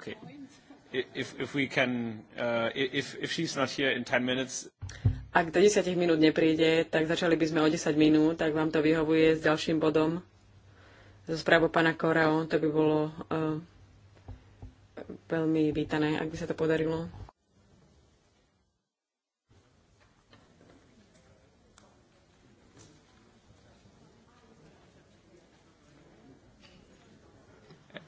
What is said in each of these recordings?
Okay. If, if we can, uh, if, if she's not here in 10 minutes... Ak do 10 minút nepríde, tak začali by sme o 10 minút, tak vám to vyhovuje s ďalším bodom. Zo správu pána Korao, to by bolo uh, veľmi vítané, ak by sa to podarilo.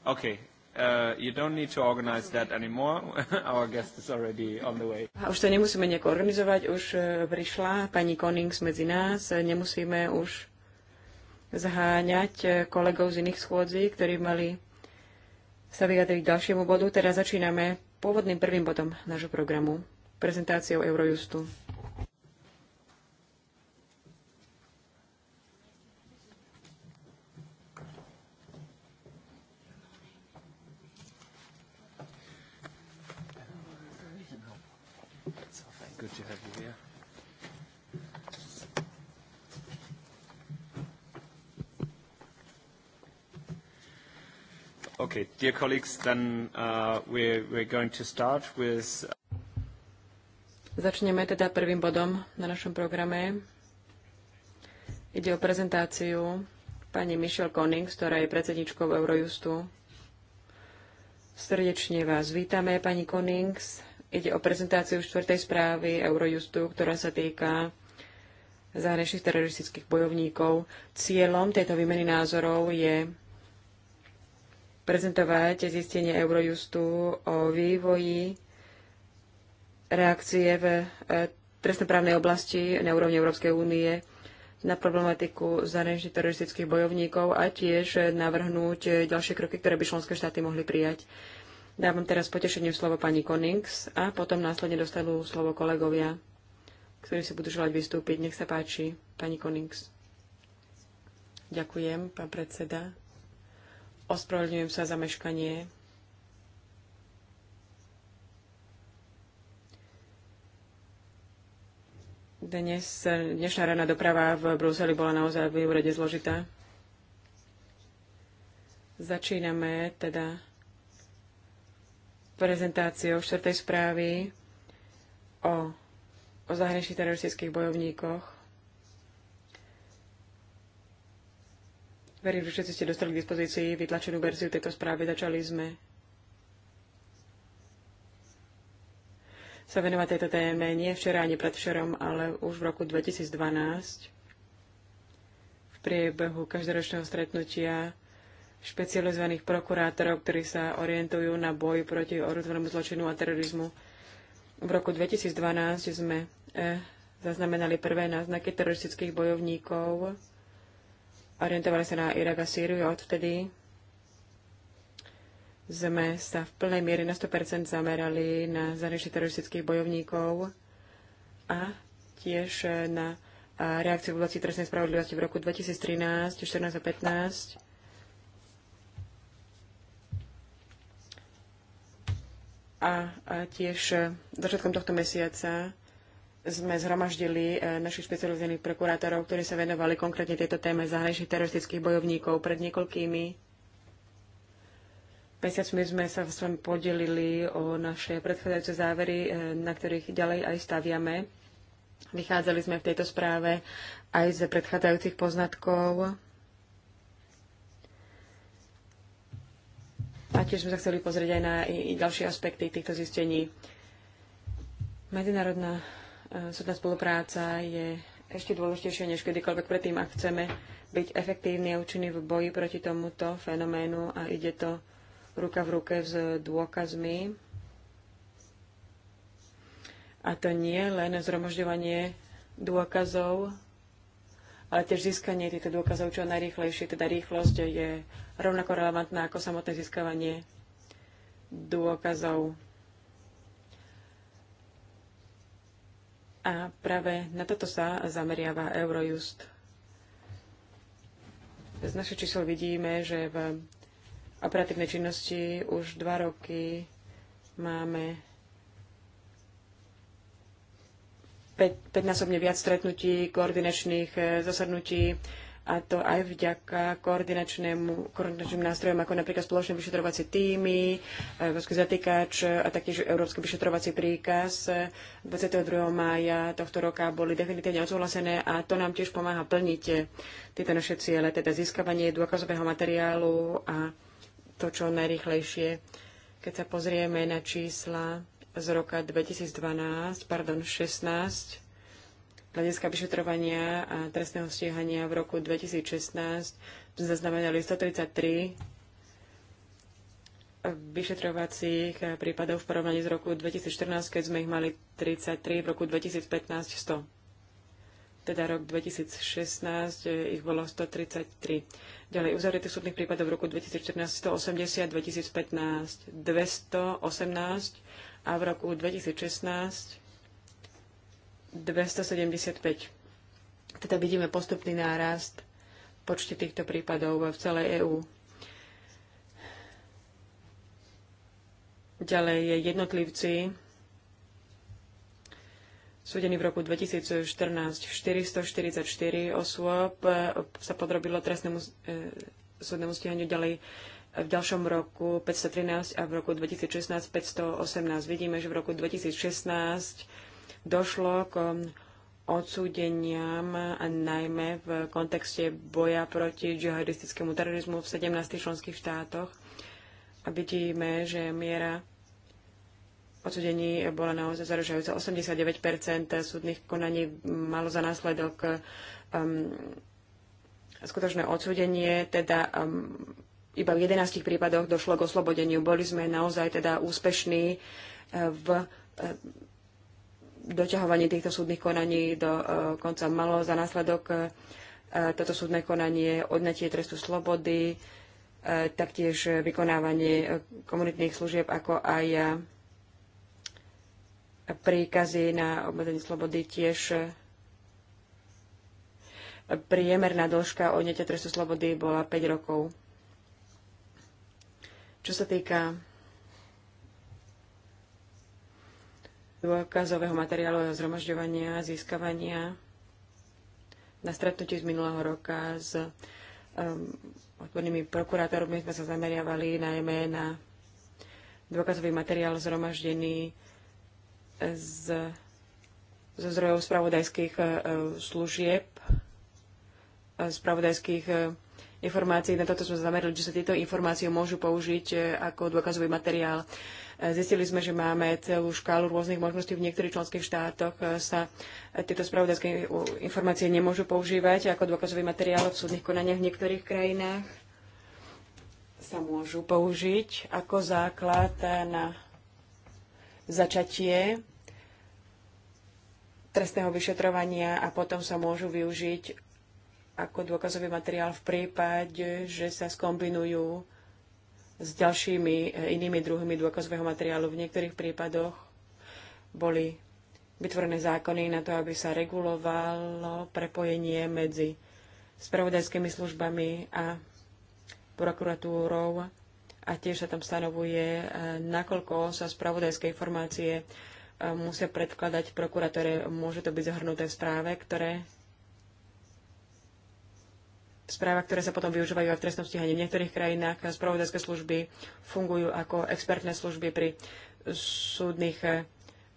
Okay. Uh, you don't need to organize that anymore. Our guest is already on the way. A už to nemusíme nejak organizovať, už uh, prišla pani Konings medzi nás, nemusíme už zháňať uh, kolegov z iných schôdzí, ktorí mali sa vyjadriť k ďalšiemu bodu. Teraz začíname pôvodným prvým bodom nášho programu, prezentáciou Eurojustu. Okay, dear colleagues, then uh, we're, we're going to start with... Uh, Začneme teda prvým bodom na našom programe. Ide o prezentáciu pani Michelle Konings, ktorá je predsedničkou Eurojustu. Srdečne vás vítame, pani Konings. Ide o prezentáciu štvrtej správy Eurojustu, ktorá sa týka zahraničných teroristických bojovníkov. Cieľom tejto výmeny názorov je prezentovať zistenie Eurojustu o vývoji reakcie v e, trestnoprávnej oblasti na úrovni Európskej únie na problematiku zahraničných teroristických bojovníkov a tiež navrhnúť ďalšie kroky, ktoré by členské štáty mohli prijať. Dávam teraz potešenie slovo pani Konings a potom následne dostanú slovo kolegovia, ktorí si budú želať vystúpiť. Nech sa páči, pani Konings. Ďakujem, pán predseda. Ospravedlňujem sa za meškanie. Dnes, dnešná rána doprava v Bruseli bola naozaj v úrade zložitá. Začíname teda prezentáciou štvrtej správy o, o zahraničných teroristických bojovníkoch. Verím, že všetci ste dostali k dispozícii vytlačenú verziu tejto správy. Začali sme sa venovať tejto téme nie včera ani predvčerom, ale už v roku 2012 v priebehu každoročného stretnutia špecializovaných prokurátorov, ktorí sa orientujú na boj proti orozvanému zločinu a terorizmu. V roku 2012 sme eh, zaznamenali prvé náznaky teroristických bojovníkov orientovali sa na Irak a Sýriu a odvtedy sme sa v plnej miere na 100% zamerali na zahraničných teroristických bojovníkov a tiež na reakciu v oblasti trestnej spravodlivosti v roku 2013, 14 a 15. a tiež e, začiatkom tohto mesiaca sme zhromaždili e, našich špecializovaných prokurátorov, ktorí sa venovali konkrétne tejto téme zahraničných teroristických bojovníkov. Pred niekoľkými mesiacmi sme sa s vami podelili o naše predchádzajúce závery, e, na ktorých ďalej aj staviame. Vychádzali sme v tejto správe aj z predchádzajúcich poznatkov. A tiež sme sa chceli pozrieť aj na i, i ďalšie aspekty týchto zistení. Medzinárodná súdna spolupráca je ešte dôležitejšia než kedykoľvek predtým, ak chceme byť efektívni a účinní v boji proti tomuto fenoménu a ide to ruka v ruke s dôkazmi. A to nie len zromožďovanie dôkazov, ale tiež získanie týchto dôkazov čo najrýchlejšie. Teda rýchlosť je rovnako relevantná ako samotné získavanie dôkazov. A práve na toto sa zameriava Eurojust. Z našich čísel vidíme, že v operatívnej činnosti už dva roky máme 5-násobne viac stretnutí, koordinačných eh, zasadnutí a to aj vďaka koordinačnému, koordinačným nástrojom, ako napríklad spoločné vyšetrovacie týmy, eh, Európsky zatýkač a taktiež Európsky vyšetrovací príkaz 22. Eh, mája tohto roka boli definitívne odsúhlasené a to nám tiež pomáha plniť eh, tieto naše ciele, teda získavanie dôkazového materiálu a to, čo najrýchlejšie. Keď sa pozrieme na čísla z roka 2012, pardon, 16, hľadiska vyšetrovania a trestného stíhania v roku 2016 sme zaznamenali 133 vyšetrovacích prípadov v porovnaní z roku 2014, keď sme ich mali 33, v roku 2015 100. Teda rok 2016 eh, ich bolo 133. Ďalej uzavretých súdnych prípadov v roku 2014 180, 2015 218 a v roku 2016 275. Teda vidíme postupný nárast počte týchto prípadov v celej EÚ. Ďalej je jednotlivci súdení v roku 2014 444 osôb sa podrobilo trestnému e, súdnemu stíhaniu ďalej v ďalšom roku 513 a v roku 2016 518. Vidíme, že v roku 2016 došlo k um, odsúdeniam, najmä v kontexte boja proti džihadistickému terorizmu v 17 členských štátoch. A vidíme, že miera odsudení bola naozaj zaražajúca. 89 súdnych konaní malo za následok um, skutočné odsúdenie, teda um, iba v 11 prípadoch došlo k oslobodeniu. Boli sme naozaj teda úspešní uh, v uh, doťahovanie týchto súdnych konaní do e, konca malo za následok e, toto súdne konanie, odnatie trestu slobody, e, taktiež vykonávanie komunitných služieb, ako aj príkazy na obmedzenie slobody tiež priemerná dĺžka odňatia trestu slobody bola 5 rokov. Čo sa týka dôkazového materiálu a zhromažďovania, získavania na stretnutí z minulého roka s um, odbornými prokurátormi sme sa zameriavali najmä na dôkazový materiál zhromaždený z, zo zdrojov spravodajských uh, služieb, uh, spravodajských uh, informácií. Na toto sme zamerali, že sa tieto informácie môžu použiť uh, ako dôkazový materiál. Uh, Zistili sme, že máme celú škálu rôznych možností. V niektorých členských štátoch e, sa tieto spravodajské informácie nemôžu používať ako dôkazový materiál v súdnych konaniach v niektorých krajinách sa môžu použiť ako základ na začatie trestného vyšetrovania a potom sa môžu využiť ako dôkazový materiál v prípade, že sa skombinujú s ďalšími e, inými druhmi dôkazového materiálu. V niektorých prípadoch boli vytvorené zákony na to, aby sa regulovalo prepojenie medzi spravodajskými službami a prokuratúrou a tiež sa tam stanovuje, e, nakoľko sa spravodajské informácie e, musia predkladať prokuratúre, Môže to byť zahrnuté v správe, ktoré správach, ktoré sa potom využívajú aj v trestnom stíhaní. V niektorých krajinách spravodajské služby fungujú ako expertné služby pri súdnych eh,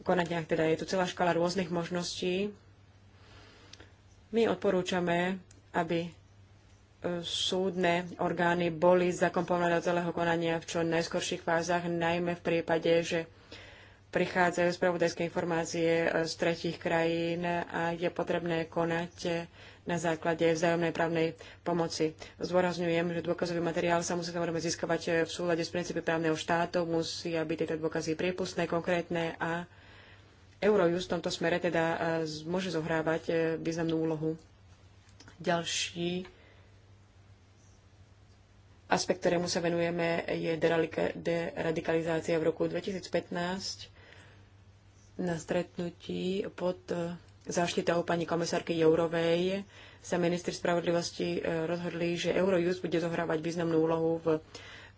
konaniach. Teda je tu celá škala rôznych možností. My odporúčame, aby eh, súdne orgány boli zakomponované do celého konania v čo najskorších fázach, najmä v prípade, že prichádzajú spravodajské informácie eh, z tretich krajín a je potrebné konať na základe vzájomnej právnej pomoci. Zdôrazňujem, že dôkazový materiál sa musí samozrejme získavať e, v súlade s princípy právneho štátu, musí byť tieto dôkazy priepustné, konkrétne a Eurojust v tomto smere teda e, môže zohrávať e, významnú úlohu. Ďalší aspekt, ktorému sa venujeme, je deradikalizácia v roku 2015 na stretnutí pod záštitou pani komisárky Jourovej sa ministri spravodlivosti e, rozhodli, že Eurojust bude zohrávať významnú úlohu v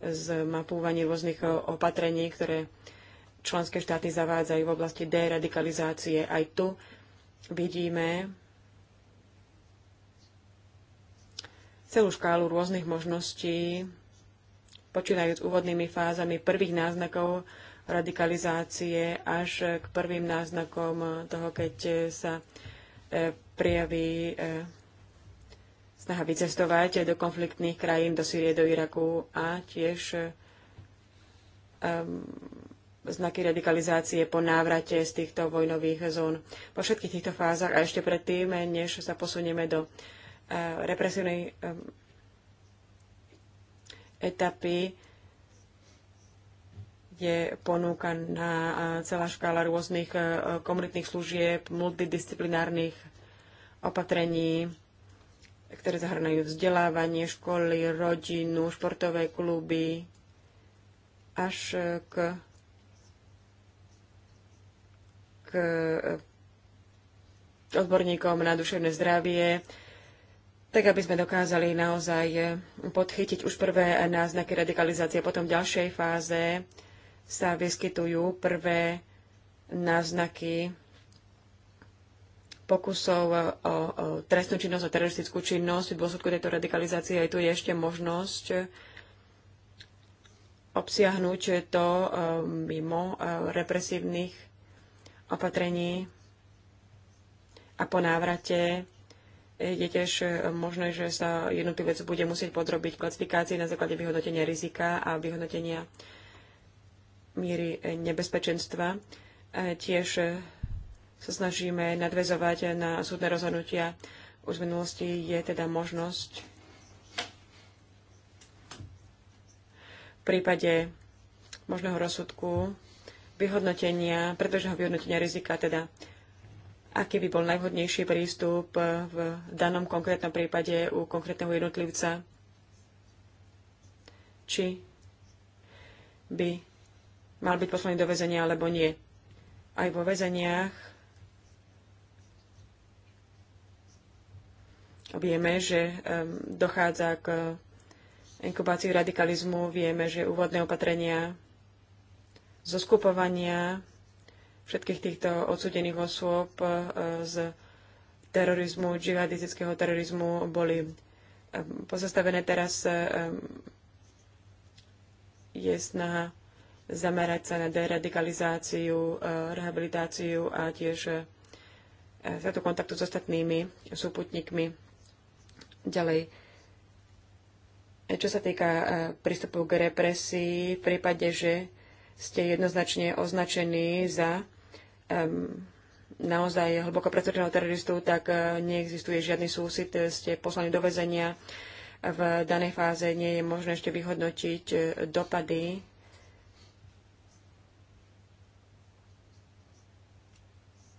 zmapúvaní rôznych e, opatrení, ktoré členské štáty zavádzajú v oblasti deradikalizácie. Aj tu vidíme celú škálu rôznych možností, počínajúc úvodnými fázami prvých náznakov radikalizácie až k prvým náznakom toho, keď eh, sa eh, prijaví eh, snaha vycestovať do konfliktných krajín, do Syrie, do Iraku a tiež um, znaky radikalizácie po návrate z týchto vojnových zón. Po všetkých týchto fázach a ešte predtým, než sa posunieme do uh, represívnej um, etapy, je ponúkaná e, celá škála rôznych e, komunitných služieb, multidisciplinárnych opatrení, ktoré zahrnajú vzdelávanie, školy, rodinu, športové kluby, až k, k e, odborníkom na duševné zdravie, tak aby sme dokázali naozaj podchytiť už prvé náznaky radikalizácie, potom v ďalšej fáze sa vyskytujú prvé náznaky pokusov e, o, trestnú činnosť, a teroristickú činnosť. V dôsledku tejto radikalizácie aj tu je ešte možnosť obsiahnuť to e, mimo e, represívnych opatrení a po návrate je tiež možné, že sa jednotlivec bude musieť podrobiť klasifikácii na základe vyhodnotenia rizika a vyhodnotenia miery nebezpečenstva. Tiež sa snažíme nadvezovať na súdne rozhodnutia. Už v minulosti je teda možnosť v prípade možného rozsudku vyhodnotenia, predbežného vyhodnotenia rizika, teda aký by bol najvhodnejší prístup v danom konkrétnom prípade u konkrétneho jednotlivca, či by mal byť poslaný do väzenia alebo nie. Aj vo väzeniach vieme, že dochádza k inkubácii radikalizmu, vieme, že úvodné opatrenia zo skupovania všetkých týchto odsudených osôb eh, z terorizmu, džihadistického terorizmu boli pozastavené. Teraz je snaha zamerať sa na deradikalizáciu, e, rehabilitáciu a tiež e, za to kontaktu s ostatnými súputníkmi. Ďalej, e, čo sa týka prístupu k represii, v prípade, že ste jednoznačne označení za um, naozaj hlboko presvedčeného teroristu, tak neexistuje žiadny súsit, ste poslaní do väzenia. V danej fáze nie je možné ešte vyhodnotiť dopady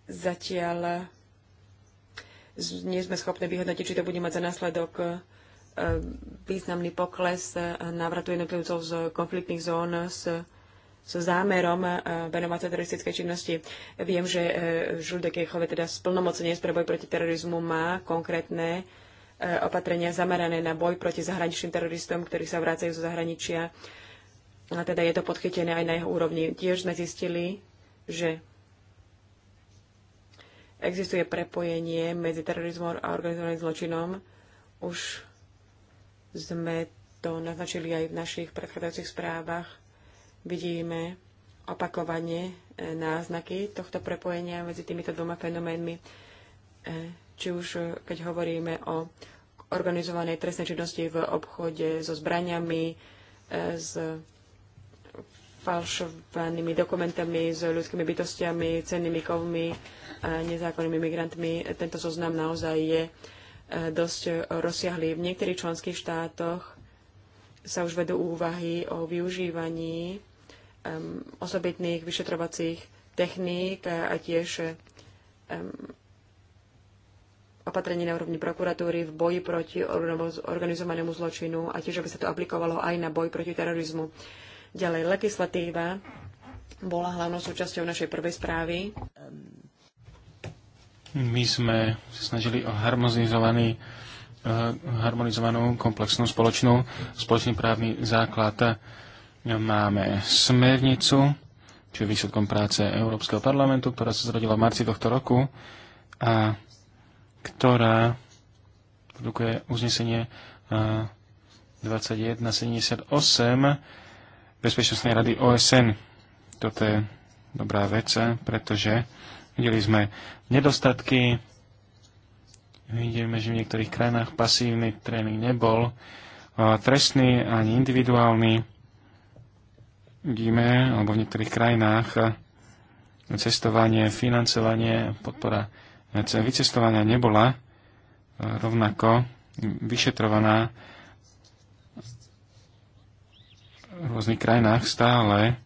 Zatiaľ nie sme schopní vyhodnotiť, či to bude mať za následok e, významný pokles e, návratu jednotlivcov z konfliktných zón s, s zámerom e, venovať sa teroristickej činnosti. Viem, že Žulde Kejchove, teda splnomocenie pre boj proti terorizmu, má konkrétne opatrenia zamerané na boj proti zahraničným teroristom, ktorí sa vracajú zo zahraničia. A teda je to podchytené aj na jeho úrovni. Tiež sme zistili, že existuje prepojenie medzi terorizmom a organizovaným zločinom. Už sme to naznačili aj v našich predchádzajúcich správach. Vidíme opakovane e, náznaky tohto prepojenia medzi týmito dvoma fenoménmi. E, či už e, keď hovoríme o organizovanej trestnej činnosti v obchode so zbraniami, s falšovanými dokumentami, s ľudskými bytostiami, cennými kovmi, nezákonnými migrantmi. Tento zoznam naozaj je e, dosť rozsiahlý. V niektorých členských štátoch sa už vedú úvahy o využívaní osobitných vyšetrovacích techník a tiež opatrení na úrovni prokuratúry v boji proti organizovanému zločinu a tiež, aby sa to aplikovalo aj na boj proti terorizmu. Ďalej, legislatíva bola hlavnou súčasťou našej prvej správy. My sme sa snažili o harmonizovaný eh, harmonizovanú komplexnú spoločnú, spoločný právny základ. Máme smernicu, čo je výsledkom práce Európskeho parlamentu, ktorá sa zrodila v marci tohto roku a ktorá produkuje uznesenie 2178 eh, Bezpečnostnej rady OSN. Toto je dobrá vec, pretože Videli sme nedostatky, vidíme, že v niektorých krajinách pasívny tréning nebol trestný ani individuálny. Vidíme, alebo v niektorých krajinách cestovanie, financovanie, podpora e, vycestovania nebola rovnako vyšetrovaná v rôznych krajinách stále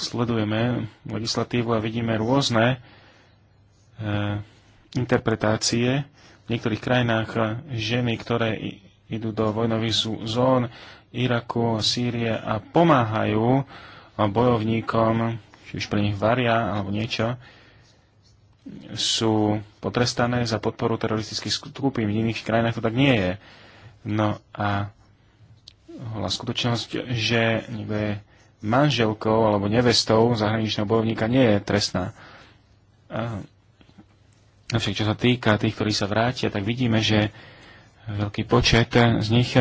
sledujeme legislatívu a vidíme rôzne e, interpretácie v niektorých krajinách e, ženy, ktoré idú do vojnových zón Iraku, Sýrie a pomáhajú bojovníkom, či už pre nich varia alebo niečo, sú potrestané za podporu teroristických skupín. V iných krajinách to tak nie je. No a hola skutočnosť, že niekto je manželkou alebo nevestou zahraničného bojovníka nie je trestná. Avšak čo sa týka tých, ktorí sa vrátia, tak vidíme, že veľký počet z nich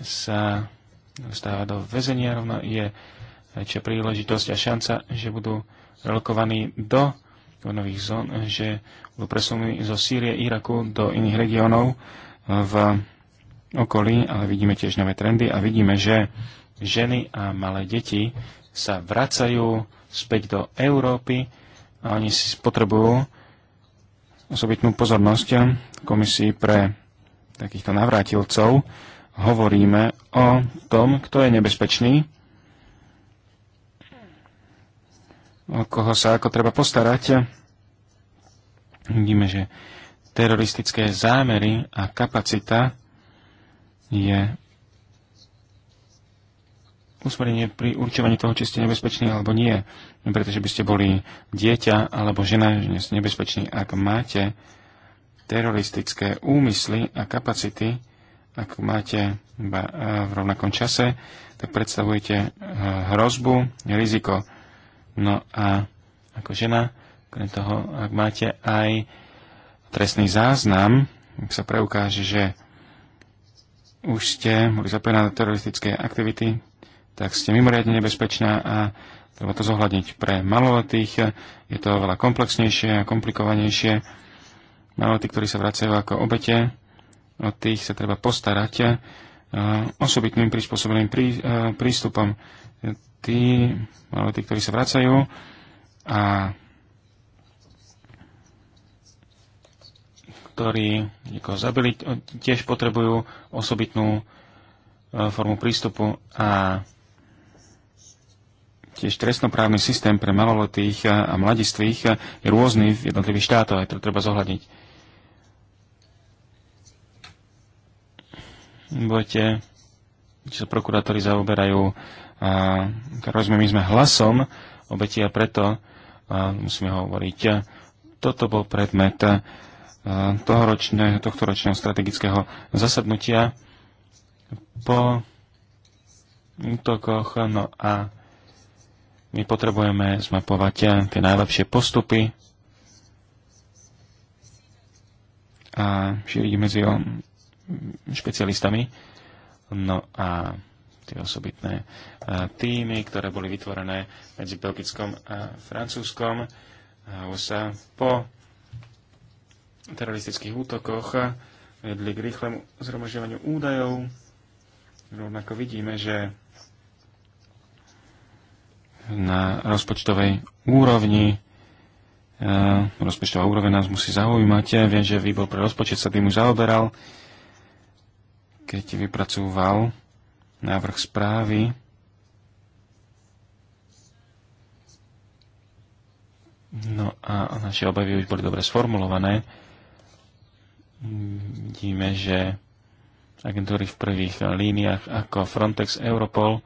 sa dostáva do väzenia, rovno je väčšia príležitosť a šanca, že budú relokovaní do nových zón, že budú presunutí zo Sýrie, Iraku do iných regiónov v okolí, ale vidíme tiež nové trendy a vidíme, že ženy a malé deti sa vracajú späť do Európy a oni si potrebujú osobitnú pozornosť komisii pre takýchto navrátilcov. Hovoríme o tom, kto je nebezpečný, o koho sa ako treba postarať. Vidíme, že teroristické zámery a kapacita je usmerenie pri určovaní toho, či ste nebezpeční alebo nie. Pretože by ste boli dieťa alebo žena, že nie ste nebezpeční, ak máte teroristické úmysly a kapacity, ak máte iba e, v rovnakom čase, tak predstavujete e, hrozbu, riziko. No a ako žena, krem toho, ak máte aj trestný záznam, ak sa preukáže, že už ste boli zapojená do teroristické aktivity, tak ste mimoriadne nebezpečná a treba to zohľadniť. Pre maloletých je to oveľa komplexnejšie a komplikovanejšie. Maloletí, ktorí sa vracajú ako obete, o tých sa treba postarať e, osobitným prispôsobeným prí, e, prístupom. Tí maloletí, ktorí sa vracajú a ktorí niekoho zabili, e, tiež potrebujú osobitnú formu prístupu a Tiež trestnoprávny systém pre maloletých a mladistvých je rôzny v jednotlivých štátoch, aj to treba zohľadniť. Budete, či sa prokurátori zaoberajú rozumiem, my sme hlasom obeti a preto a musíme hovoriť. Toto bol predmet tohto ročného strategického zasadnutia po útokoch. No a my potrebujeme zmapovať eh, tie najlepšie postupy a šíriť medzi eh, špecialistami. No a tie osobitné eh, týmy, ktoré boli vytvorené medzi Belgickom a Francúzskom sa po teroristických útokoch vedli k rýchlemu zhromažďovaniu údajov. Rovnako vidíme, že na rozpočtovej úrovni. E, rozpočtová úroveň nás musí zaujímať. Viem, že výbor pre rozpočet sa tým už zaoberal, keď vypracúval návrh správy. No a naše obavy už boli dobre sformulované. Vidíme, že agentúry v prvých líniách ako Frontex, Europol,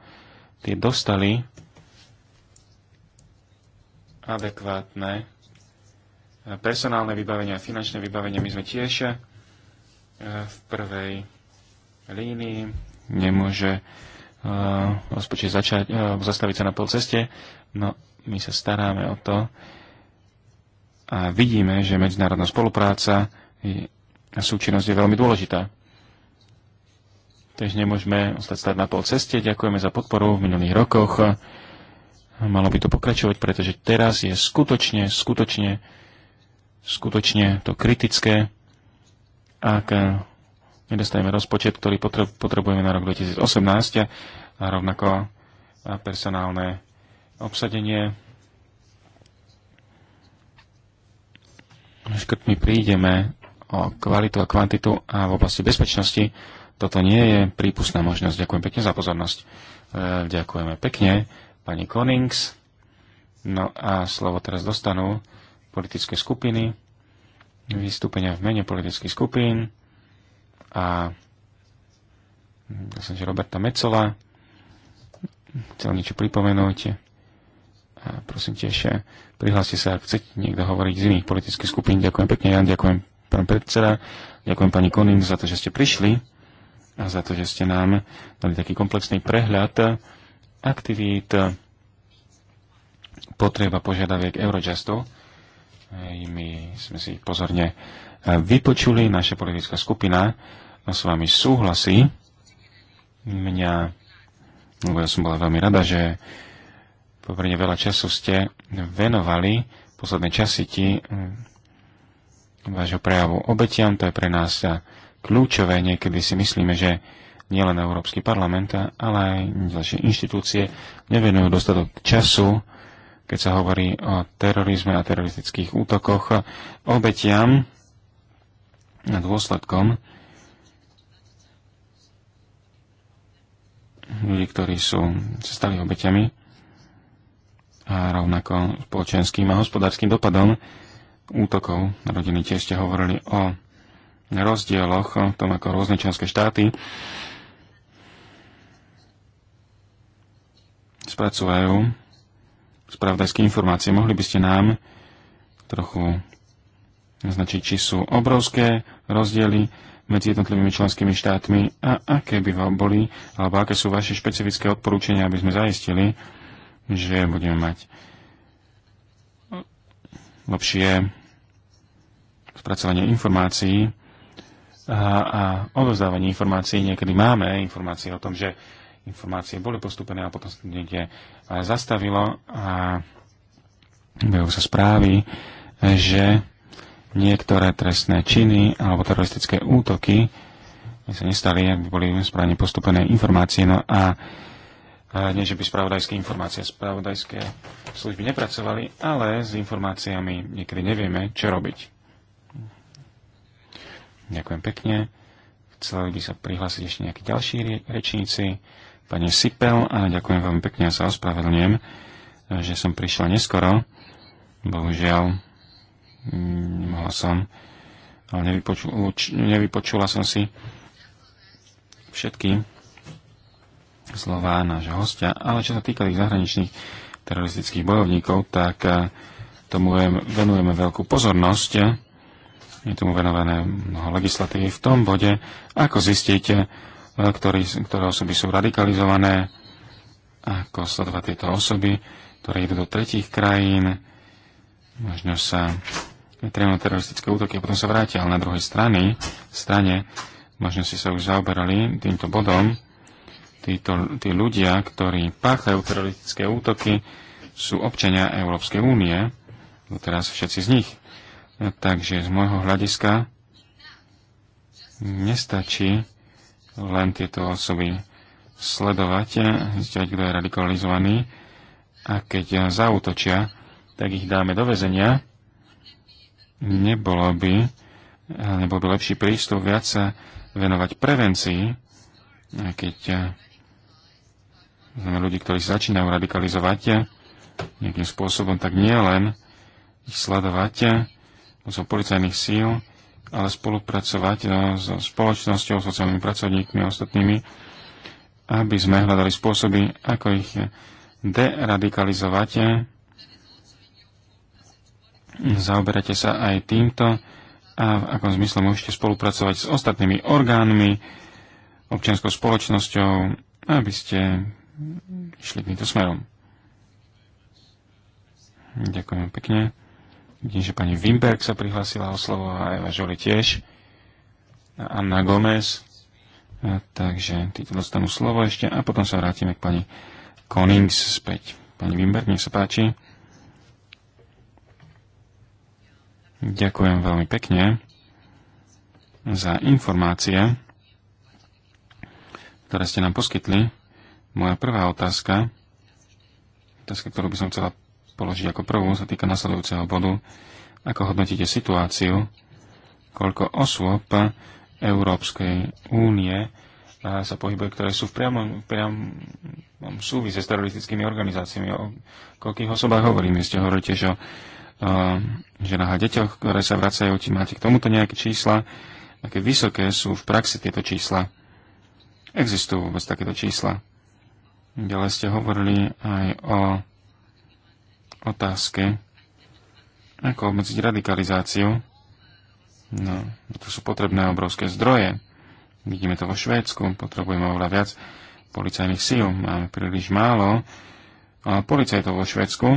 tie dostali adekvátne personálne vybavenie a finančné vybavenie. My sme tiež eh, v prvej línii. Nemôže eh, rozpočet začať, eh, zastaviť sa na pol ceste. No, my sa staráme o to a vidíme, že medzinárodná spolupráca a súčinnosť je veľmi dôležitá. Takže nemôžeme ostať stať na pol ceste. Ďakujeme za podporu v minulých rokoch malo by to pokračovať, pretože teraz je skutočne, skutočne, skutočne to kritické, ak eh, nedostajeme rozpočet, ktorý potrebujeme na rok 2018 a rovnako eh, personálne obsadenie. my prídeme o kvalitu a kvantitu a v oblasti bezpečnosti toto nie je prípustná možnosť. Ďakujem pekne za pozornosť. Eh, ďakujeme pekne pani Konings. No a slovo teraz dostanú politické skupiny, vystúpenia v mene politických skupín a myslím, že Roberta Mecola. Chcel niečo pripomenúť. A prosím tiež, e, prihláste sa, ak chcete niekto hovoriť z iných politických skupín. Ďakujem pekne, Jan, ďakujem pán predseda, ďakujem pani Konin za to, že ste prišli a za to, že ste nám dali taký komplexný prehľad aktivít potreba požiadaviek Eurojustu. My sme si ich pozorne e, vypočuli, naša politická skupina s vami súhlasí. Mňa, ja som bola veľmi rada, že poverne veľa času ste venovali posledné časy ti e, vášho prejavu obetiam, to je pre nás e, kľúčové. Niekedy si myslíme, že nielen Európsky parlament, ale aj ďalšie inštitúcie nevenujú dostatok času, keď sa hovorí o terorizme a teroristických útokoch, obetiam a dôsledkom ľudí, ktorí sú, sa stali obeťami a rovnako spoločenským a hospodárským dopadom útokov na rodiny. Tiež ste hovorili o rozdieloch, o tom, ako rôzne členské štáty spracovajú spravodajské informácie. Mohli by ste nám trochu naznačiť, či sú obrovské rozdiely medzi jednotlivými členskými štátmi a aké by boli, alebo aké sú vaše špecifické odporúčania, aby sme zaistili, že budeme mať lepšie spracovanie informácií a, a odozdávanie informácií. Niekedy máme informácie o tom, že informácie boli postupené a potom sa niekde e, zastavilo a bejú sa správy, e, že niektoré trestné činy alebo teroristické útoky sa nestali, ak by boli správne postupené informácie. No a e, nie, že by spravodajské informácie spravodajské služby nepracovali, ale s informáciami niekedy nevieme, čo robiť. Ďakujem pekne. Chceli by sa prihlásiť ešte nejakí ďalší rečníci pani Sipel a ďakujem veľmi pekne a sa ospravedlňujem, e, že som prišiel neskoro. Bohužiaľ, nemohla som, ale nevypoču, nevypočula som si všetky slová nášho hostia, ale čo sa týka tých zahraničných teroristických bojovníkov, tak e, tomu venujeme veľkú pozornosť. Je tomu venované mnoho legislatívy v tom bode, ako zistíte ktorý, ktoré osoby sú radikalizované, ako sledovať tieto osoby, ktoré idú do tretích krajín, možno sa trénujú teroristické útoky a potom sa vrátia, ale na druhej strane, strane možno si sa už zaoberali týmto bodom, títo, tí ľudia, ktorí páchajú teroristické útoky, sú občania Európskej únie, teraz všetci z nich. Takže z môjho hľadiska nestačí len tieto osoby sledovať, zistiať, kto je radikalizovaný a keď zautočia, tak ich dáme do väzenia. Nebolo by, nebol by lepší prístup viac sa venovať prevencii, keď znamená ľudí, ktorí sa začínajú radikalizovať nejakým spôsobom, tak nie len ich sledovať, pomocou policajných síl, ale spolupracovať e, so spoločnosťou, sociálnymi pracovníkmi a ostatnými, aby sme hľadali spôsoby, ako ich deradikalizovať. Zaoberate sa aj týmto a v akom zmysle môžete spolupracovať s ostatnými orgánmi, občianskou spoločnosťou, aby ste išli týmto smerom. Ďakujem pekne. Vidím, že pani Wimberg sa prihlásila o slovo a Eva Žoli tiež. A Anna Gomez. A takže títo dostanú slovo ešte a potom sa vrátime k pani Konings späť. Pani Wimberg, nech sa páči. Ďakujem veľmi pekne za informácie, ktoré ste nám poskytli. Moja prvá otázka, otázka, ktorú by som chcela položiť ako prvú, sa týka nasledujúceho bodu. Ako hodnotíte situáciu, koľko osôb Európskej únie sa pohybuje, ktoré sú v priamom, priamom súvise s teroristickými organizáciami. O koľkých osobách hovoríme? Ste hovorili tiež o ženách a deťoch, ktoré sa vracajú. Či máte k tomuto nejaké čísla? Aké vysoké sú v praxi tieto čísla? Existujú vôbec takéto čísla? Ďalej ste hovorili aj o otázke, ako obmedziť radikalizáciu. No, to sú potrebné obrovské zdroje. Vidíme to vo Švédsku, potrebujeme oveľa viac policajných síl. Máme príliš málo policajtov vo Švédsku.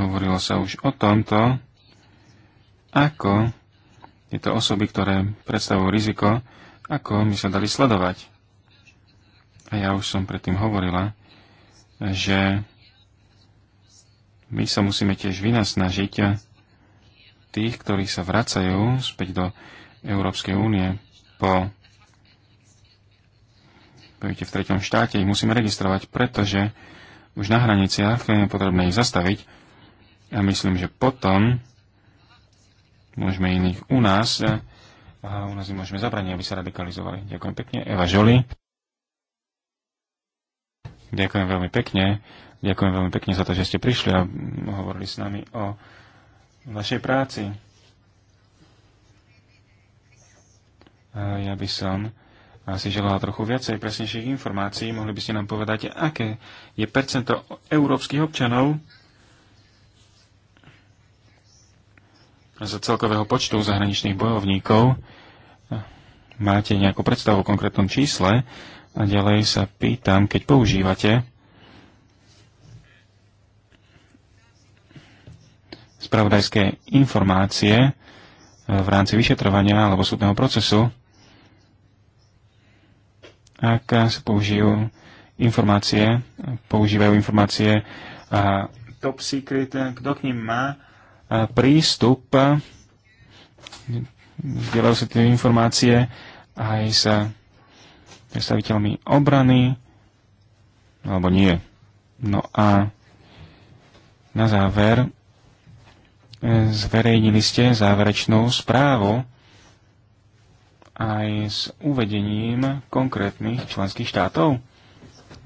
Hovorilo sa už o tomto, ako tieto osoby, ktoré predstavujú riziko, ako my sa dali sledovať. A ja už som predtým hovorila, že my sa musíme tiež vynasnažiť tých, ktorí sa vracajú späť do Európskej únie po pobyte v treťom štáte, ich musíme registrovať, pretože už na hraniciach je potrebné ich zastaviť a myslím, že potom môžeme iných u nás a u nás im môžeme zabraniť, aby sa radikalizovali. Ďakujem pekne. Eva Žoli. Ďakujem veľmi pekne. Ďakujem veľmi pekne za to, že ste prišli a hovorili s nami o vašej práci. A ja by som asi želala trochu viacej presnejších informácií. Mohli by ste nám povedať, aké je percento európskych občanov Za celkového počtu zahraničných bojovníkov. Máte nejakú predstavu o konkrétnom čísle? A ďalej sa pýtam, keď používate spravodajské informácie eh, v rámci vyšetrovania alebo súdneho procesu, ak sa použijú informácie, používajú informácie a top secret, kto k ním má prístup, eh, vzdelajú sa tie informácie aj sa predstaviteľmi obrany, alebo nie. No a na záver e, zverejnili ste záverečnú správu aj s uvedením konkrétnych členských štátov.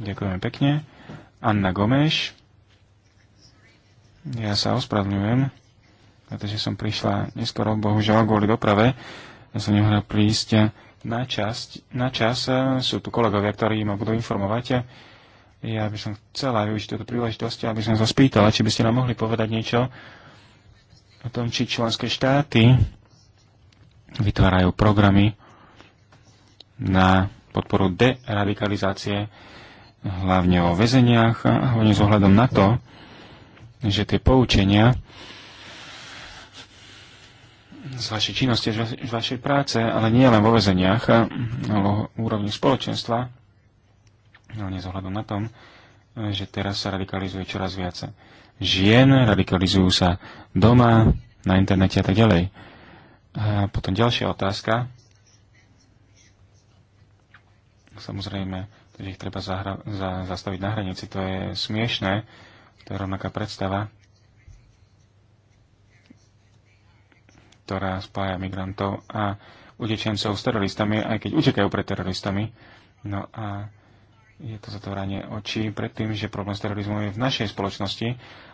Ďakujeme pekne. Anna Gomeš. Ja sa ospravňujem, pretože som prišla neskoro, bohužiaľ, kvôli doprave. Ja som nemohla prísť na čas, na e, čas sú tu kolegovia, ktorí ma budú informovať. Ja by som chcela využiť túto príležitosť, aby som sa spýtala, či by ste nám mohli povedať niečo o tom, či členské štáty vytvárajú programy na podporu deradikalizácie, hlavne o väzeniach, hlavne s ohľadom na to, že tie poučenia, z vašej činnosti, z vašej práce, ale nie len vo väzeniach, ale úrovni spoločenstva, ale no, nezohľadom na tom, že teraz sa radikalizuje čoraz viac žien, radikalizujú sa doma, na internete a tak ďalej. A potom ďalšia otázka. Samozrejme, že ich treba zahra- za- zastaviť na hranici, to je smiešné, to je rovnaká predstava, ktorá spája migrantov a utečencov s teroristami, aj keď utekajú pred teroristami. No a je to zatváranie očí pred tým, že problém s terorizmom je v našej spoločnosti,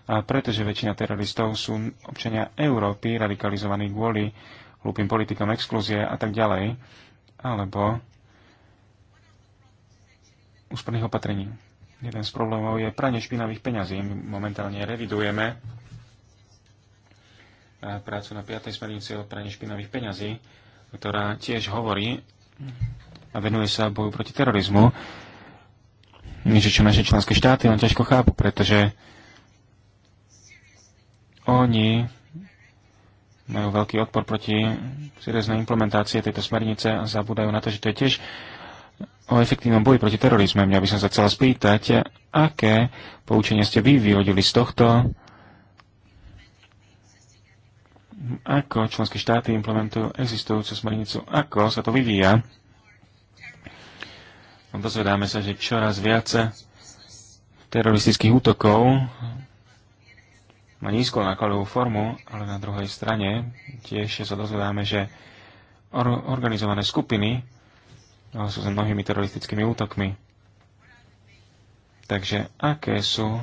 a pretože väčšina teroristov sú občania Európy radikalizovaní kvôli hlúpým politikom exklúzie a tak ďalej, alebo úsporných opatrení. Jeden z problémov je pranie špinavých peňazí. My momentálne revidujeme prácu na 5. smernici o praní špinavých peňazí, ktorá tiež hovorí a venuje sa boju proti terorizmu. Niečo, čo naše členské štáty len ťažko chápu, pretože oni majú veľký odpor proti serióznej implementácie tejto smernice a zabúdajú na to, že to je tiež o efektívnom boji proti terorizmu. Mňa by som sa chcela spýtať, aké poučenie ste vy vyhodili z tohto ako členské štáty implementujú existujúcu smernicu, ako sa to vyvíja. No, dozvedáme sa, že čoraz viac teroristických útokov má nízko nákladovú formu, ale na druhej strane tiež sa dozvedáme, že or- organizované skupiny no, sú za mnohými teroristickými útokmi. Takže aké sú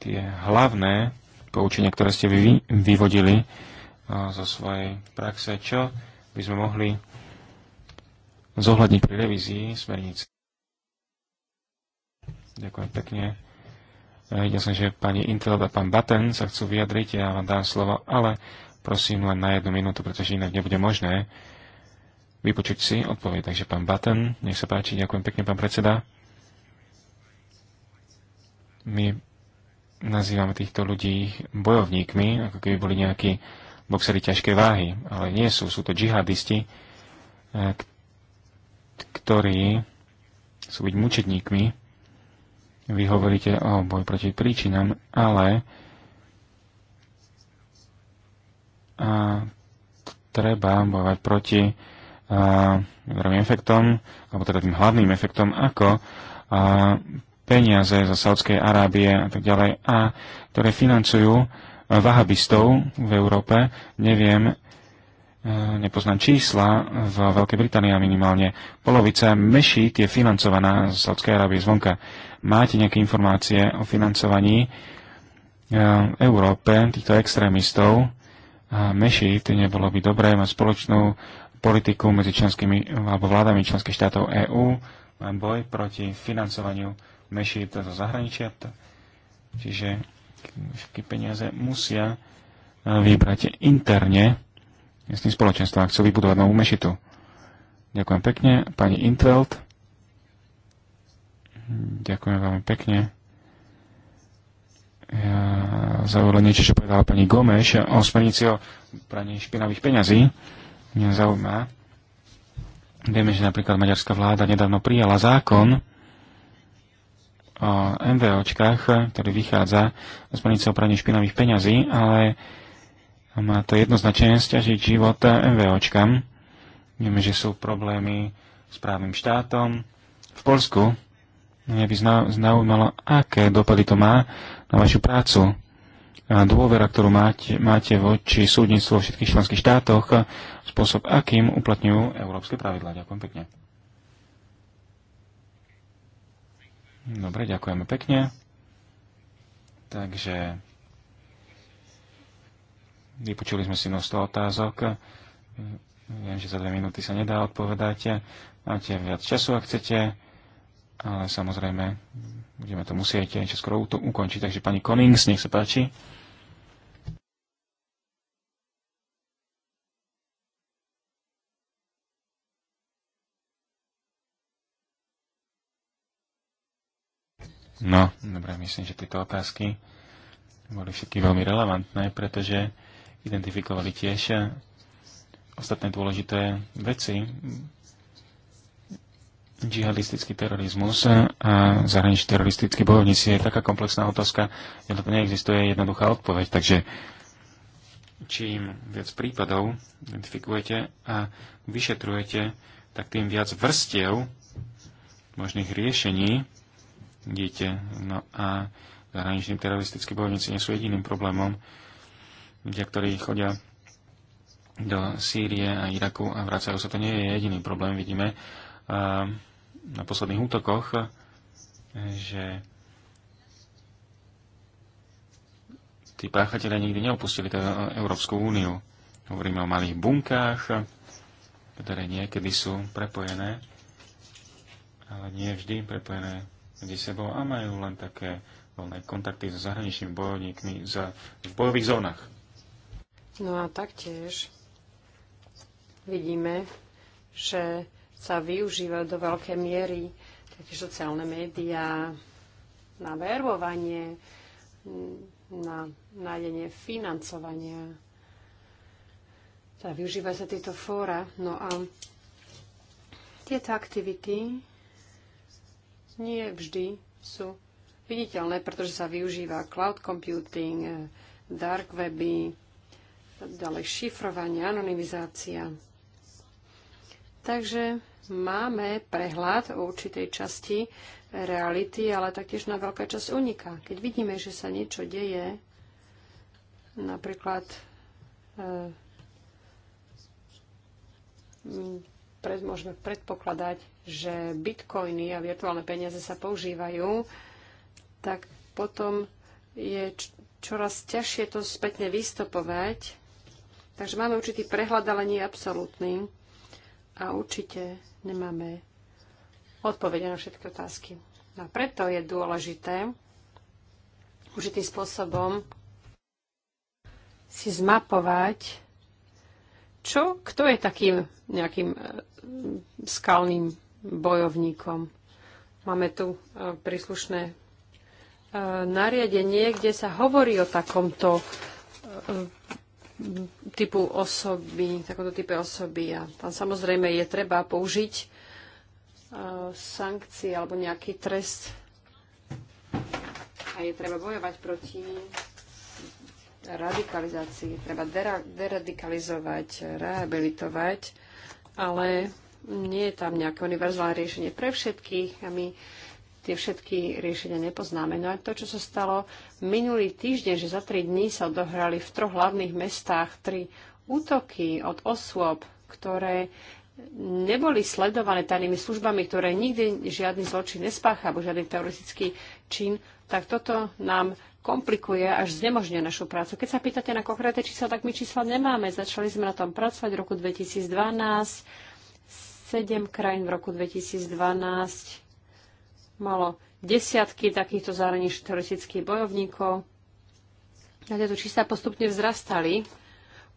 tie hlavné poučenia, ktoré ste vy, vyvodili zo svojej praxe, čo by sme mohli zohľadniť pri revízii smerníc. Ďakujem pekne. Videl som, že pani Intel a pán Batten sa chcú vyjadriť, ja vám dám slovo, ale prosím len na jednu minútu, pretože inak nebude možné vypočuť si odpoveď. Takže pán Batten, nech sa páči, ďakujem pekne, pán predseda. My nazývame týchto ľudí bojovníkmi, ako keby boli nejakí boxery ťažkej váhy, ale nie sú, sú to džihadisti, e, ktorí sú byť mučedníkmi. Vy hovoríte o boj proti príčinám, ale a treba bojovať proti a, efektom, alebo teda tým hlavným efektom, ako a, peniaze zo Saudskej Arábie a tak ďalej, a ktoré financujú vahabistov v Európe. Neviem, e, nepoznám čísla, v Veľkej Británii a minimálne polovica mešít je financovaná z Saudskej Arábie zvonka. Máte nejaké informácie o financovaní e, v Európe týchto extrémistov a mešít? Nebolo by dobré mať spoločnú politiku medzi členskými alebo vládami členských štátov EÚ, len boj proti financovaniu mešít zo zahraničia. Čiže všetky peniaze musia e, vybrať interne s tým spoločenstvom, ak chcú vybudovať novú mešitu. Ďakujem pekne, pani Intveld. Ďakujem veľmi pekne. Ja zaujalo niečo, čo povedala pani Gomeš o smernici o praní špinavých peňazí. Mňa zaujíma. Vieme, že napríklad maďarská vláda nedávno prijala zákon, o MVOčkách, ktorý vychádza z o praní špinavých peňazí, ale má to jednoznačne stiažiť život MVOčkam. Vieme, že sú problémy s právnym štátom. V Polsku mňa by zaujímalo, aké dopady to má na vašu prácu. A dôvera, ktorú máte, máte voči súdnictvu vo všetkých členských štátoch, spôsob, akým uplatňujú európske pravidlá. Ďakujem pekne. Dobre, ďakujeme pekne. Takže vypočuli sme si množstvo otázok. Viem, že za dve minúty sa nedá odpovedať. Máte viac času, ak chcete, ale samozrejme budeme to musieť čoskoro ukončiť. Takže pani Konings, nech sa páči. No, dobre, myslím, že tieto otázky boli všetky veľmi relevantné, pretože identifikovali tiež ostatné dôležité veci. Džihadistický terorizmus a zahraniční teroristickí bojovníci je taká komplexná otázka, že na to neexistuje jednoduchá odpoveď. Takže čím viac prípadov identifikujete a vyšetrujete, tak tým viac vrstiev možných riešení dieťa. No a zahraniční teroristickí bojovníci nie sú jediným problémom. Ľudia, ktorí chodia do Sýrie a Iraku a vracajú sa, to nie je jediný problém. Vidíme na posledných útokoch, že tí páchatelia nikdy neopustili teda Európsku úniu. Hovoríme o malých bunkách, ktoré niekedy sú prepojené, ale nie vždy prepojené medzi sebou a majú len také voľné kontakty so zahraničnými bojovníkmi za, v bojových zónach. No a taktiež vidíme, že sa využívajú do veľkej miery také sociálne médiá na verbovanie, na nájdenie financovania. Teda využívajú sa tieto fóra. No a tieto aktivity nie vždy sú viditeľné, pretože sa využíva cloud computing, eh, dark weby, ďalej šifrovanie, anonymizácia. Takže máme prehľad o určitej časti reality, ale taktiež na veľká časť uniká. Keď vidíme, že sa niečo deje, napríklad e, pred, môžeme predpokladať, že bitcoiny a virtuálne peniaze sa používajú, tak potom je čoraz ťažšie to spätne vystopovať. Takže máme určitý prehľad, ale nie absolútny. A určite nemáme odpovede na všetky otázky. A preto je dôležité určitým spôsobom si zmapovať, čo, kto je takým nejakým eh, skalným bojovníkom. Máme tu e, príslušné e, nariadenie, kde sa hovorí o takomto e, typu osoby, takomto type osoby. A tam samozrejme je treba použiť sankcie alebo nejaký trest a je treba bojovať proti radikalizácii, treba deradikalizovať, rehabilitovať, ale nie je tam nejaké univerzálne riešenie pre všetkých a my tie všetky riešenia nepoznáme. No a to, čo sa stalo minulý týždeň, že za tri dní sa odohrali v troch hlavných mestách tri útoky od osôb, ktoré neboli sledované tajnými službami, ktoré nikdy žiadny zločin nespácha alebo žiadny teroristický čin, tak toto nám komplikuje až znemožňuje našu prácu. Keď sa pýtate na konkrétne čísla, tak my čísla nemáme. Začali sme na tom pracovať v roku 2012 7 krajín v roku 2012 malo desiatky takýchto zahraničných teroristických bojovníkov. A tieto čísla postupne vzrastali.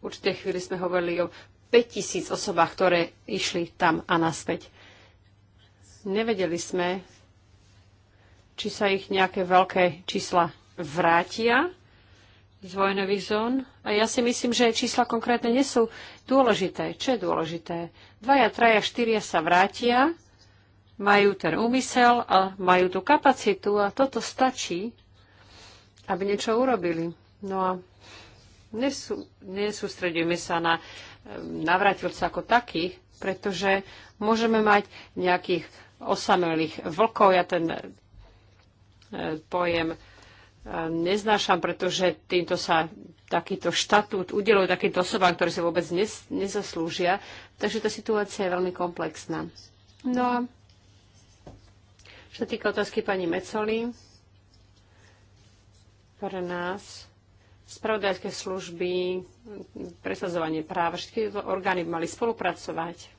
V určitej chvíli sme hovorili o 5000 osobách, ktoré išli tam a naspäť. Nevedeli sme, či sa ich nejaké veľké čísla vrátia, z vojnových zón. A ja si myslím, že čísla konkrétne nie sú dôležité. Čo je dôležité? Dvaja, traja, štyria sa vrátia, majú ten úmysel a majú tú kapacitu a toto stačí, aby niečo urobili. No a nesú, nesústredujeme sa na ehm, navratilca ako takých, pretože môžeme mať nejakých osamelých vlkov. Ja ten e, pojem neznášam, pretože týmto sa takýto štatút udeluje takýmto osobám, ktoré sa vôbec nes- nezaslúžia. Takže tá situácia je veľmi komplexná. No a čo týka otázky pani Mecoli, pre nás spravodajské služby, presadzovanie práva, všetky orgány by mali spolupracovať.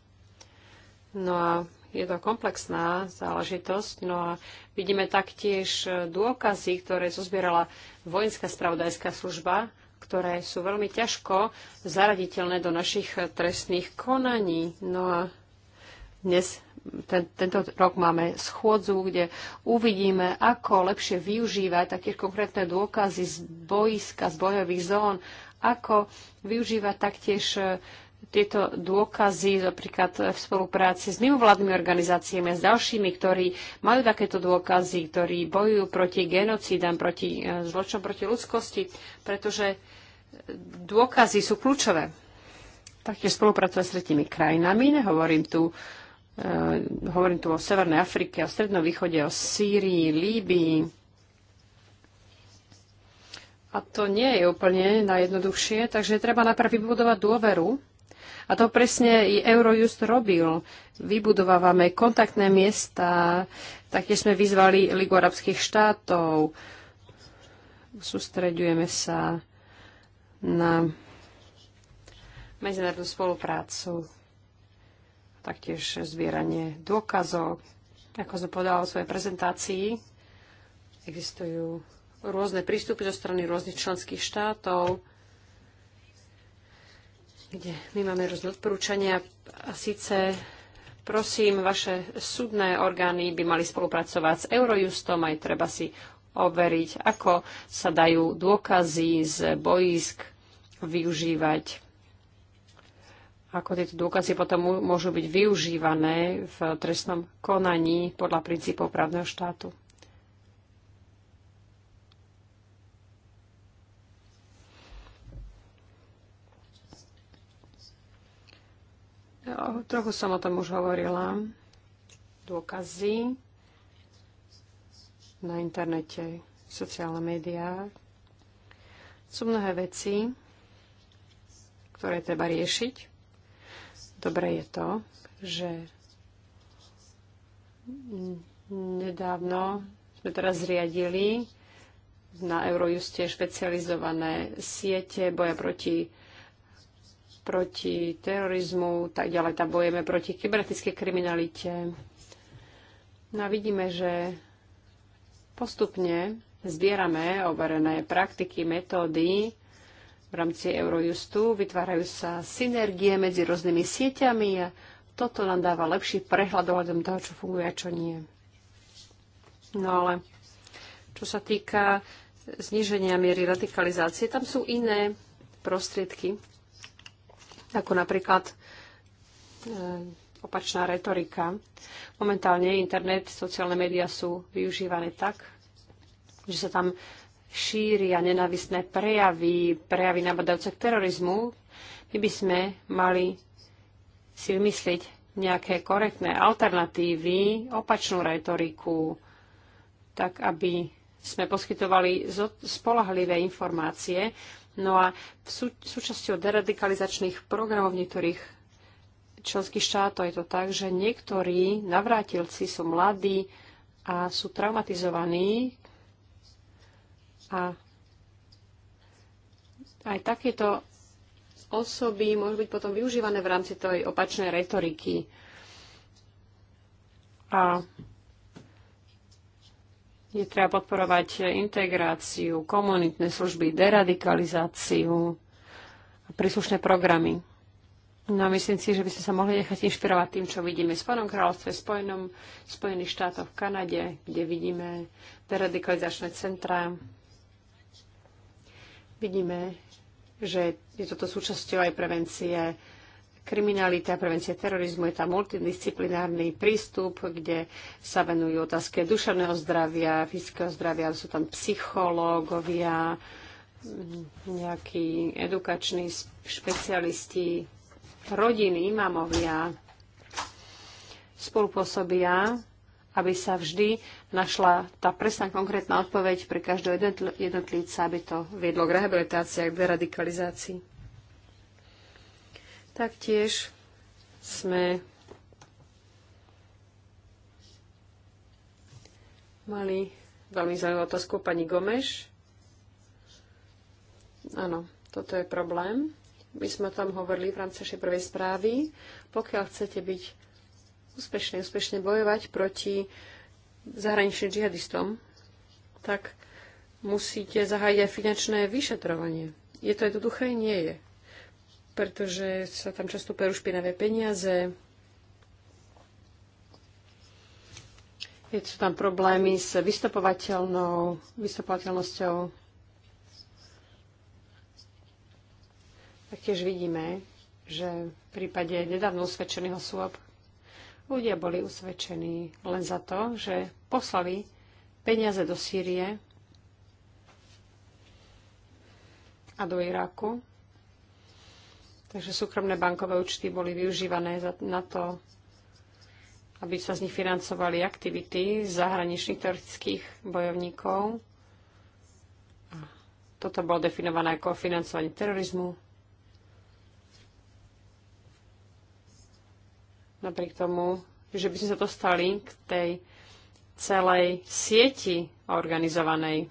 No a je to komplexná záležitosť. No a vidíme taktiež dôkazy, ktoré zozbierala vojenská spravodajská služba, ktoré sú veľmi ťažko zaraditeľné do našich trestných konaní. No a dnes ten, tento rok máme schôdzu, kde uvidíme, ako lepšie využívať také konkrétne dôkazy z boiska, z bojových zón, ako využívať taktiež tieto dôkazy, napríklad v spolupráci s mimovládnymi organizáciami a s ďalšími, ktorí majú takéto dôkazy, ktorí bojujú proti genocídam, proti e, zločom, proti ľudskosti, pretože dôkazy sú kľúčové. Taktiež spolupracovať s tretimi krajinami, nehovorím tu, e, hovorím tu o Severnej Afrike, o Strednom východe, o Sýrii, Líbii. A to nie je úplne najjednoduchšie, takže treba najprv vybudovať dôveru a to presne Eurojust robil. Vybudovávame kontaktné miesta, taktiež sme vyzvali Ligu arabských štátov, sústreďujeme sa na medzinárodnú spoluprácu, taktiež zbieranie dôkazov. Ako som povedala o svojej prezentácii, existujú rôzne prístupy zo strany rôznych členských štátov kde my máme rôzne odporúčania. A síce prosím, vaše súdne orgány by mali spolupracovať s Eurojustom, aj treba si overiť, ako sa dajú dôkazy z boisk využívať, ako tieto dôkazy potom môžu byť využívané v trestnom konaní podľa princípov právneho štátu. Trochu som o tom už hovorila. Dôkazy na internete, sociálne médiá. Sú mnohé veci, ktoré treba riešiť. Dobre je to, že nedávno sme teraz zriadili na Eurojuste špecializované siete boja proti proti terorizmu, tak ďalej tam bojujeme proti kybernetickej kriminalite. No a vidíme, že postupne zbierame overené praktiky, metódy v rámci Eurojustu, vytvárajú sa synergie medzi rôznymi sieťami a toto nám dáva lepší prehľad ohľadom toho, čo funguje a čo nie. No ale čo sa týka zniženia miery radikalizácie, tam sú iné prostriedky, ako napríklad e, opačná retorika. Momentálne internet, sociálne médiá sú využívané tak, že sa tam šíria nenavisné prejavy, prejavy nabadajúce k terorizmu. My by sme mali si vymyslieť nejaké korektné alternatívy, opačnú retoriku, tak aby sme poskytovali spolahlivé informácie, No a v sú, súčasťou deradikalizačných programov v niektorých členských štátoch je to tak, že niektorí navrátilci sú mladí a sú traumatizovaní a aj takéto osoby môžu byť potom využívané v rámci tej opačnej retoriky. A je treba podporovať integráciu, komunitné služby, deradikalizáciu a príslušné programy. No myslím si, že by sme sa mohli nechať inšpirovať tým, čo vidíme v Spojenom kráľovstve, v Spojenom, v Spojených štátoch, v Kanade, kde vidíme deradikalizačné centra. Vidíme, že je toto súčasťou aj prevencie kriminalita, prevencia terorizmu, je tam multidisciplinárny prístup, kde sa venujú otázky duševného zdravia, fyzického zdravia, sú tam psychológovia, nejakí edukační špecialisti, rodiny, imamovia, spolupôsobia, aby sa vždy našla tá presná konkrétna odpoveď pre každého jednotlivca, aby to viedlo k rehabilitácii a k deradikalizácii. Taktiež sme mali veľmi zaujímavú otázku pani Gomeš. Áno, toto je problém. My sme tam hovorili v rámci našej prvej správy. Pokiaľ chcete byť úspešne, úspešne bojovať proti zahraničným džihadistom, tak musíte zahájiť aj finančné vyšetrovanie. Je to jednoduché? Nie je pretože sa tam často perú špinavé peniaze, Je sú tam problémy s vystupovateľnou, vystupovateľnosťou. Taktiež vidíme, že v prípade nedávno usvedčených osôb ľudia boli usvedčení len za to, že poslali peniaze do Sýrie a do Iraku Takže súkromné bankové účty boli využívané na to, aby sa z nich financovali aktivity zahraničných teoretických bojovníkov. toto bolo definované ako financovanie terorizmu. Napriek tomu, že by sme sa dostali k tej celej sieti organizovanej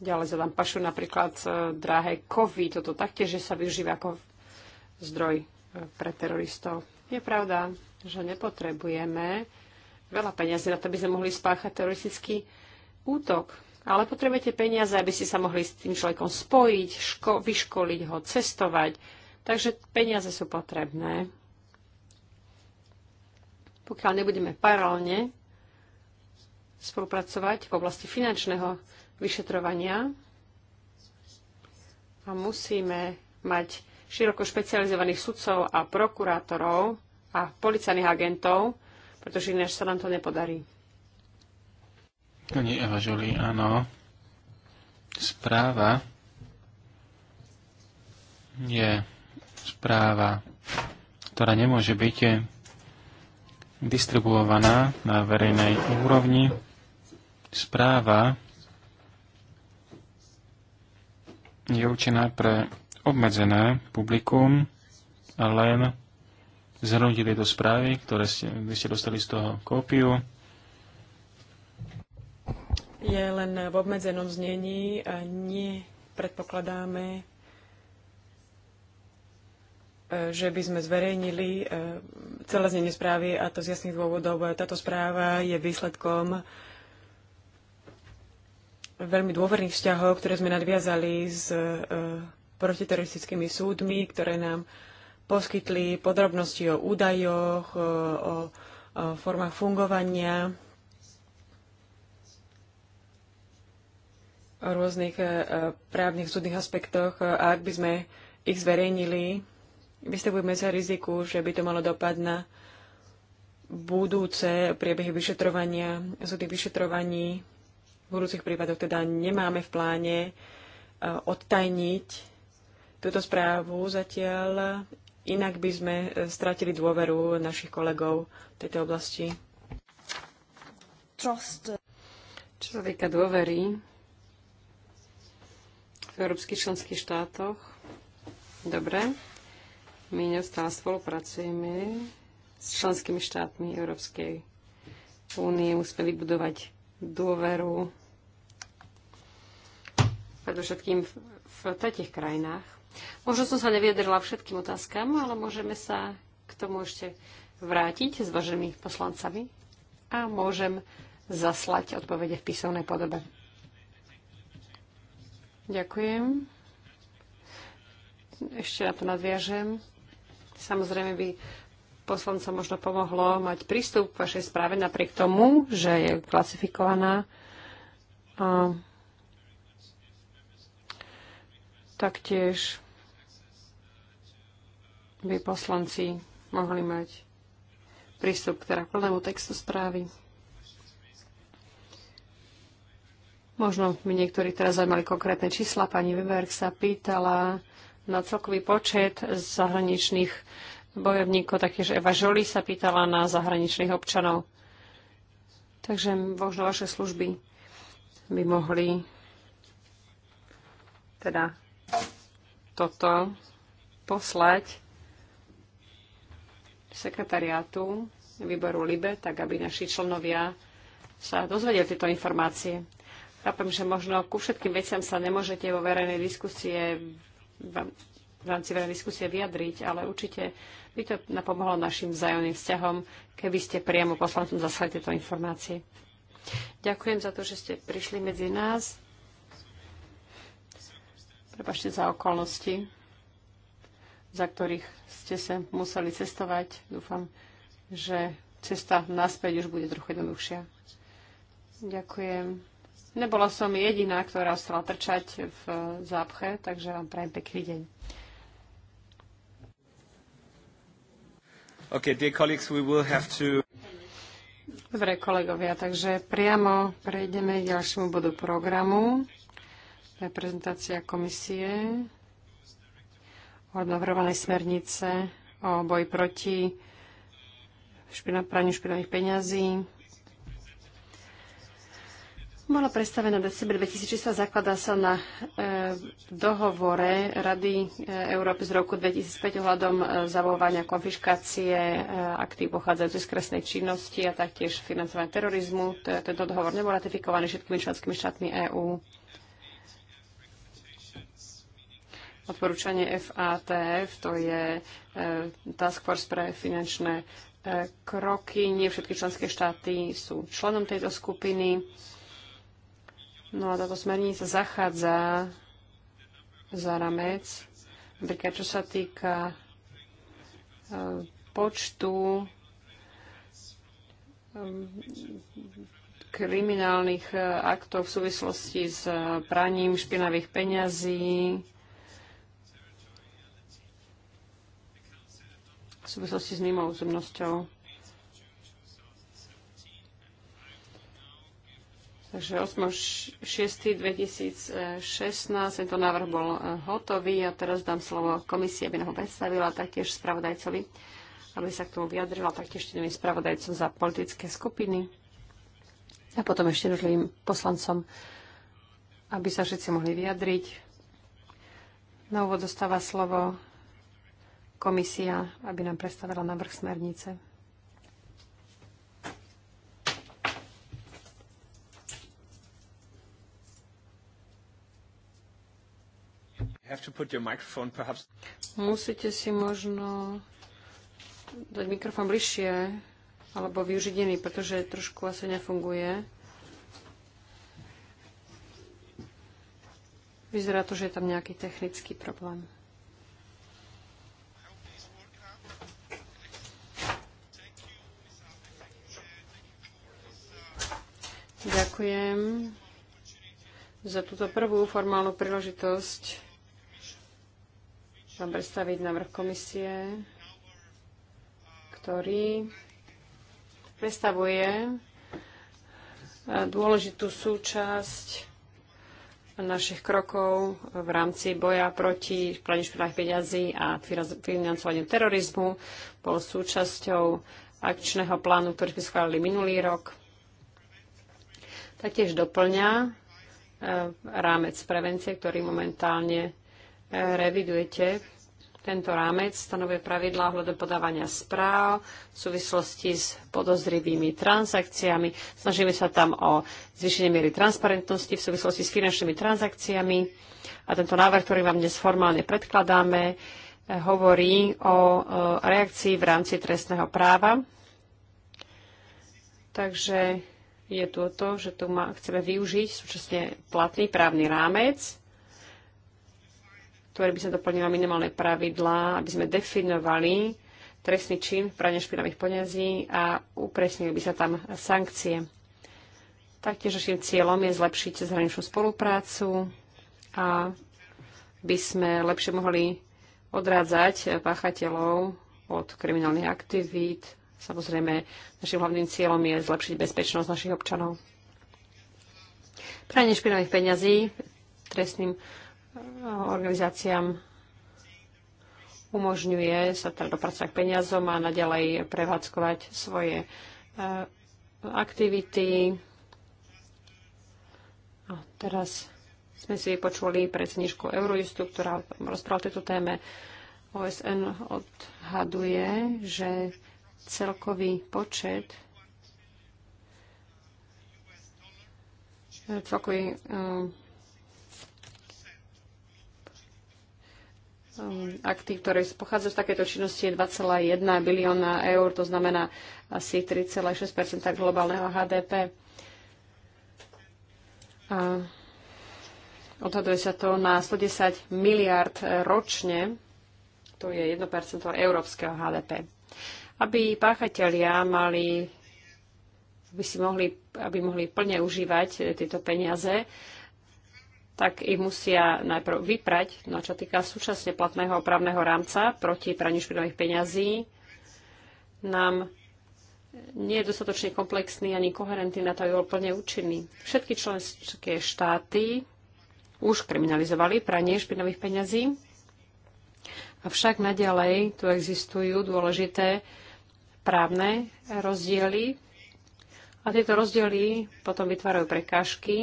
Ďalej sa tam pašujú napríklad e, drahé kovy. Toto taktiež že sa využíva ako zdroj e, pre teroristov. Je pravda, že nepotrebujeme veľa peniazy na to, aby sme mohli spáchať teroristický útok. Ale potrebujete peniaze, aby ste sa mohli s tým človekom spojiť, ško- vyškoliť ho, cestovať. Takže peniaze sú potrebné. Pokiaľ nebudeme paralelne spolupracovať v oblasti finančného vyšetrovania a musíme mať široko špecializovaných sudcov a prokurátorov a policajných agentov, pretože ináč sa nám to nepodarí. Pani Eva Žoli, áno. Správa je správa, ktorá nemôže byť distribuovaná na verejnej úrovni. Správa je určená pre obmedzené publikum a len zhrnutili do správy, ktoré ste, vy ste dostali z toho kópiu. Je len v obmedzenom znení a nie predpokladáme, e, že by sme zverejnili e, celé znenie správy a to z jasných dôvodov. E, táto správa je výsledkom veľmi dôverných vzťahov, ktoré sme nadviazali s e, protiteroristickými súdmi, ktoré nám poskytli podrobnosti o údajoch, o, o, formách fungovania, o rôznych e, právnych súdnych aspektoch. A ak by sme ich zverejnili, vystavujeme sa riziku, že by to malo dopad na budúce priebehy vyšetrovania, súdnych vyšetrovaní v budúcich prípadoch teda nemáme v pláne e, odtajniť túto správu zatiaľ, inak by sme e, stratili dôveru našich kolegov v tejto oblasti. Trust. Človeka dôverí v európskych členských štátoch. Dobre. My neustále spolupracujeme s členskými štátmi Európskej únie. Musíme vybudovať dôveru predovšetkým v, v tretich krajinách. Možno som sa neviedrila všetkým otázkam, ale môžeme sa k tomu ešte vrátiť s vašimi poslancami a môžem zaslať odpovede v písomnej podobe. Ďakujem. Ešte na to nadviažem. Samozrejme by poslancom možno pomohlo mať prístup k vašej správe napriek tomu, že je klasifikovaná. Taktiež by poslanci mohli mať prístup k teda plnému textu správy. Možno mi niektorí teraz zaujímali konkrétne čísla. Pani Weber sa pýtala na celkový počet zahraničných bojovníkov, taktiež Eva Žoli sa pýtala na zahraničných občanov. Takže možno vaše služby by mohli teda toto poslať sekretariátu výboru LIBE, tak aby naši členovia sa dozvedeli tieto informácie. Chápem, že možno ku všetkým veciam sa nemôžete vo verejnej diskusie v rámci verejnej diskusie vyjadriť, ale určite by to napomohlo našim vzájomným vzťahom, keby ste priamo poslancom zaslali tieto informácie. Ďakujem za to, že ste prišli medzi nás. Prepašte za okolnosti, za ktorých ste sa museli cestovať. Dúfam, že cesta naspäť už bude trochu jednoduchšia. Ďakujem. Nebola som jediná, ktorá stala trčať v zápche, takže vám prajem pekný deň. Okay, dear colleagues, we will have to... Dobre, kolegovia, takže priamo prejdeme k ďalšiemu bodu programu. Reprezentácia komisie o navrhovanej smernice o boji proti špina, praniu špinavých peňazí. Bola predstavená v decembri a zakladá sa na e, dohovore Rady e, Európy z roku 2005 ohľadom e, konfiškácie e, aktív pochádzajúcich z kresnej činnosti a taktiež financovania terorizmu. Tento dohovor nebol ratifikovaný všetkými členskými štátmi EÚ. odporúčanie FATF, to je e, Task Force pre finančné e, kroky. Nie všetky členské štáty sú členom tejto skupiny. No a táto smernica zachádza za ramec. Napríklad, čo sa týka e, počtu kriminálnych aktov v súvislosti s praním špinavých peňazí, súvislosti s mimo územnosťou. Takže 8.6.2016 tento návrh bol e, hotový a teraz dám slovo komisie, aby nám ho predstavila, taktiež spravodajcovi, aby sa k tomu vyjadrila, taktiež tým spravodajcom za politické skupiny a potom ešte jednotlivým poslancom, aby sa všetci mohli vyjadriť. Na úvod dostáva slovo komisia, aby nám predstavila návrh smernice. Musíte si možno dať mikrofón bližšie alebo využiť iný, pretože trošku asi nefunguje. Vyzerá to, že je tam nejaký technický problém. Ďakujem za túto prvú formálnu príležitosť vám predstaviť návrh komisie, ktorý predstavuje dôležitú súčasť našich krokov v rámci boja proti praní špinavých peňazí a financovaniu terorizmu. Bol súčasťou akčného plánu, ktorý sme schválili minulý rok. Taktiež doplňa e, rámec prevencie, ktorý momentálne e, revidujete. Tento rámec stanovuje pravidlá ohľadom podávania správ v súvislosti s podozrivými transakciami. Snažíme sa tam o zvýšenie miery transparentnosti v súvislosti s finančnými transakciami. A tento návrh, ktorý vám dnes formálne predkladáme, e, hovorí o reakcii v rámci trestného práva. Takže je tu o to, že tu má, chceme využiť súčasne platný právny rámec, ktorý by sa doplnil minimálne pravidlá, aby sme definovali trestný čin prania špinavých peňazí a upresnili by sa tam sankcie. Taktiež našim cieľom je zlepšiť zahraničnú spoluprácu a by sme lepšie mohli odrádzať páchateľov od kriminálnych aktivít, Samozrejme, našim hlavným cieľom je zlepšiť bezpečnosť našich občanov. Pranie špinavých peňazí trestným eh, organizáciám umožňuje sa teda dopracovať k peniazom a naďalej prevádzkovať svoje eh, aktivity. A teraz sme si počuli predsedničku Eurojustu, ktorá rozprávala tieto tejto téme. OSN odhaduje, že celkový počet e, celkový e, e, aktív, ktoré pochádzajú z takéto činnosti je 2,1 bilióna eur, to znamená asi 3,6 globálneho HDP. A odhaduje sa to na 110 miliard ročne, to je 1 európskeho HDP aby páchatelia mali, aby, si mohli, aby mohli plne užívať eh, tieto peniaze, tak ich musia najprv vyprať, no čo týka súčasne platného právneho rámca proti praniu špinavých peňazí, nám eh, nie je dostatočne komplexný ani koherentný na to, aby bol plne účinný. Všetky členské štáty už kriminalizovali pranie špinavých peňazí, avšak naďalej tu existujú dôležité právne rozdiely a tieto rozdiely potom vytvárajú prekážky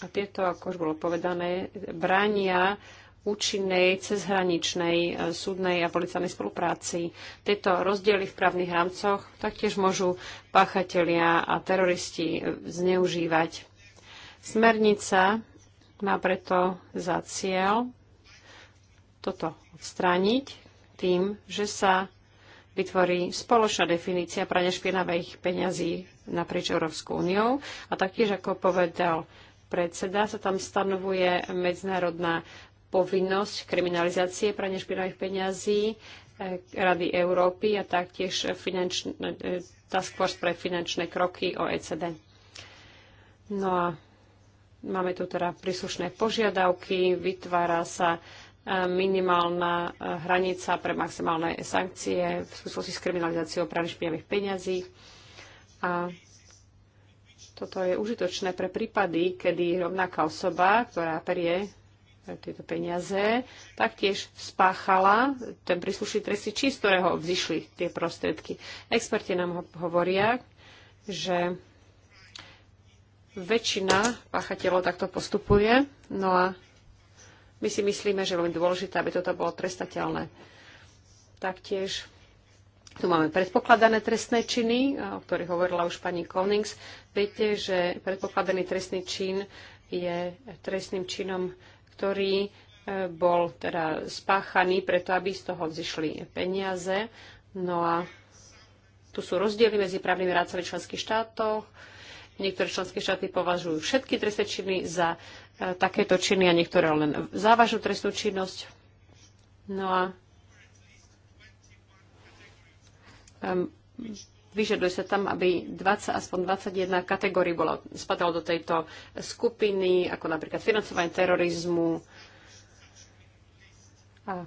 a, tieto, ako už bolo povedané, bránia účinnej cezhraničnej e, súdnej a policajnej spolupráci. Tieto rozdiely v právnych rámcoch taktiež môžu páchatelia a teroristi e, zneužívať. Smernica má preto za cieľ toto odstrániť tým, že sa vytvorí spoločná definícia prania špinavých peňazí naprieč Európskou úniou. A taktiež, ako povedal predseda, sa tam stanovuje medzinárodná povinnosť kriminalizácie prania špinavých peňazí eh, Rady Európy a taktiež finančné, eh, task force pre finančné kroky OECD. No a máme tu teda príslušné požiadavky, vytvára sa minimálna e, hranica pre maximálne sankcie v súvislosti s kriminalizáciou práve špinavých peňazí. A toto je užitočné pre prípady, kedy rovnaká osoba, ktorá perie e, tieto peniaze, taktiež spáchala ten príslušný trestný čin, z ktorého vzýšli tie prostriedky. Experti nám hovoria, že väčšina páchateľov takto postupuje, no a my si myslíme, že je veľmi dôležité, aby toto bolo trestateľné. Taktiež tu máme predpokladané trestné činy, o ktorých hovorila už pani Konings. Viete, že predpokladaný trestný čin je trestným činom, ktorý e, bol teda spáchaný preto, aby z toho zišli peniaze. No a tu sú rozdiely medzi právnymi rádcami členských štátov. Niektoré členské štáty považujú všetky trestné činy za e, takéto činy a niektoré len závažnú trestnú činnosť. No a vyžaduje sa tam, aby 20, aspoň 21 kategórií bolo, spadalo do tejto skupiny, ako napríklad financovanie terorizmu a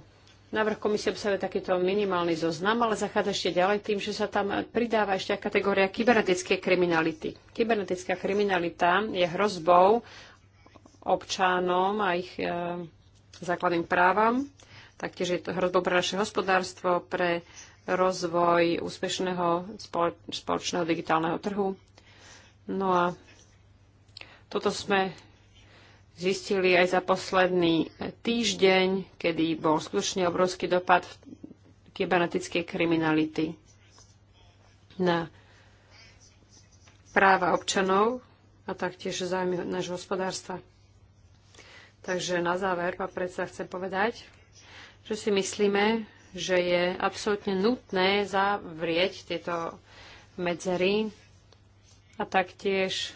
Návrh komisie obsahuje takýto minimálny zoznam, ale zachádza ešte ďalej tým, že sa tam pridáva ešte kategória kybernetické kriminality. Kybernetická kriminalita je hrozbou občanom a ich e, základným právam. Taktiež je to hrozbou pre naše hospodárstvo, pre rozvoj úspešného spoločného digitálneho trhu. No a toto sme zistili aj za posledný týždeň, kedy bol skutočne obrovský dopad kybernetickej kriminality na práva občanov a taktiež zájmy nášho hospodárstva. Takže na záver, pán predsa, chcem povedať, že si myslíme, že je absolútne nutné zavrieť tieto medzery a taktiež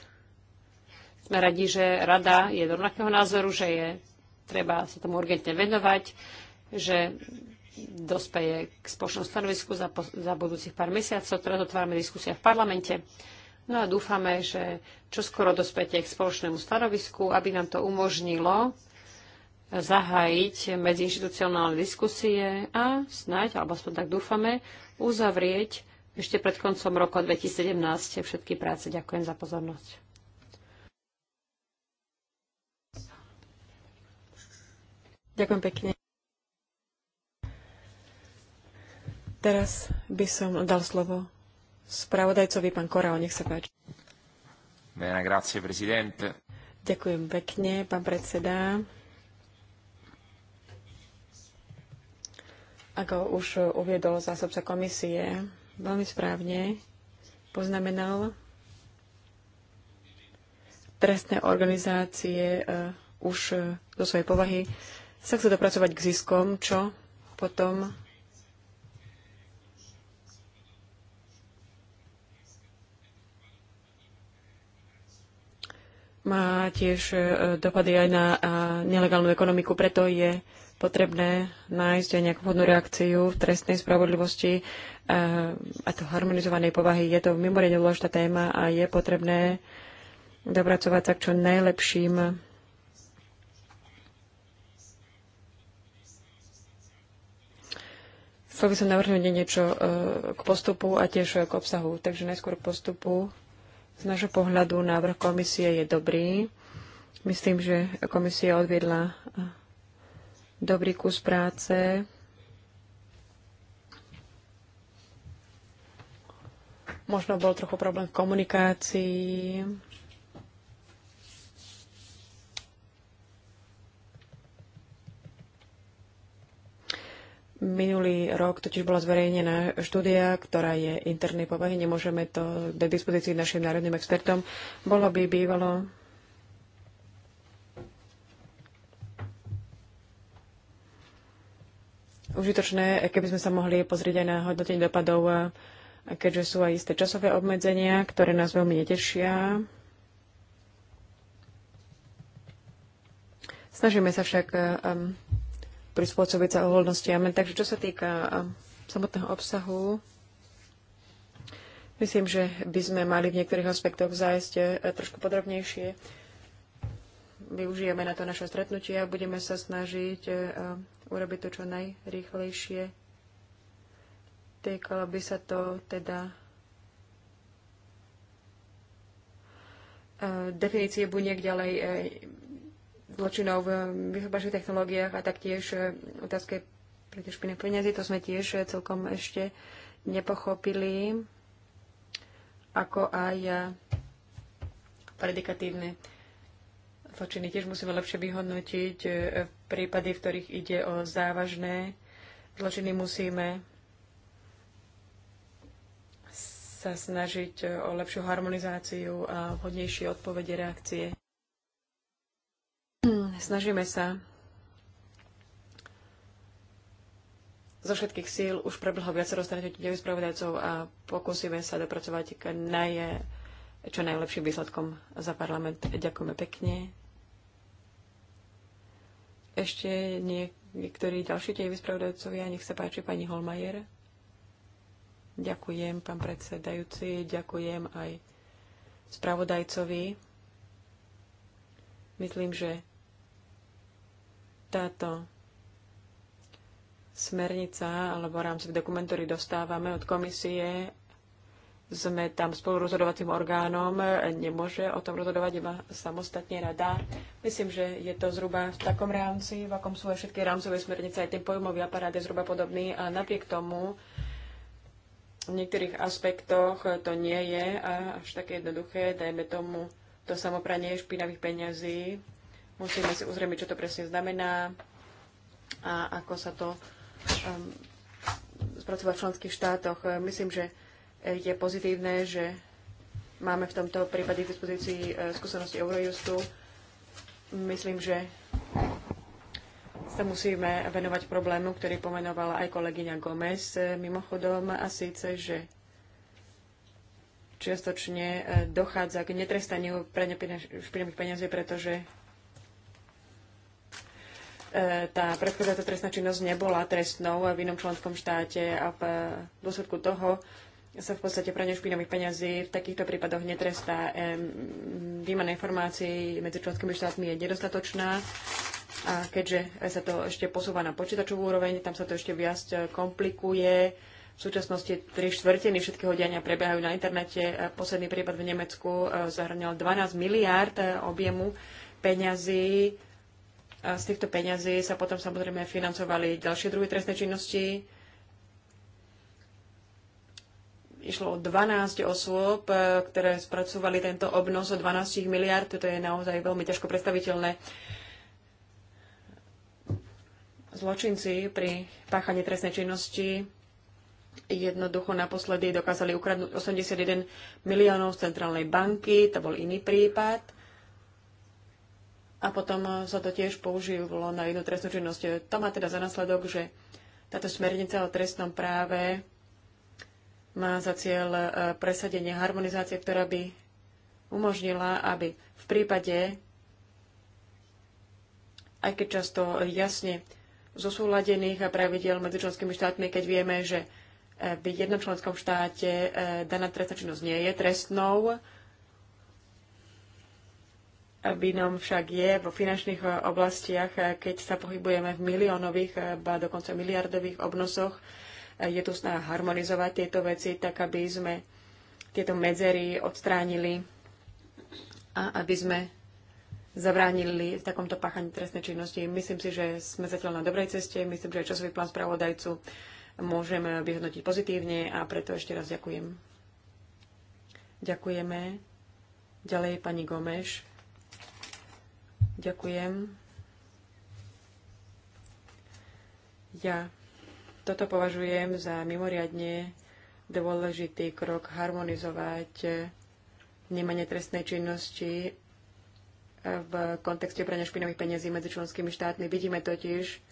sme radi, že rada je do rovnakého názoru, že je treba sa tomu urgentne venovať, že dospeje k spoločnom stanovisku za, za budúcich pár mesiacov. Teraz otvárame diskusia v parlamente. No a dúfame, že čoskoro dospete k spoločnému stanovisku, aby nám to umožnilo zahájiť medziinstitucionálne diskusie a snať, alebo aspoň tak dúfame, uzavrieť ešte pred koncom roka 2017 všetky práce. Ďakujem za pozornosť. Ďakujem pekne. Teraz by som dal slovo spravodajcovi, pán Korao, nech sa páči. Bene, grazie, presidente. Ďakujem pekne, pán predseda. Ako už uviedol zásobca komisie, veľmi správne poznamenal trestné organizácie eh, už zo svojej povahy sa chce dopracovať k ziskom, čo potom má tiež e, dopady aj na e, nelegálnu ekonomiku, preto je potrebné nájsť aj nejakú vhodnú reakciu v trestnej spravodlivosti e, a to harmonizovanej povahy. Je to mimoriadne dôležitá téma a je potrebné dopracovať sa k čo najlepším Chcel by som navrhnúť niečo e, k postupu a tiež k obsahu. Takže najskôr k postupu. Z nášho pohľadu návrh komisie je dobrý. Myslím, že komisia odviedla e, dobrý kus práce. Možno bol trochu problém v komunikácii Minulý rok totiž bola zverejnená štúdia, ktorá je internej povahy, nemôžeme to do dispozícii našim národným expertom. Bolo by bývalo užitočné, keby sme sa mohli pozrieť aj na hodnotenie dopadov, keďže sú aj isté časové obmedzenia, ktoré nás veľmi netešia. Snažíme sa však um, prispôsobiť sa oholnostiam. Takže čo sa týka samotného obsahu, myslím, že by sme mali v niektorých aspektoch zájsť e, trošku podrobnejšie. Využijeme na to naše stretnutie a budeme sa snažiť e, urobiť to čo najrýchlejšie. Týkalo by sa to teda e, definície buniek ďalej zločinov v vysokobašných technológiách a taktiež e, otázke tie špinné peniazy. To sme tiež e, celkom ešte nepochopili, ako aj e, predikatívne zločiny. Tiež musíme lepšie vyhodnotiť prípady, v ktorých ide o závažné zločiny. Musíme sa snažiť o lepšiu harmonizáciu a vhodnejšie odpovede reakcie. Snažíme sa zo všetkých síl už prebehlo viacero stretnutí spravodajcov a pokúsime sa dopracovať k naj, čo najlepším výsledkom za parlament. Ďakujeme pekne. Ešte nie, niektorí ďalší tie spravodajcovia, nech sa páči pani Holmajer. Ďakujem, pán predsedajúci, ďakujem aj spravodajcovi. Myslím, že táto smernica alebo rámcový dokument, ktorý dostávame od komisie, sme tam spolu rozhodovacím orgánom, nemôže o tom rozhodovať iba samostatne rada. Myslím, že je to zhruba v takom rámci, v akom sú aj všetky rámcové smernice, aj ten pojmový aparát je zhruba podobný a napriek tomu v niektorých aspektoch to nie je až také jednoduché, dajme tomu to samopranie špinavých peňazí, Musíme si uzrieť, čo to presne znamená a ako sa to um, spracovať v členských štátoch. Myslím, že je pozitívne, že máme v tomto prípade k dispozícii e, skúsenosti Eurojustu. Myslím, že sa musíme venovať problému, ktorý pomenovala aj kolegyňa Gomez e, mimochodom a síce, že čiastočne e, dochádza k netrestaniu špinavých peniazí, pretože E, tá predchádzajúca trestná činnosť nebola trestnou v inom členskom štáte a e, v dôsledku toho sa v podstate pranie špinavých peňazí v takýchto prípadoch netrestá. E, výmena informácií medzi členskými štátmi je nedostatočná a keďže sa to ešte posúva na počítačovú úroveň, tam sa to ešte viac komplikuje. V súčasnosti tri štvrtiny všetkého diania prebiehajú na internete. Posledný prípad v Nemecku zahrňal 12 miliárd objemu peňazí a z týchto peňazí sa potom samozrejme financovali ďalšie druhy trestnej činnosti. Išlo o 12 osôb, e, ktoré spracovali tento obnos o 12 miliard. To je naozaj veľmi ťažko predstaviteľné. Zločinci pri páchaní trestnej činnosti jednoducho naposledy dokázali ukradnúť 81 miliónov z centrálnej banky. To bol iný prípad a potom eh, sa to tiež použilo na inú trestnú činnosť. Eh, to má teda za následok, že táto smernica o trestnom práve má za cieľ eh, presadenie harmonizácie, ktorá by umožnila, aby v prípade, aj keď často jasne zosúladených a pravidel medzi členskými štátmi, keď vieme, že v jednom členskom štáte daná trestná činnosť nie je trestnou, Vinom však je vo finančných eh, oblastiach, eh, keď sa pohybujeme v miliónových, eh, ba dokonca miliardových obnosoch, je tu snaha harmonizovať tieto veci, tak aby sme tieto medzery odstránili a aby sme zabránili v takomto páchaní trestnej činnosti. Myslím si, že sme zatiaľ na dobrej ceste. Myslím, že časový plán spravodajcu môžeme vyhodnotiť pozitívne a preto ešte raz ďakujem. Ďakujeme. Ďalej pani Gomeš. Ďakujem. Ja toto považujem za mimoriadne dôležitý krok harmonizovať vnímanie trestnej činnosti v kontexte prania špinových peniazí medzi členskými štátmi. Vidíme totiž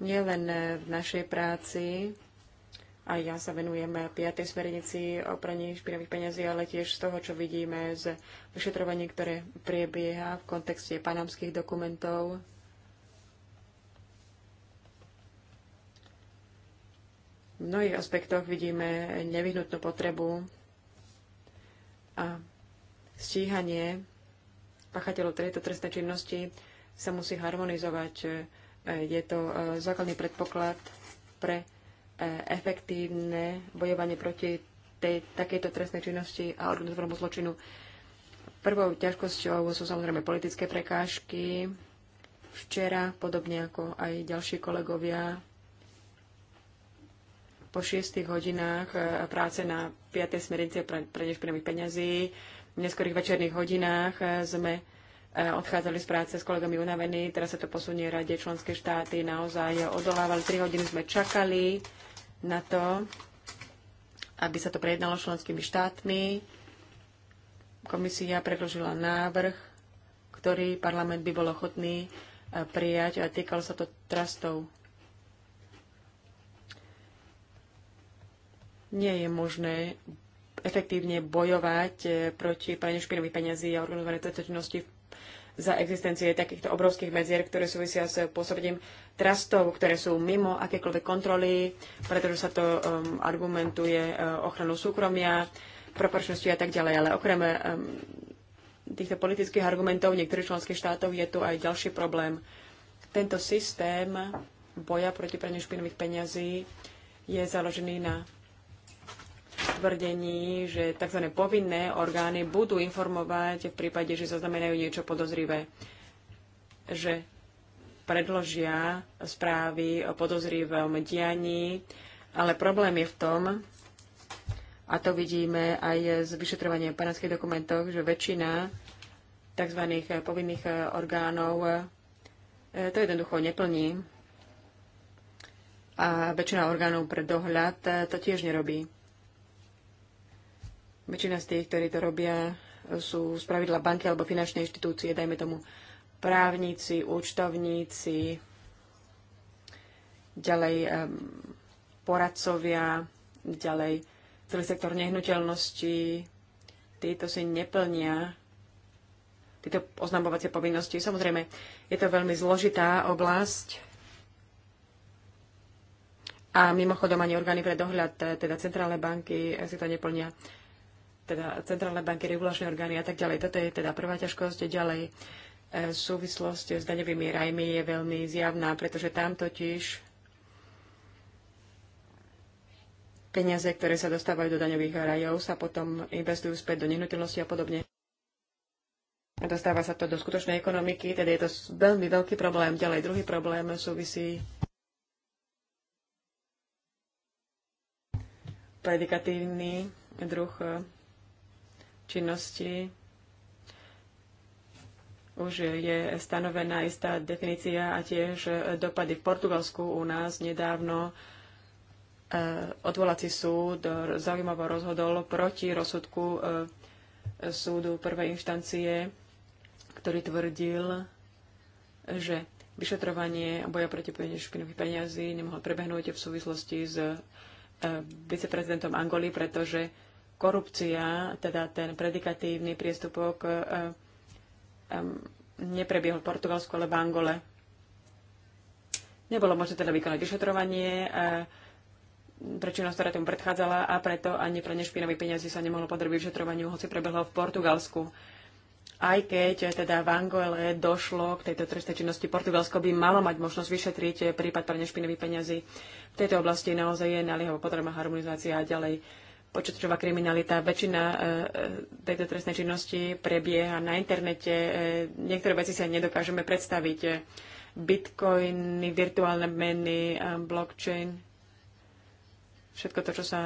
nielen v našej práci, a ja sa venujem piatej smernici o praní špinavých peňazí, ale tiež z toho, čo vidíme z vyšetrovania, ktoré priebieha v kontexte panamských dokumentov. V mnohých aspektoch vidíme nevyhnutnú potrebu a stíhanie pachateľov tejto trestnej činnosti sa musí harmonizovať. Je to e, základný predpoklad pre efektívne bojovanie proti tej, takejto trestnej činnosti a organizovanému zločinu. Prvou ťažkosťou sú samozrejme politické prekážky. Včera, podobne ako aj ďalší kolegovia, po šiestich hodinách e, práce na 5. smernice pre, pre peňazí, v neskorých večerných hodinách e, sme e, odchádzali z práce s kolegami unavení, teraz sa to posunie rade členské štáty, naozaj odolávali, 3 hodiny sme čakali, na to, aby sa to prejednalo členskými štátmi. Komisia predložila návrh, ktorý parlament by bol ochotný e, prijať a týkalo sa to trastov. Nie je možné efektívne bojovať e, proti praniu špinavých peňazí a organizovanej trestnosti v za existencie takýchto obrovských medzier, ktoré súvisia s pôsobením trastov, ktoré sú mimo akékoľvek kontroly, pretože sa to um, argumentuje uh, ochranu súkromia, proporčnosti a tak ďalej. Ale okrem um, týchto politických argumentov niektorých členských štátov je tu aj ďalší problém. Tento systém boja proti praniu špinových peňazí je založený na tvrdení, že tzv. povinné orgány budú informovať v prípade, že zaznamenajú niečo podozrivé, že predložia správy o podozrivom dianí, ale problém je v tom, a to vidíme aj z vyšetrovania panamských dokumentov, že väčšina tzv. povinných orgánov e, to jednoducho neplní a väčšina orgánov pre dohľad e, to tiež nerobí. Väčšina z tých, ktorí to robia, sú z pravidla banky alebo finančné inštitúcie, dajme tomu právnici, účtovníci, ďalej poradcovia, ďalej celý sektor nehnuteľnosti. Títo si neplnia tieto oznamovacie povinnosti. Samozrejme, je to veľmi zložitá oblasť a mimochodom ani orgány pre dohľad, teda centrálne banky si to neplnia teda centrálne banky, regulačné orgány a tak ďalej. Toto je teda prvá ťažkosť. Ďalej e, súvislosť s daňovými rajmi je veľmi zjavná, pretože tam totiž peniaze, ktoré sa dostávajú do daňových rajov, sa potom investujú späť do nehnuteľnosti a podobne. Dostáva sa to do skutočnej ekonomiky, teda je to veľmi veľký problém. Ďalej druhý problém súvisí predikatívny druh e, činnosti už je stanovená istá definícia a tiež dopady v Portugalsku u nás nedávno e, odvolací súd zaujímavo rozhodol proti rozsudku e, súdu prvej inštancie, ktorý tvrdil, že vyšetrovanie boja proti praniu špinových peniazí nemohlo prebehnúť v súvislosti s e, viceprezidentom Angoly, pretože korupcia, teda ten predikatívny priestupok e, e, neprebiehol v Portugalsku, ale v Angole. Nebolo možné teda vykonať vyšetrovanie, e, prečinnosť, ktorá tomu predchádzala a preto ani pre nešpinavých peniazy sa nemohlo podrobiť vyšetrovaniu, hoci prebehlo v Portugalsku. Aj keď teda v Angole došlo k tejto trestnej činnosti, Portugalsko by malo mať možnosť vyšetriť prípad pre nešpinavých peniazy. V tejto oblasti naozaj je naliehavo potrebná harmonizácia a ďalej počítačová kriminalita. Väčšina e, e, tejto trestnej činnosti prebieha na internete. E, niektoré veci sa nedokážeme predstaviť. Bitcoiny, virtuálne meny, blockchain, všetko to, čo sa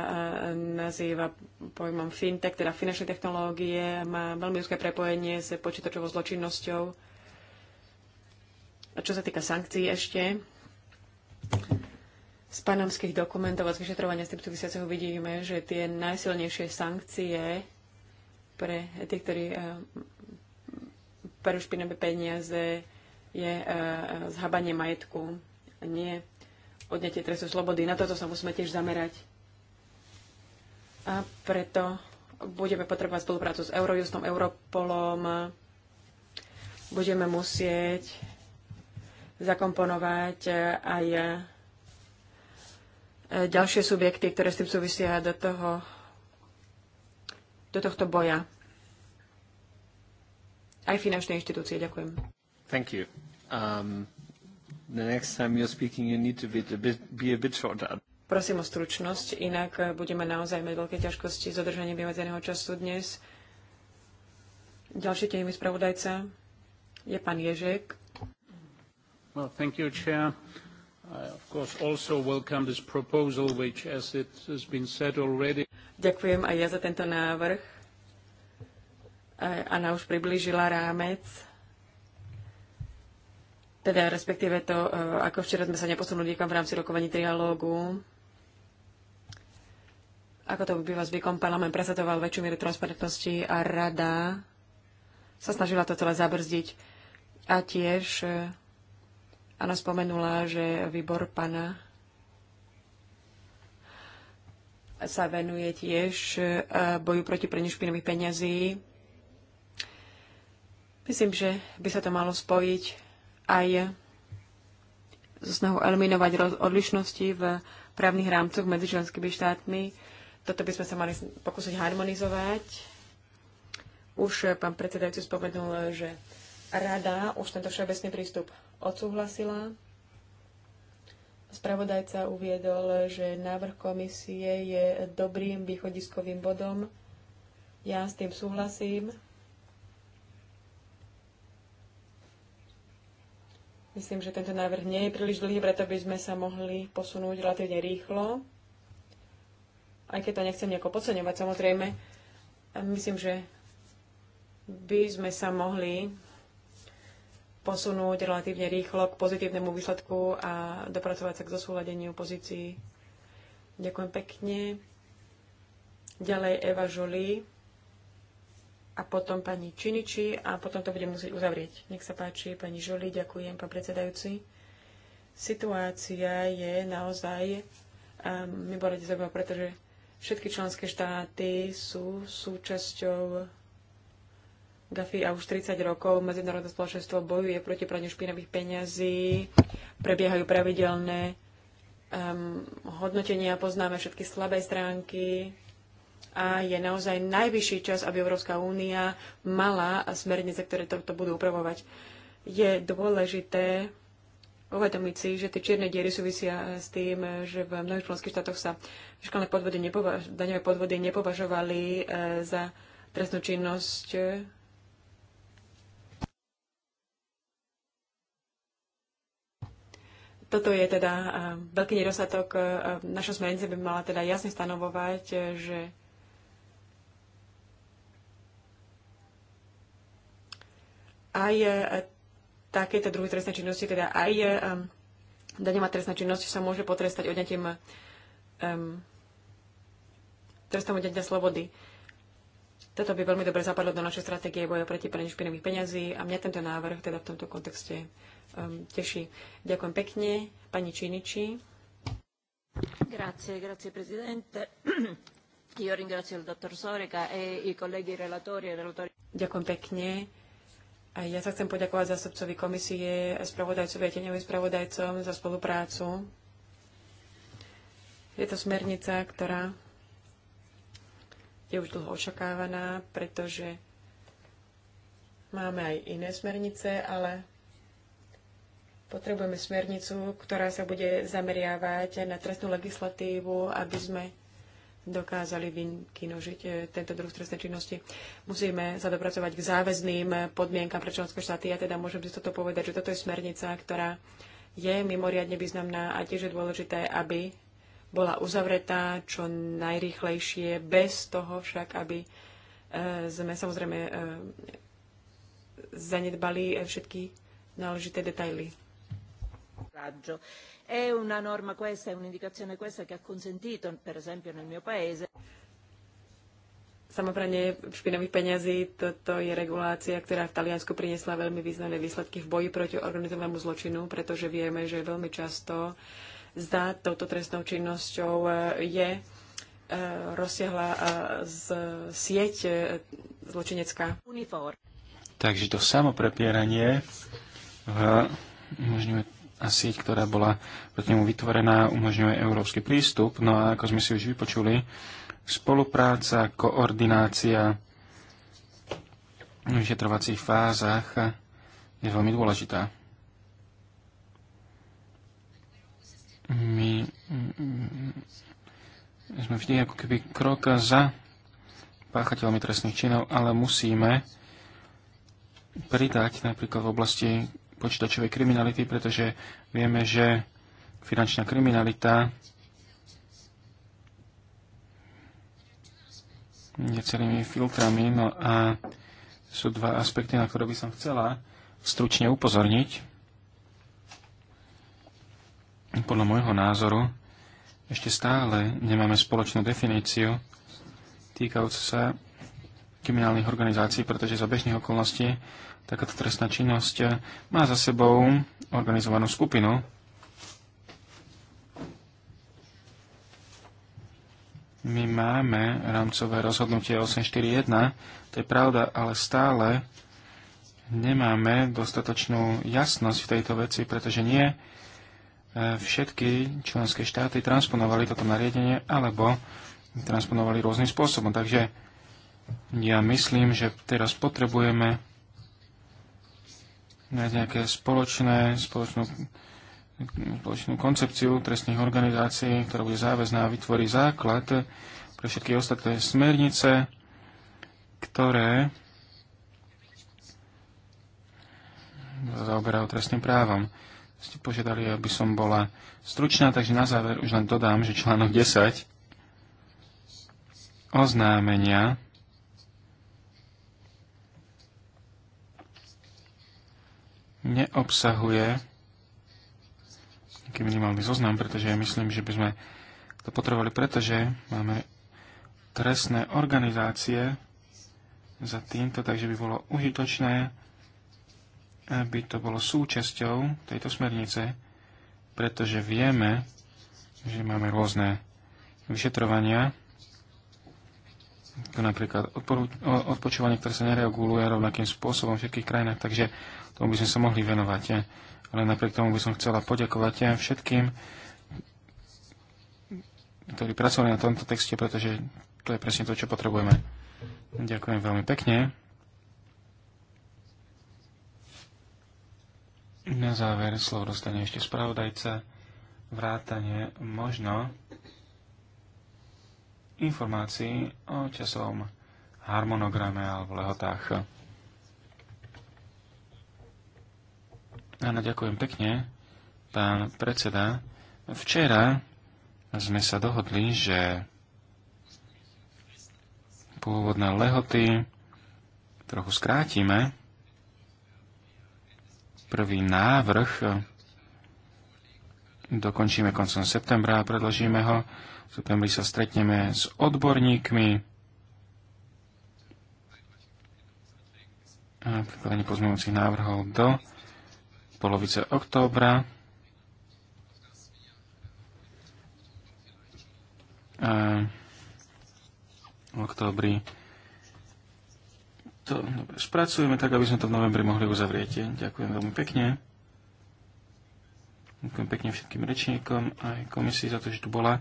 nazýva pojmom fintech, teda finančné technológie, má veľmi úzke prepojenie s počítačovou zločinnosťou. A čo sa týka sankcií ešte, z panamských dokumentov a z vyšetrovania z týchto vysiacov vidíme, že tie najsilnejšie sankcie pre tých, ktorí eh, perú špinavé peniaze, je eh, zhabanie majetku, nie odňatie trestu slobody. Na toto sa musíme tiež zamerať. A preto budeme potrebovať spoluprácu s Eurojustom, Europolom, budeme musieť zakomponovať eh, aj ďalšie subjekty, ktoré s tým súvisia do, toho, do tohto boja. Aj finančné inštitúcie. Ďakujem. Thank you. Um, the next time you're speaking, you need to be, to be, a bit shorter. Prosím o stručnosť, inak eh, budeme naozaj mať veľké ťažkosti s održaním vymedzeného času dnes. Ďalší tým spravodajca je pán Ježek. Well, thank you, Chair. Ďakujem aj ja za tento návrh. Anna už priblížila rámec, teda respektíve to, e, ako včera sme sa neposunuli niekam v rámci rokovaní trialógu. Ako to býva zvykom, parlament presadoval väčšiu mieru transparentnosti a rada sa snažila to celé zabrzdiť. A tiež e, ona spomenula, že výbor pana sa venuje tiež e, boju proti praniu špinových peňazí. Myslím, že by sa to malo spojiť aj so snahou eliminovať odlišnosti v právnych rámcoch medzi členskými štátmi. Toto by sme sa mali pokúsiť harmonizovať. Už e, pán predsedajúci spomenul, že rada už tento všeobecný prístup odsúhlasila. Spravodajca uviedol, že návrh komisie je dobrým východiskovým bodom. Ja s tým súhlasím. Myslím, že tento návrh nie je príliš dlhý, preto by sme sa mohli posunúť relatívne rýchlo. Aj keď to nechcem nejako podceňovať, samozrejme, myslím, že by sme sa mohli posunúť relatívne rýchlo k pozitívnemu výsledku a dopracovať sa k zosúladeniu pozícií. Ďakujem pekne. Ďalej Eva Žuli a potom pani Činiči a potom to budem musieť uzavrieť. Nech sa páči, pani Žuli, ďakujem, pán predsedajúci. Situácia je naozaj um, ehm, mimoriadne zaujímavá, pretože všetky členské štáty sú súčasťou Gafi a už 30 rokov medzinárodné spoločenstvo bojuje proti praniu špinavých peňazí, prebiehajú pravidelné um, hodnotenia, poznáme všetky slabé stránky a je naozaj najvyšší čas, aby Európska únia mala smernice, ktoré toto to budú upravovať. Je dôležité uvedomiť si, že tie čierne diery súvisia s tým, že v mnohých členských štátoch sa fiskálne podvody daňové podvody nepovažovali eh, za trestnú činnosť Toto je teda eh, veľký nedostatok. Eh, naša smernica by mala teda jasne stanovovať, eh, že aj takéto druhy trestnej činnosti, teda aj um, daňová trestná činnosť sa môže potrestať odňatím um, trestom odňatia slobody. Toto by veľmi dobre zapadlo do našej stratégie boja proti praní špinavých peňazí a mňa tento návrh teda v tomto kontexte um, teší. Ďakujem pekne, pani Činiči. Grazie, grazie Presidente. Io ringrazio il dottor Soreka e i colleghi relatori e relatori. Ďakujem pekne. A ja sa chcem poďakovať zástupcovi komisie, spravodajcovi a teňovým spravodajcom za spoluprácu. Je to smernica, ktorá je už dlho očakávaná, pretože máme aj iné smernice, ale Potrebujeme smernicu, ktorá sa bude zameriavať na trestnú legislatívu, aby sme dokázali vykinožiť e, tento druh trestnej činnosti. Musíme sa dopracovať k záväzným podmienkam pre členské štáty. Ja teda môžem si toto povedať, že toto je smernica, ktorá je mimoriadne významná a tiež je dôležité, aby bola uzavretá čo najrýchlejšie, bez toho však, aby e, sme samozrejme e, zanedbali všetky náležité detaily coraggio. È una norma questa, è un'indicazione questa che ha consentito, per esempio nel mio paese, Samopranie špinavých peňazí, toto je regulácia, ktorá v Taliansku priniesla veľmi významné výsledky v boji proti organizovanému zločinu, pretože vieme, že veľmi často za touto trestnou činnosťou e, je e, rozsiahla e, z sieť zločinecká. Takže to samoprepieranie umožňuje a sieť, ktorá bola proti nemu vytvorená, umožňuje európsky prístup. No a ako sme si už vypočuli, spolupráca, koordinácia v vyšetrovacích fázach je veľmi dôležitá. My mm, mm, sme vždy ako keby krok za páchateľmi trestných činov, ale musíme pridať napríklad v oblasti počítačovej kriminality, pretože vieme, že finančná kriminalita je celými filtrami. No a sú dva aspekty, na ktoré by som chcela stručne upozorniť. Podľa môjho názoru ešte stále nemáme spoločnú definíciu týkajúcu sa kriminálnych organizácií, pretože za bežných okolností takáto trestná činnosť eh, má za sebou organizovanú skupinu. My máme rámcové rozhodnutie 841, to je pravda, ale stále nemáme dostatočnú jasnosť v tejto veci, pretože nie eh, všetky členské štáty transponovali toto nariadenie alebo transponovali rôznym spôsobom. Takže ja myslím, že teraz potrebujeme nájsť nejaké spoločné, spoločnú, spoločnú koncepciu trestných organizácií, ktorá bude záväzná a vytvorí základ pre všetky ostatné smernice, ktoré zaoberajú trestným právom. Ste požiadali, aby som bola stručná, takže na záver už len dodám, že článok 10 oznámenia neobsahuje nejaký minimálny zoznam, pretože ja myslím, že by sme to potrebovali, pretože máme trestné organizácie za týmto, takže by bolo užitočné, aby to bolo súčasťou tejto smernice, pretože vieme, že máme rôzne vyšetrovania to napríklad odpočúvanie, ktoré sa nereguluje rovnakým spôsobom v všetkých krajinách, takže tomu by sme sa mohli venovať. Ale napriek tomu by som chcela poďakovať všetkým, ktorí pracovali na tomto texte, pretože to je presne to, čo potrebujeme. Ďakujem veľmi pekne. Na záver slovo dostane ešte spravodajca. Vrátanie možno informácií o časovom harmonograme alebo lehotách. Áno, ďakujem pekne, pán predseda. Včera sme sa dohodli, že pôvodné lehoty trochu skrátime. Prvý návrh dokončíme koncom septembra a predložíme ho my sa stretneme s odborníkmi a prikladanie pozmeňujúcich návrhov do polovice októbra. A v októbri to dobre, spracujeme tak, aby sme to v novembri mohli uzavrieť. Ďakujem veľmi pekne. Ďakujem pekne všetkým rečníkom aj komisii za to, že tu bola.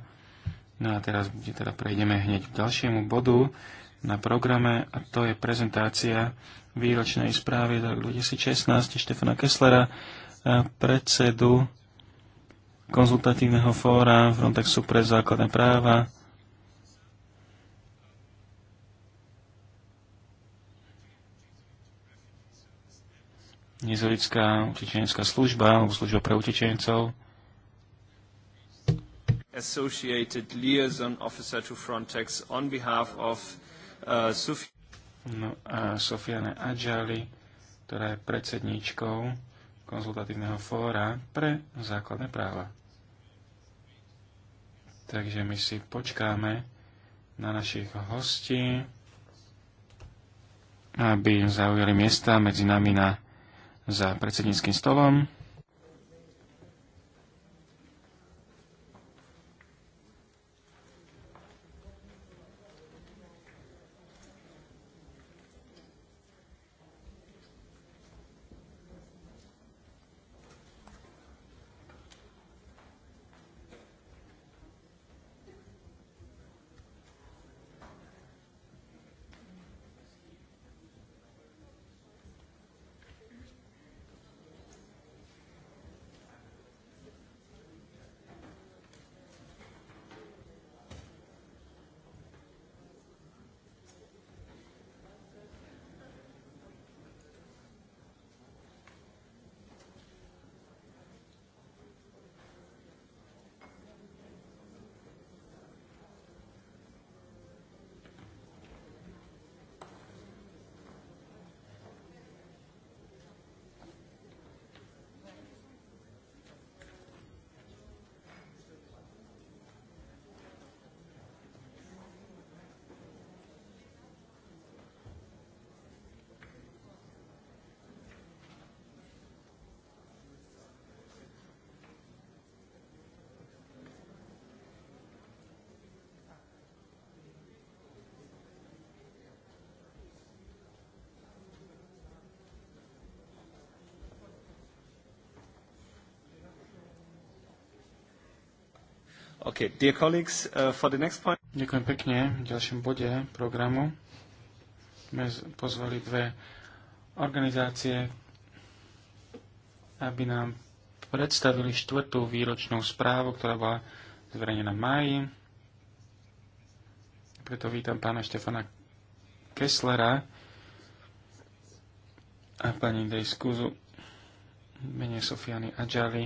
No a teraz teda prejdeme hneď k ďalšiemu bodu na programe a to je prezentácia výročnej správy za 2016 Štefana Kesslera, predsedu konzultatívneho fóra Frontexu pre základné práva. Nezorická utečenecká služba alebo služba pre utečencov associated liaison officer to Frontex on behalf of uh, no a Sofiane Adjali, ktorá je predsedníčkou konzultatívneho fóra pre základné práva. Takže my si počkáme na našich hostí, aby zaujali miesta medzi nami na, za predsedníckým stolom. Okay, dear colleagues, uh, for the next point... Ďakujem pekne. V ďalšom bode programu sme pozvali dve organizácie, aby nám predstavili štvrtú výročnú správu, ktorá bola zverejnená v máji. Preto vítam pána Štefana Kesslera a pani Dejskuzu, mene Sofiany Adjali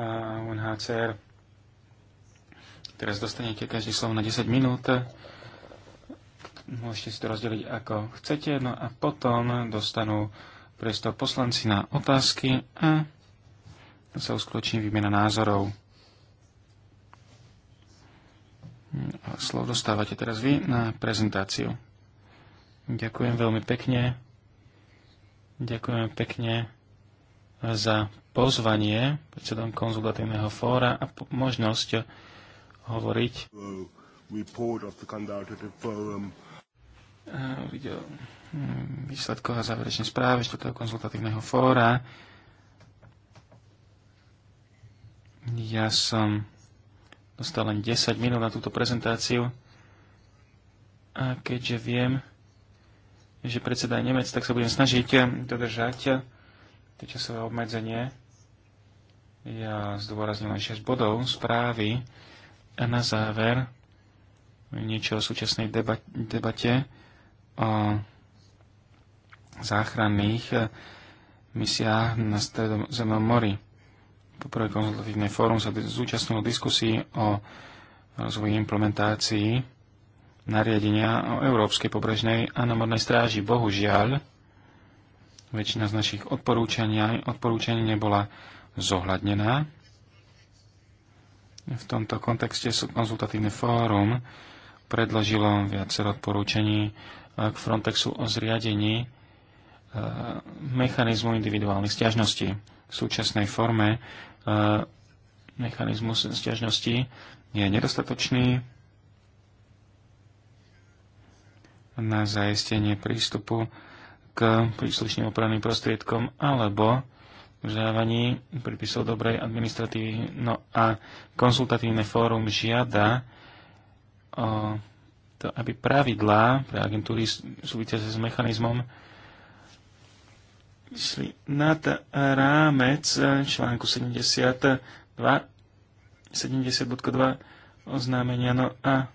a UNHCR. Teraz dostanete každý slovo na 10 minút. Môžete si to rozdeliť ako chcete. No a potom dostanú priestor poslanci na otázky a sa uskutoční výmena názorov. A dostávate teraz vy na prezentáciu. Ďakujem veľmi pekne. Ďakujem pekne za pozvanie predsedom konzultatívneho fóra a možnosť hovoriť. Uh, uh, Videl mm, výsledkoch a záverečnej správy 4. konzultatívneho fóra. Ja som dostal len 10 minút na túto prezentáciu a keďže viem, že predseda je Nemec, tak sa budem snažiť dodržať to časové obmedzenie. Ja zdôrazním len 6 bodov správy. A na záver niečo o súčasnej debate, debate o záchranných eh, misiách na Stredozemnom mori. Poprvé konzultatívne fórum sa zúčastnilo diskusí o rozvoji implementácií nariadenia o Európskej pobrežnej a námornej stráži. Bohužiaľ, väčšina z našich odporúčaní, odporúčaní nebola zohľadnená. V tomto kontexte konzultatívne fórum predložilo viacero odporúčení eh, k Frontexu o zriadení eh, mechanizmu individuálnych stiažností. V súčasnej forme eh, mechanizmus stiažností je nedostatočný na zaistenie prístupu k príslušným opravným prostriedkom alebo vzdávaní pripisov dobrej administratívy. No a konzultatívne fórum žiada o to, aby pravidlá pre agentúry súvisiace s mechanizmom išli nad rámec článku 72 70.2 oznámenia. No a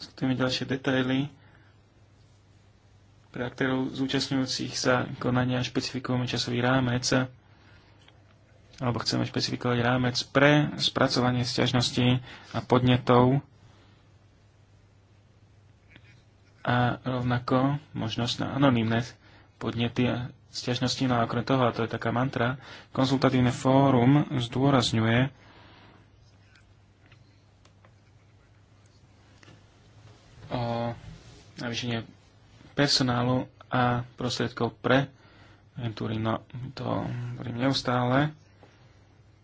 diskutujeme ďalšie detaily pre aktérov zúčastňujúcich sa konania špecifikujeme časový rámec alebo chceme špecifikovať rámec pre spracovanie sťažností a podnetov a rovnako možnosť na anonimné podnety a sťažnosti. No a okrem toho, a to je taká mantra, konzultatívne fórum zdôrazňuje, o navýšenie personálu a prostriedkov pre agentúry. No, to hovorím neustále.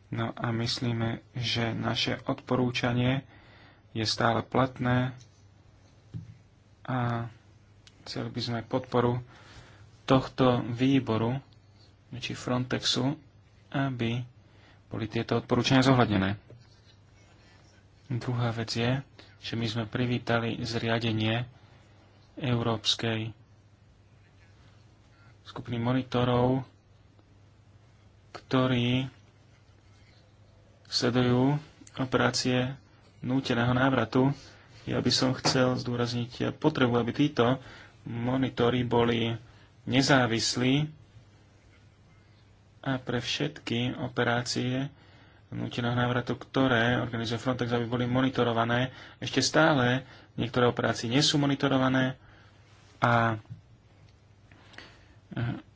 No a myslíme, že naše odporúčanie je stále platné a chceli by sme podporu tohto výboru či Frontexu, aby boli tieto odporúčania zohľadnené. Druhá vec je, že my sme privítali zriadenie Európskej skupiny monitorov, ktorí sledujú operácie núteného návratu. Ja by som chcel zdôrazniť potrebu, aby títo monitory boli nezávislí a pre všetky operácie núteného návratu, ktoré organizuje Frontex, aby boli monitorované. Ešte stále niektoré operácie nie sú monitorované a e,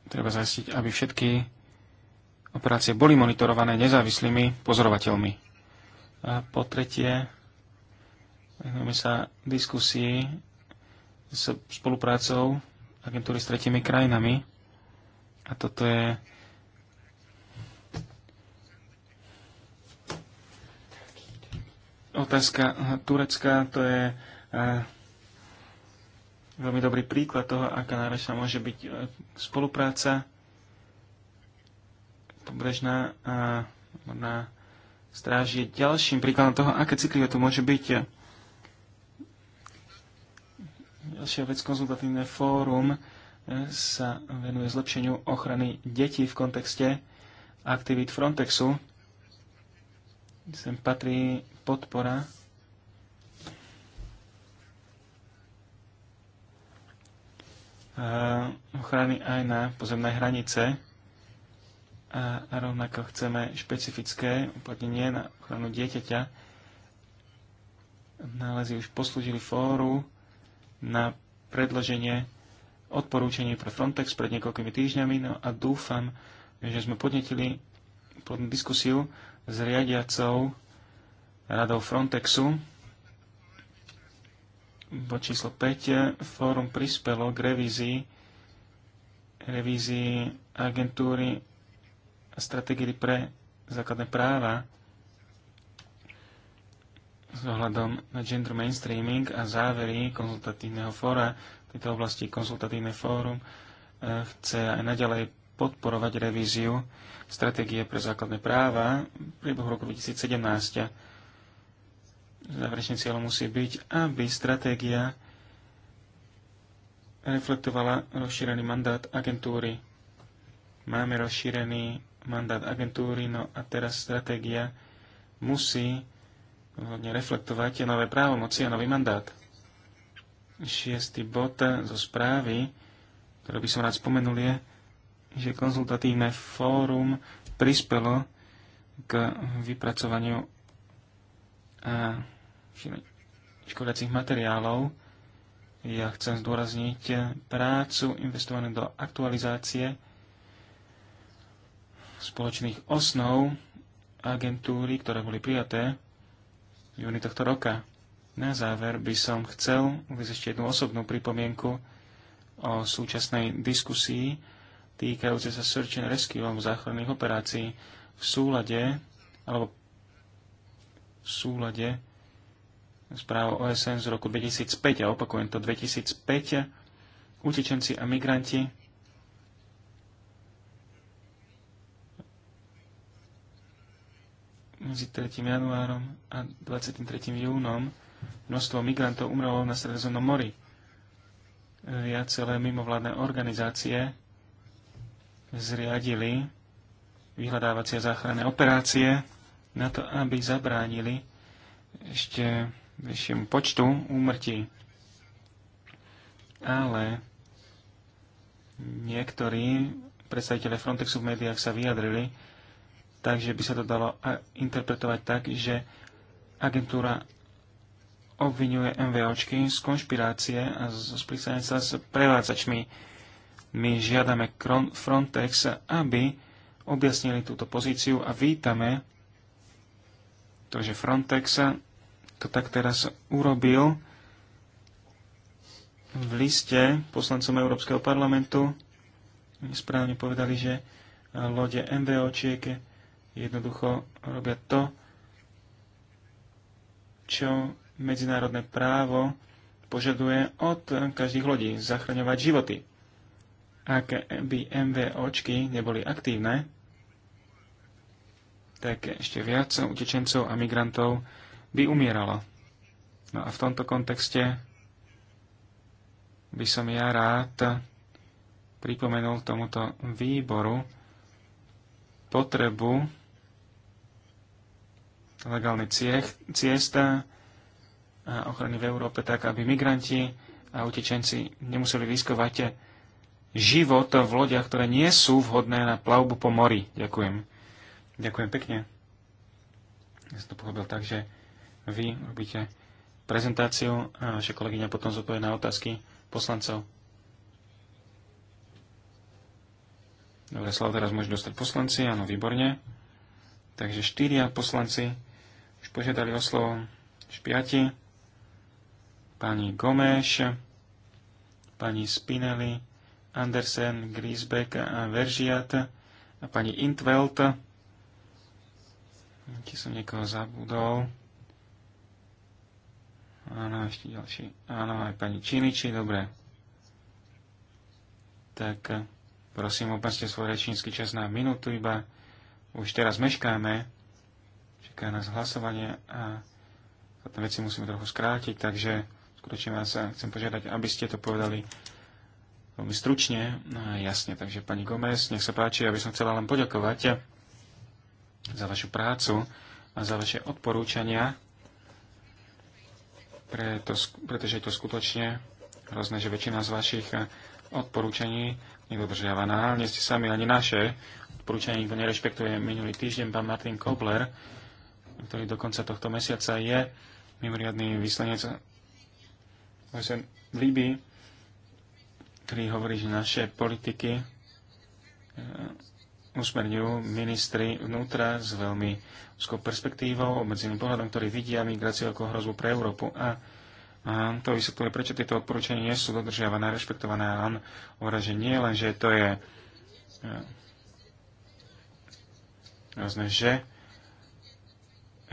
treba zajistiť, aby všetky operácie boli monitorované nezávislými pozorovateľmi. A po tretie, venujeme sa diskusii s spoluprácou agentúry s tretimi krajinami. A toto je otázka Turecka, to je e, veľmi dobrý príklad toho, aká náročná môže byť e, spolupráca pobrežná a na stráži je ďalším príkladom toho, aké citlivé to môže byť. Ďalšia vec, konzultatívne fórum e, sa venuje zlepšeniu ochrany detí v kontexte aktivít Frontexu. Sem patrí podpora ochrany aj na pozemné hranice. A rovnako chceme špecifické uplatnenie na ochranu dieťaťa. Nálezy už poslúžili fóru na predloženie odporúčení pre Frontex pred niekoľkými týždňami no a dúfam, že sme podnetili diskusiu s riadiacou radou Frontexu bod číslo 5 fórum prispelo k revízii, revízii agentúry a strategie pre základné práva s ohľadom na gender mainstreaming a závery konzultatívneho fóra v tejto oblasti konzultatívne fórum eh, chce aj naďalej podporovať revíziu stratégie pre základné práva v priebehu roku 2017 záverečným cieľom musí byť, aby stratégia reflektovala rozšírený mandát agentúry. Máme rozšírený mandát agentúry, no a teraz stratégia musí vhodne reflektovať nové právomoci a nový mandát. Šiestý bod zo správy, ktorý by som rád spomenul, je, že konzultatívne fórum prispelo k vypracovaniu a školiacich materiálov. Ja chcem zdôrazniť prácu investovanú do aktualizácie spoločných osnov agentúry, ktoré boli prijaté v júni tohto roka. Na záver by som chcel uvieť ešte jednu osobnú pripomienku o súčasnej diskusii týkajúce sa search and rescue alebo záchranných operácií v súlade alebo v súlade správu OSN z roku 2005, a opakujem to 2005, utečenci a migranti medzi 3. januárom a 23. júnom množstvo migrantov umrelo na Sredozemnom mori. celé mimovládne organizácie zriadili vyhľadávacie záchranné operácie na to, aby zabránili ešte vyšším počtu úmrtí. Ale niektorí predstaviteľe Frontexu v médiách sa vyjadrili, takže by sa to dalo interpretovať tak, že agentúra obvinuje MVOčky z konšpirácie a z sa s prevádzačmi. My žiadame Frontex, aby objasnili túto pozíciu a vítame to, že Frontex to tak teraz urobil v liste poslancom Európskeho parlamentu. Správne povedali, že lode MVOčiek jednoducho robia to, čo medzinárodné právo požaduje od každých lodí zachraňovať životy. Ak by MVOčky neboli aktívne, tak ešte viac utečencov a migrantov by umierala. No a v tomto kontexte by som ja rád pripomenul tomuto výboru potrebu legálnej ciesta a ochrany v Európe tak, aby migranti a utečenci nemuseli riskovať život v lodiach, ktoré nie sú vhodné na plavbu po mori. Ďakujem. Ďakujem pekne. Ja som to pochopil tak, že vy robíte prezentáciu a vaša kolegyňa potom zodpovie na otázky poslancov. Dobre, slovo teraz môžu dostať poslanci, áno, výborne. Takže štyria poslanci už požiadali o slovo špiati. Pani Gomeš, pani Spinelli, Andersen, Griesbeck a Veržiat a pani Intveld. Ti som niekoho zabudol. Áno, ešte ďalší. Áno, aj pani Čimiči, dobre. Tak eh, prosím, opaste svoj rečnícky čas na minútu iba. Už teraz meškáme. Čaká nás hlasovanie a tie veci musíme trochu skrátiť, takže skutočne vás eh, chcem požiadať, aby ste to povedali veľmi stručne a jasne. Takže pani Gomez, nech sa páči, aby som chcela len poďakovať za vašu prácu a za vaše odporúčania pre to, pretože je to skutočne hrozné, že väčšina z vašich eh, odporúčaní nedodržiavaná. Nie ste sami ani naše odporúčanie nikto nerešpektuje. Minulý týždeň pán Martin Kobler, ktorý do konca tohto mesiaca je mimoriadný vyslanec OSN v Líbii, ktorý hovorí, že naše politiky eh, usmerňujú ministri vnútra s veľmi úzkou perspektívou, obmedzeným pohľadom, ktorý vidia migráciu ako hrozbu pre Európu. A, a to vysvetľuje, prečo tieto odporúčania nie sú dodržiavané, rešpektované. A on hovorí, že nie len, že to je e, rôzne, že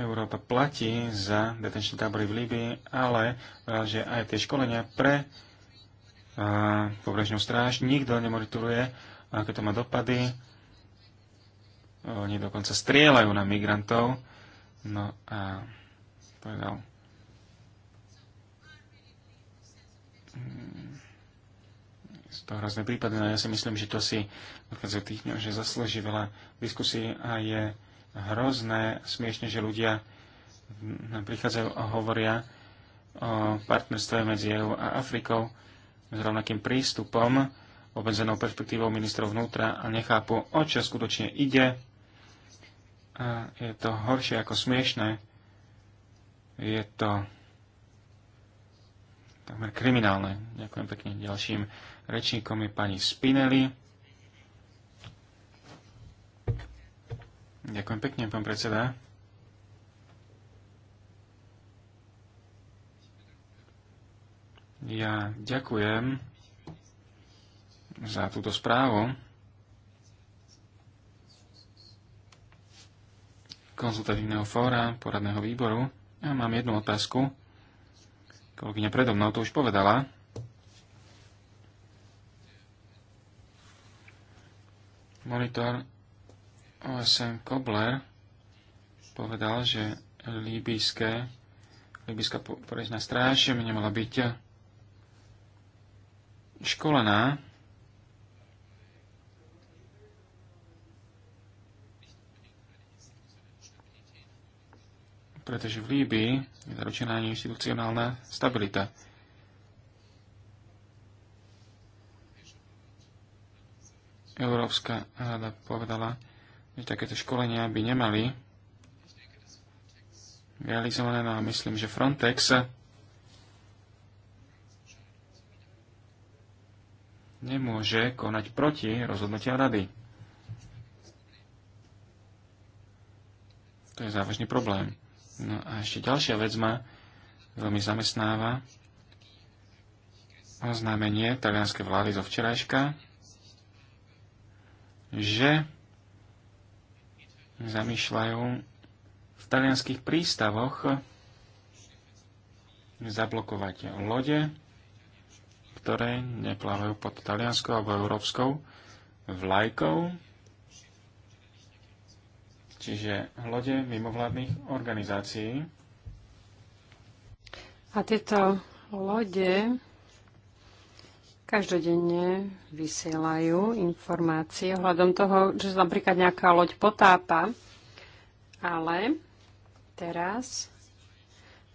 Európa platí za detenčné tábory v Líbii, ale e, že aj tie školenia pre e, pobrežnú stráž nikto nemonitoruje, aké to má dopady oni dokonca strieľajú na migrantov. No a povedal, sú mm, to hrozné prípady, no ja si myslím, že to si odchádzajú tých dňov, no, že zaslúži veľa diskusí a je hrozné, smiešne, že ľudia prichádzajú a hovoria o partnerstve medzi EU a Afrikou s rovnakým prístupom, obmedzenou perspektívou ministrov vnútra a nechápu, o čo skutočne ide a je to horšie ako smiešné. Je to takmer kriminálne. Ďakujem pekne. Ďalším rečníkom je pani Spinelli. Ďakujem pekne, pán predseda. Ja ďakujem za túto správu. konzultatívneho fóra, poradného výboru. Ja mám jednu otázku. Kolegyňa predo mnou to už povedala. Monitor OSM Kobler povedal, že líbyské, líbyská porežná stráž nemala byť školená pretože v Líbii je zaručená institucionálna stabilita. Európska rada povedala, že takéto školenia by nemali realizované, no a myslím, že Frontex nemôže konať proti rozhodnutia rady. To je závažný problém. No a ešte ďalšia vec ma veľmi zamestnáva. Oznámenie talianskej vlády zo včerajška, že zamýšľajú v talianských prístavoch zablokovať lode, ktoré neplávajú pod talianskou alebo európskou vlajkou, čiže lode mimovládnych organizácií. A tieto lode každodenne vysielajú informácie ohľadom toho, že sa napríklad nejaká loď potápa, ale teraz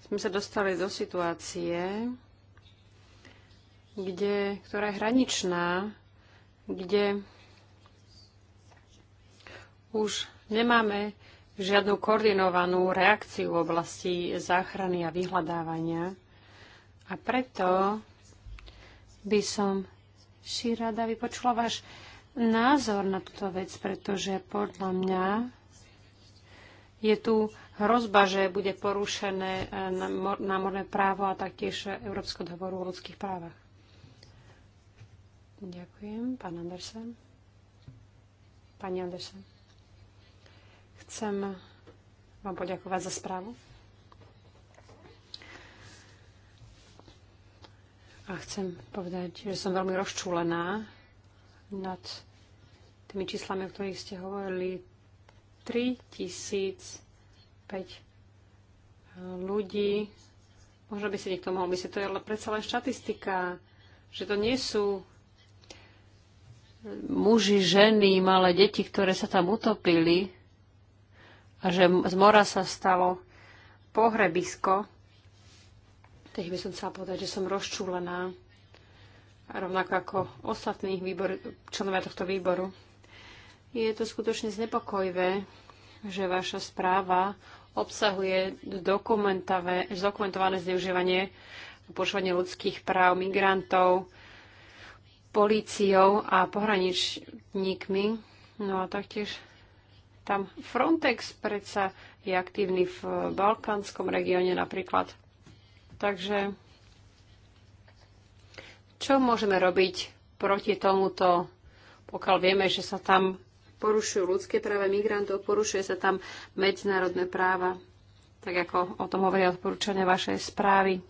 sme sa dostali do situácie, kde, ktorá je hraničná, kde už nemáme žiadnu koordinovanú reakciu v oblasti záchrany a vyhľadávania. A preto by som si rada vypočula váš názor na túto vec, pretože podľa mňa je tu hrozba, že bude porušené eh, námorné právo a taktiež Európsko dohovoru o ľudských právach. Ďakujem. Pán Andersen. Pani Andersen. Chcem vám poďakovať za správu. A chcem povedať, že som veľmi rozčúlená nad tými číslami, o ktorých ste hovorili. 3005 ľudí. Možno by si niekto mohol myslieť, to je predsa len štatistika, že to nie sú muži, ženy, malé deti, ktoré sa tam utopili a že z mora sa stalo pohrebisko. tak by som chcela povedať, že som rozčúlená, rovnako ako ostatných výbor, členovia tohto výboru. Je to skutočne znepokojivé, že vaša správa obsahuje zdokumentované zneužívanie počúvanie ľudských práv migrantov, políciou a pohraničníkmi. No a taktiež tam Frontex predsa je aktívny v balkánskom regióne napríklad. Takže čo môžeme robiť proti tomuto, pokiaľ vieme, že sa tam porušujú ľudské práva migrantov, porušuje sa tam medzinárodné práva, tak ako o tom hovoria odporúčania vašej správy e,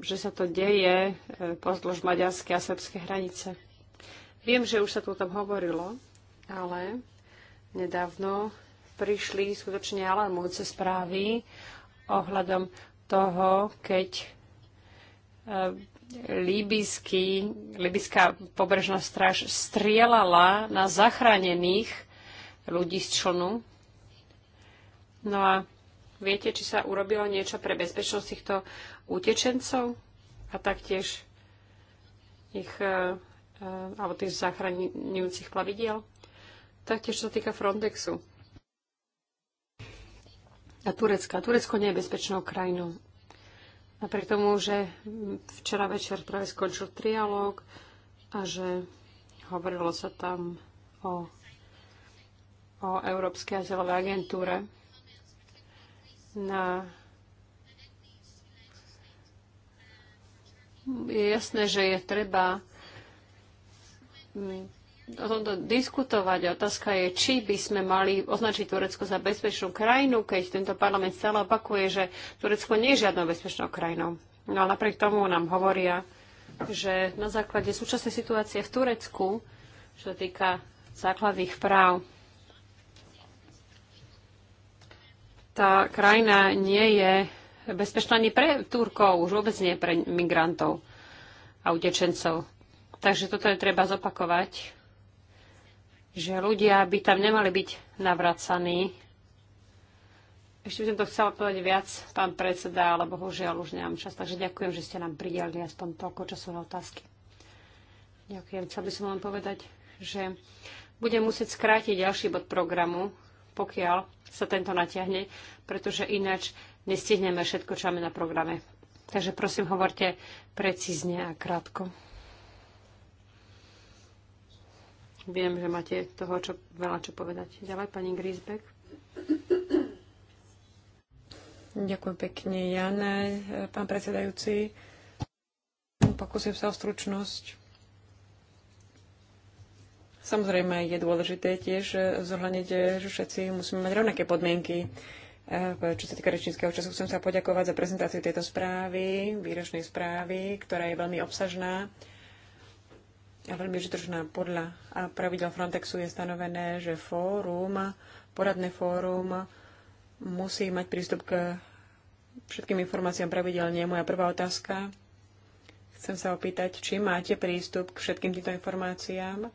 že sa to deje e, pozdĺž maďarskej a srbskej hranice. Viem, že už sa tu tam hovorilo, ale nedávno prišli skutočne alarmujúce správy ohľadom toho, keď Líbysky, e, Líbyská pobrežná stráž strieľala na zachránených ľudí z člnu. No a viete, či sa urobilo niečo pre bezpečnosť týchto utečencov a taktiež ich, e, e, alebo tých zachraňujúcich plavidiel? taktiež sa týka Frontexu a Turecka. Turecko nie je bezpečnou krajinou. Napriek tomu, že včera večer práve skončil trialóg a že hovorilo sa tam o, o Európskej azylovej agentúre na je jasné, že je treba o tomto diskutovať. Otázka je, či by sme mali označiť Turecko za bezpečnú krajinu, keď tento parlament stále opakuje, že Turecko nie je žiadnou bezpečnou krajinou. No a napriek tomu nám hovoria, že na základe súčasnej situácie v Turecku, čo týka základných práv, tá krajina nie je bezpečná ani pre Turkov, už vôbec nie pre migrantov a utečencov. Takže toto je treba zopakovať že ľudia by tam nemali byť navracaní. Ešte by som to chcela povedať viac, pán predseda, ale bohužiaľ už nemám čas. Takže ďakujem, že ste nám pridelili aspoň toľko času na otázky. Ďakujem. Chcel by som vám povedať, že budem musieť skrátiť ďalší bod programu, pokiaľ sa tento natiahne, pretože ináč nestihneme všetko, čo máme na programe. Takže prosím, hovorte precízne a krátko. Viem, že máte toho čo, veľa čo povedať. Ďalej, pani Grisbeck. Ďakujem pekne, Jana, pán predsedajúci. Pokúsim sa o stručnosť. Samozrejme, je dôležité tiež zohľadniť, že všetci musíme mať rovnaké podmienky. Eh, čo sa týka rečníckého času, chcem sa poďakovať za prezentáciu tejto správy, výročnej správy, ktorá je veľmi obsažná a veľmi užitočná. Podľa pravidel Frontexu je stanovené, že fórum, poradné fórum musí mať prístup k všetkým informáciám pravidelne. Moja prvá otázka. Chcem sa opýtať, či máte prístup k všetkým týmto informáciám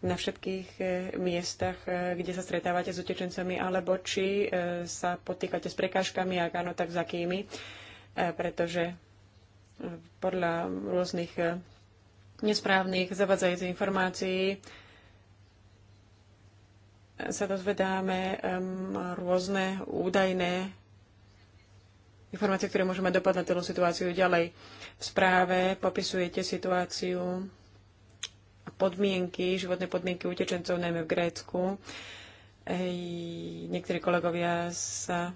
na všetkých eh, miestach, eh, kde sa stretávate s utečencami, alebo či eh, sa potýkate s prekážkami, ak áno, tak s akými, pretože podľa rôznych eh, nesprávnych, zavadzajúcich informácií eh, sa dozvedáme rôzne údajné informácie, ktoré môžeme mať dopad na celú situáciu. Ďalej v správe popisujete situáciu a podmienky, životné podmienky utečencov, najmä v Grécku. Ej, niektorí kolegovia sa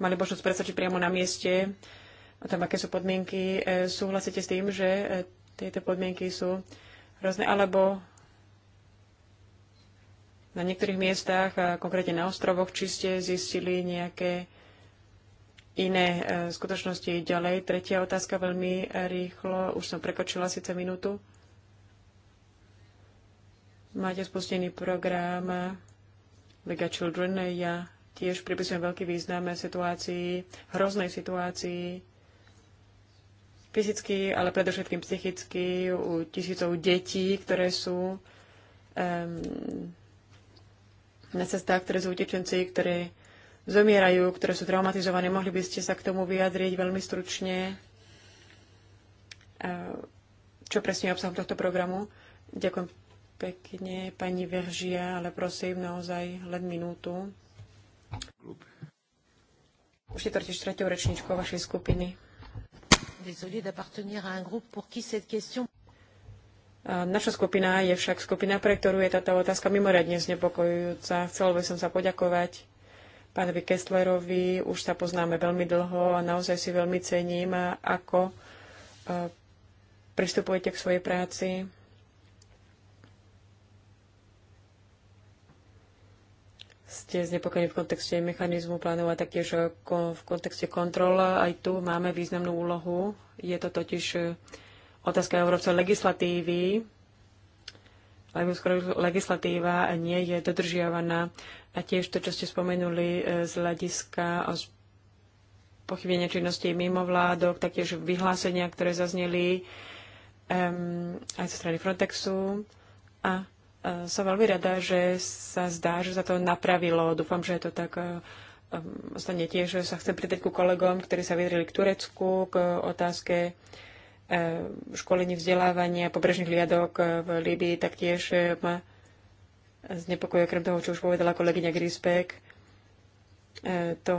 mali možnosť presvedčiť priamo na mieste o tom, aké sú podmienky. E, súhlasíte s tým, že e, tieto podmienky sú rôzne, alebo na niektorých miestach, a konkrétne na ostrovoch, či ste zistili nejaké iné e, skutočnosti ďalej. Tretia otázka veľmi rýchlo, už som prekočila síce minútu. Máte spustený program Liga Children. Ja Tiež pripisujem veľký význam situácii, hroznej situácii, fyzicky, ale predovšetkým psychicky u tisícov detí, ktoré sú um, na cestách, ktoré sú utečenci, ktoré zomierajú, ktoré sú traumatizované. Mohli by ste sa k tomu vyjadriť veľmi stručne? Čo presne je obsahom tohto programu? Ďakujem pekne, pani Veržia, ale prosím naozaj len minútu skupiny. Naša skupina je však skupina, pre ktorú je táto otázka mimoriadne znepokojujúca. Chcel by som sa poďakovať pánovi Kesslerovi, už sa poznáme veľmi dlho a naozaj si veľmi cením, ako e, pristupujete k svojej práci. ste znepokojení v kontexte mechanizmu plánov a taktiež eh, v kontexte kontrol. Aj tu máme významnú úlohu. Je to totiž eh, otázka európskej legislatívy. Legislatíva nie je dodržiavaná. A tiež to, čo ste spomenuli eh, z hľadiska pochybenia činnosti mimo vládok, taktiež vyhlásenia, ktoré zazneli um, aj zo strany Frontexu a som veľmi rada, že sa zdá, že sa to napravilo. Dúfam, že je to tak eh, ostane tiež, že sa chcem pridať ku kolegom, ktorí sa vyjadrili k Turecku, k otázke eh, školení vzdelávania pobrežných liadok eh, v Líbii, taktiež ma znepokojuje, krem toho, čo už povedala kolegyňa Grispek, to,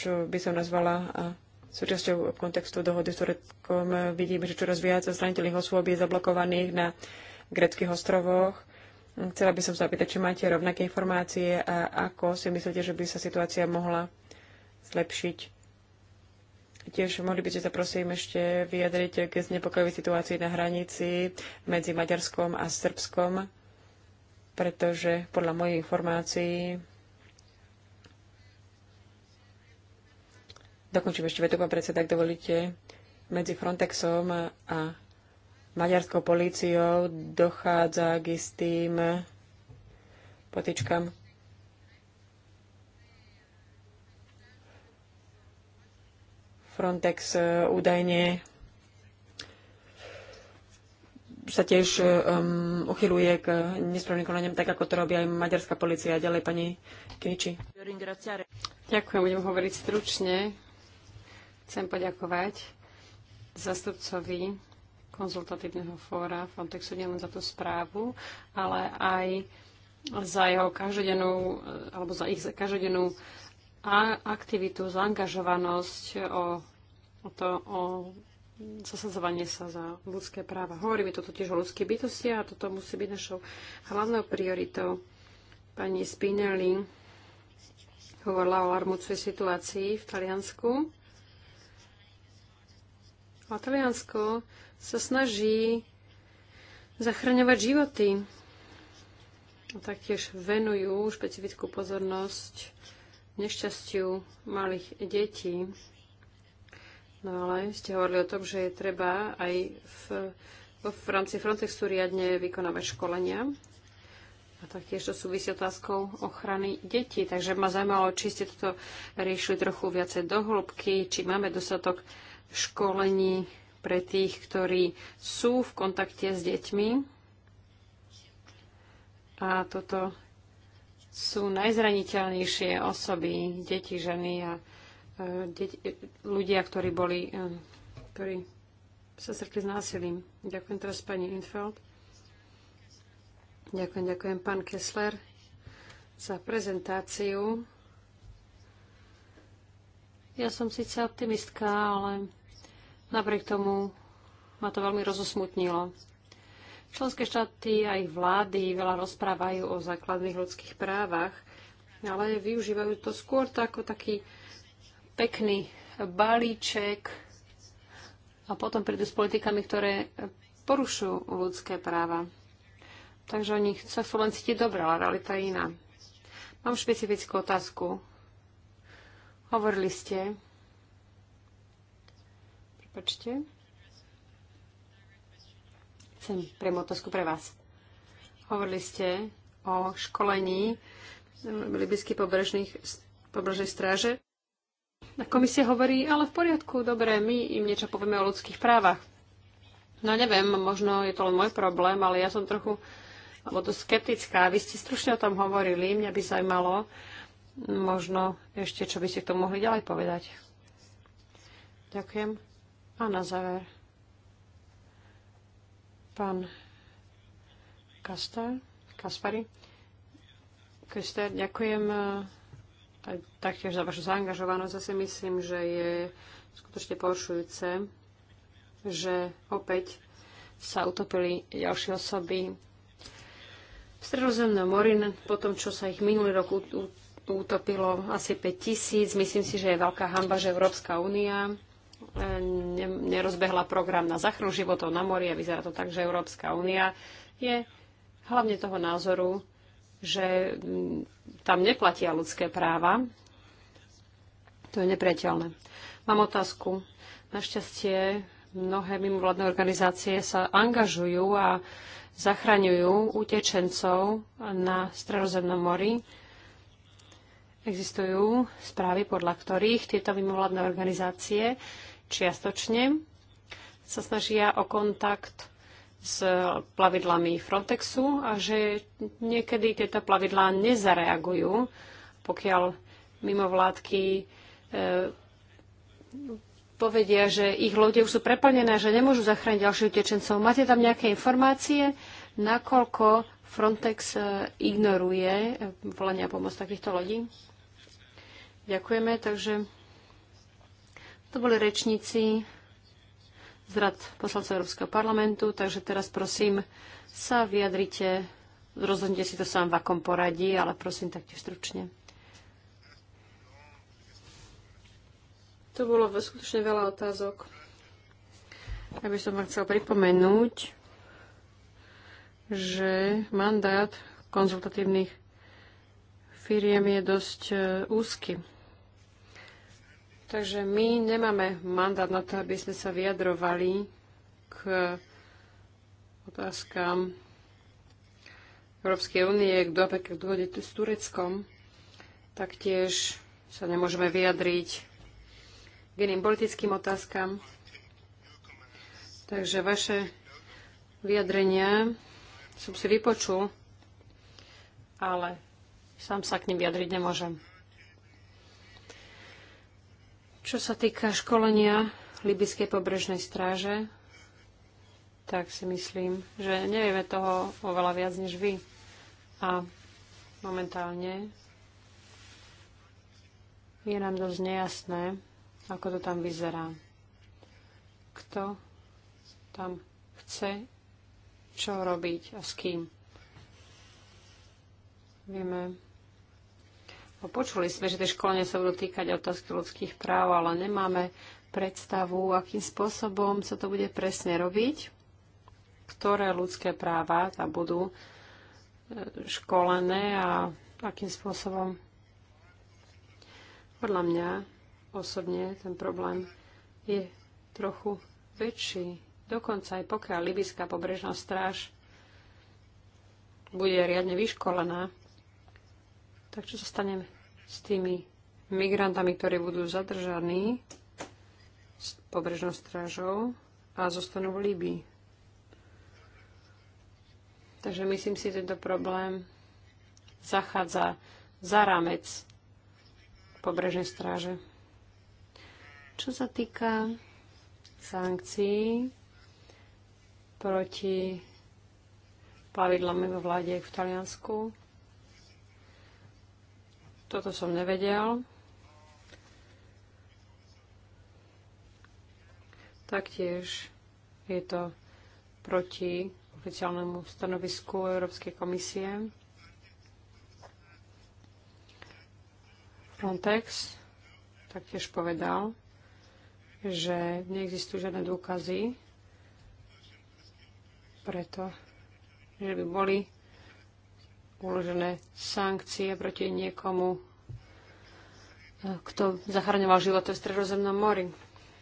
čo by som nazvala súčasťou kontextu dohody s Tureckom, vidíme, že čoraz viac zraniteľných osôb je zablokovaných na greckých ostrovoch Chcela by som sa opýtať, či máte rovnaké informácie a ako si myslíte, že by sa situácia mohla zlepšiť. Tiež mohli by ste sa prosím ešte vyjadriť k znepokojivej situácii na hranici medzi Maďarskom a Srbskom, pretože podľa mojich informácií dokončím ešte vetu, pán predseda, ak dovolíte, medzi Frontexom a maďarskou políciou dochádza k istým potičkám. Frontex e, údajne sa tiež um, uchyluje k nesprávnym konaniam, tak ako to robí aj maďarská policia. Ďalej pani Kiniči. Ďakujem, budem hovoriť stručne. Chcem poďakovať zastupcovi konzultatívneho fóra Frontexu nielen za tú správu, ale aj za jeho každodennú, alebo za ich každodennú aktivitu, zaangažovanosť o, o to, o zasadzovanie sa za ľudské práva. Hovoríme to totiž o ľudskej bytosti a toto musí byť našou hlavnou prioritou. Pani Spinelli hovorila o armúcej situácii v Taliansku. A Taliansko sa snaží zachraňovať životy a taktiež venujú špecifickú pozornosť nešťastiu malých detí. No ale ste hovorili o tom, že je treba aj v, v, v rámci Frontexu riadne vykonávať školenia. A taktiež to súvisí otázkou ochrany detí. Takže ma zaujímalo, či ste toto riešili trochu viacej hĺbky, či máme dostatok školení pre tých, ktorí sú v kontakte s deťmi. A toto sú najzraniteľnejšie osoby, deti, ženy a e, deti, e, ľudia, ktorí boli, e, ktorí sa stretli s násilím. Ďakujem teraz pani Infeld. Ďakujem, ďakujem pán Kessler za prezentáciu. Ja som síce optimistka, ale Napriek tomu ma to veľmi rozosmutnilo. Členské štáty a ich vlády veľa rozprávajú o základných ľudských právach, ale využívajú to skôr ako taký pekný balíček a potom prídu s politikami, ktoré porušujú ľudské práva. Takže oni sa sú len cítiť dobré, ale realita je iná. Mám špecifickú otázku. Hovorili ste, Počte. Chcem priamo otázku pre vás. Hovorili ste o školení libyských pobrežných, pobrežnej stráže. A komisia hovorí, ale v poriadku, dobre, my im niečo povieme o ľudských právach. No neviem, možno je to len môj problém, ale ja som trochu alebo to skeptická. Vy ste stručne o tom hovorili, mňa by zaujímalo možno ešte, čo by ste k tomu mohli ďalej povedať. Ďakujem. A na záver pán Kastar, Kaspari. Krister, ďakujem eh, aj taktiež za vašu zaangažovanosť. Zase myslím, že je skutočne porušujúce, že opäť sa utopili ďalšie osoby v Stredozemnom mori po tom, čo sa ich minulý rok utopilo asi 5 tisíc. Myslím si, že je veľká hamba, že Európska únia E, nerozbehla program na zachranu životov na mori a vyzerá to tak, že Európska únia je hlavne toho názoru, že mm, tam neplatia ľudské práva. To je nepriateľné. Mám otázku. Našťastie mnohé mimovládne organizácie sa angažujú a zachraňujú utečencov na Stredozemnom mori. Existujú správy, podľa ktorých tieto mimovládne organizácie čiastočne sa snažia o kontakt s plavidlami Frontexu a že niekedy tieto plavidlá nezareagujú, pokiaľ mimovládky e, povedia, že ich lode už sú preplnené, že nemôžu zachrániť ďalších utečencov. Máte tam nejaké informácie, nakoľko Frontex e, ignoruje e, volania pomoc takýchto lodí? Ďakujeme, takže to boli rečníci z rad poslancov Európskeho parlamentu, takže teraz prosím sa vyjadrite, rozhodnite si to sám v akom poradí, ale prosím taktiež stručne. To bolo skutočne veľa otázok. Ja by som vám chcel pripomenúť, že mandát konzultatívnych firiem je dosť e, úzky. Takže my nemáme mandát na to, aby sme sa vyjadrovali k otázkam Európskej únie, k dohode, s Tureckom. Taktiež sa nemôžeme vyjadriť k iným politickým otázkam. Takže vaše vyjadrenia som si vypočul, ale sám sa k ním vyjadriť nemôžem. Čo sa týka školenia Libyskej pobrežnej stráže, tak si myslím, že nevieme toho oveľa viac než vy. A momentálne je nám dosť nejasné, ako to tam vyzerá. Kto tam chce čo robiť a s kým. Vieme, Počuli sme, že tie školenia sa budú týkať otázky ľudských práv, ale nemáme predstavu, akým spôsobom sa to bude presne robiť, ktoré ľudské práva tam budú e, školené a akým spôsobom. Podľa mňa osobne ten problém je trochu väčší. Dokonca aj pokiaľ Libyská pobrežná stráž bude riadne vyškolená, tak čo sa stane s tými migrantami, ktorí budú zadržaní s pobrežnou strážou a zostanú v Líbii. Takže myslím si, že tento problém zachádza za rámec pobrežnej stráže. Čo sa týka sankcií proti plavidlom vo vláde v Taliansku, toto som nevedel. Taktiež je to proti oficiálnemu stanovisku Európskej komisie. Frontex taktiež povedal, že neexistujú žiadne dôkazy preto, že by boli uložené sankcie proti niekomu, e, kto zachraňoval život v Stredozemnom mori.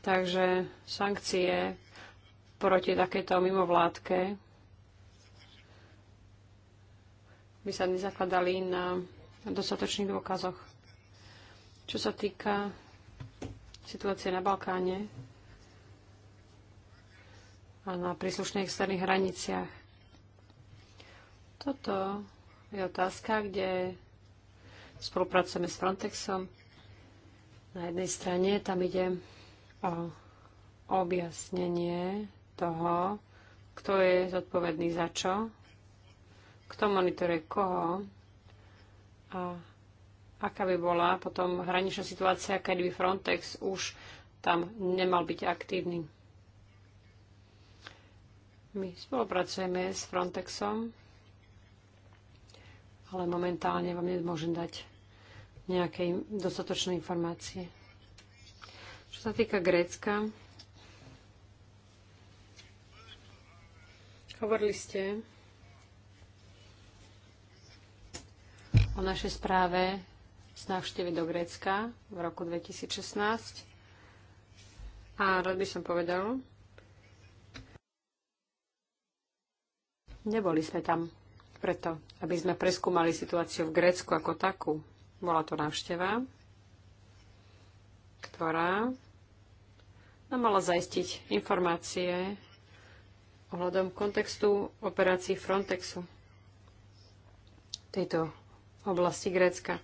Takže sankcie proti takéto mimovládke by sa nezakladali na dostatočných dôkazoch. Čo sa týka situácie na Balkáne a na príslušných externých hraniciach, toto je otázka, kde spolupracujeme s Frontexom. Na jednej strane tam ide o objasnenie toho, kto je zodpovedný za čo, kto monitoruje koho a aká by bola potom hraničná situácia, keď by Frontex už tam nemal byť aktívny. My spolupracujeme s Frontexom ale momentálne vám nemôžem dať nejaké dostatočné informácie. Čo sa týka Grécka, hovorili ste o našej správe z návštevy do Grécka v roku 2016. A rád by som povedal, neboli sme tam preto, aby sme preskúmali situáciu v Grécku ako takú. Bola to návšteva, ktorá nám mala zaistiť informácie ohľadom kontextu operácií Frontexu v tejto oblasti Grécka.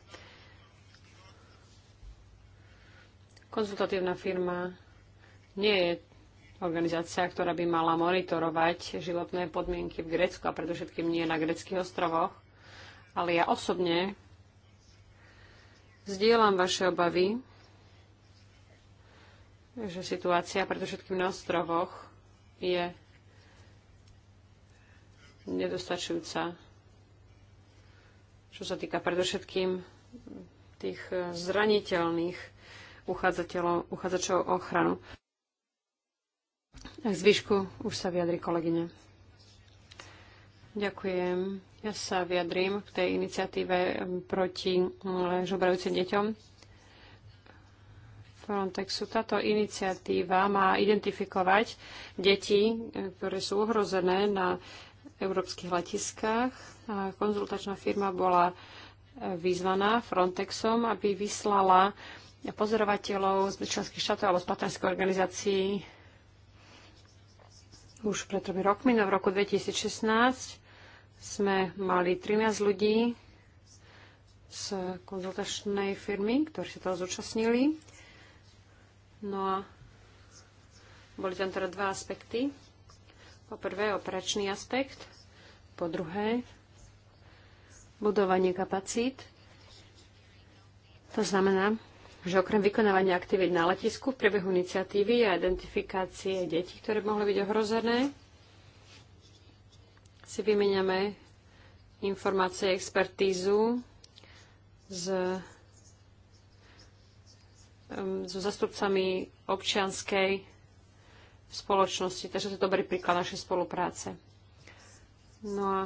Konzultatívna firma nie je organizácia, ktorá by mala monitorovať životné podmienky v Grécku a predovšetkým nie na greckých ostrovoch. Ale ja osobne zdieľam vaše obavy, že situácia predovšetkým na ostrovoch je nedostačujúca, čo sa týka predovšetkým tých zraniteľných uchádzateľov, uchádzačov o ochranu zvyšku už sa vyjadri kolegyne. Ďakujem. Ja sa vyjadrím k tej iniciatíve mm, proti mm, žobrajúcim deťom. Frontexu. Táto iniciatíva má identifikovať deti, e, ktoré sú ohrozené na európskych letiskách. Konzultačná firma bola e, vyzvaná Frontexom, aby vyslala pozorovateľov z členských štátov alebo z partnerských organizácií už pred tromi rokmi, no v roku 2016, sme mali 13 ľudí z konzultačnej firmy, ktorí sa toho zúčastnili. No a boli tam teda dva aspekty. Po prvé, operačný aspekt. Po druhé, budovanie kapacít. To znamená, že okrem vykonávania aktivít na letisku v priebehu iniciatívy a identifikácie detí, ktoré mohli byť ohrozené, si vymeniame informácie, expertízu s, so zastupcami občianskej spoločnosti. Takže to je dobrý príklad našej spolupráce. No a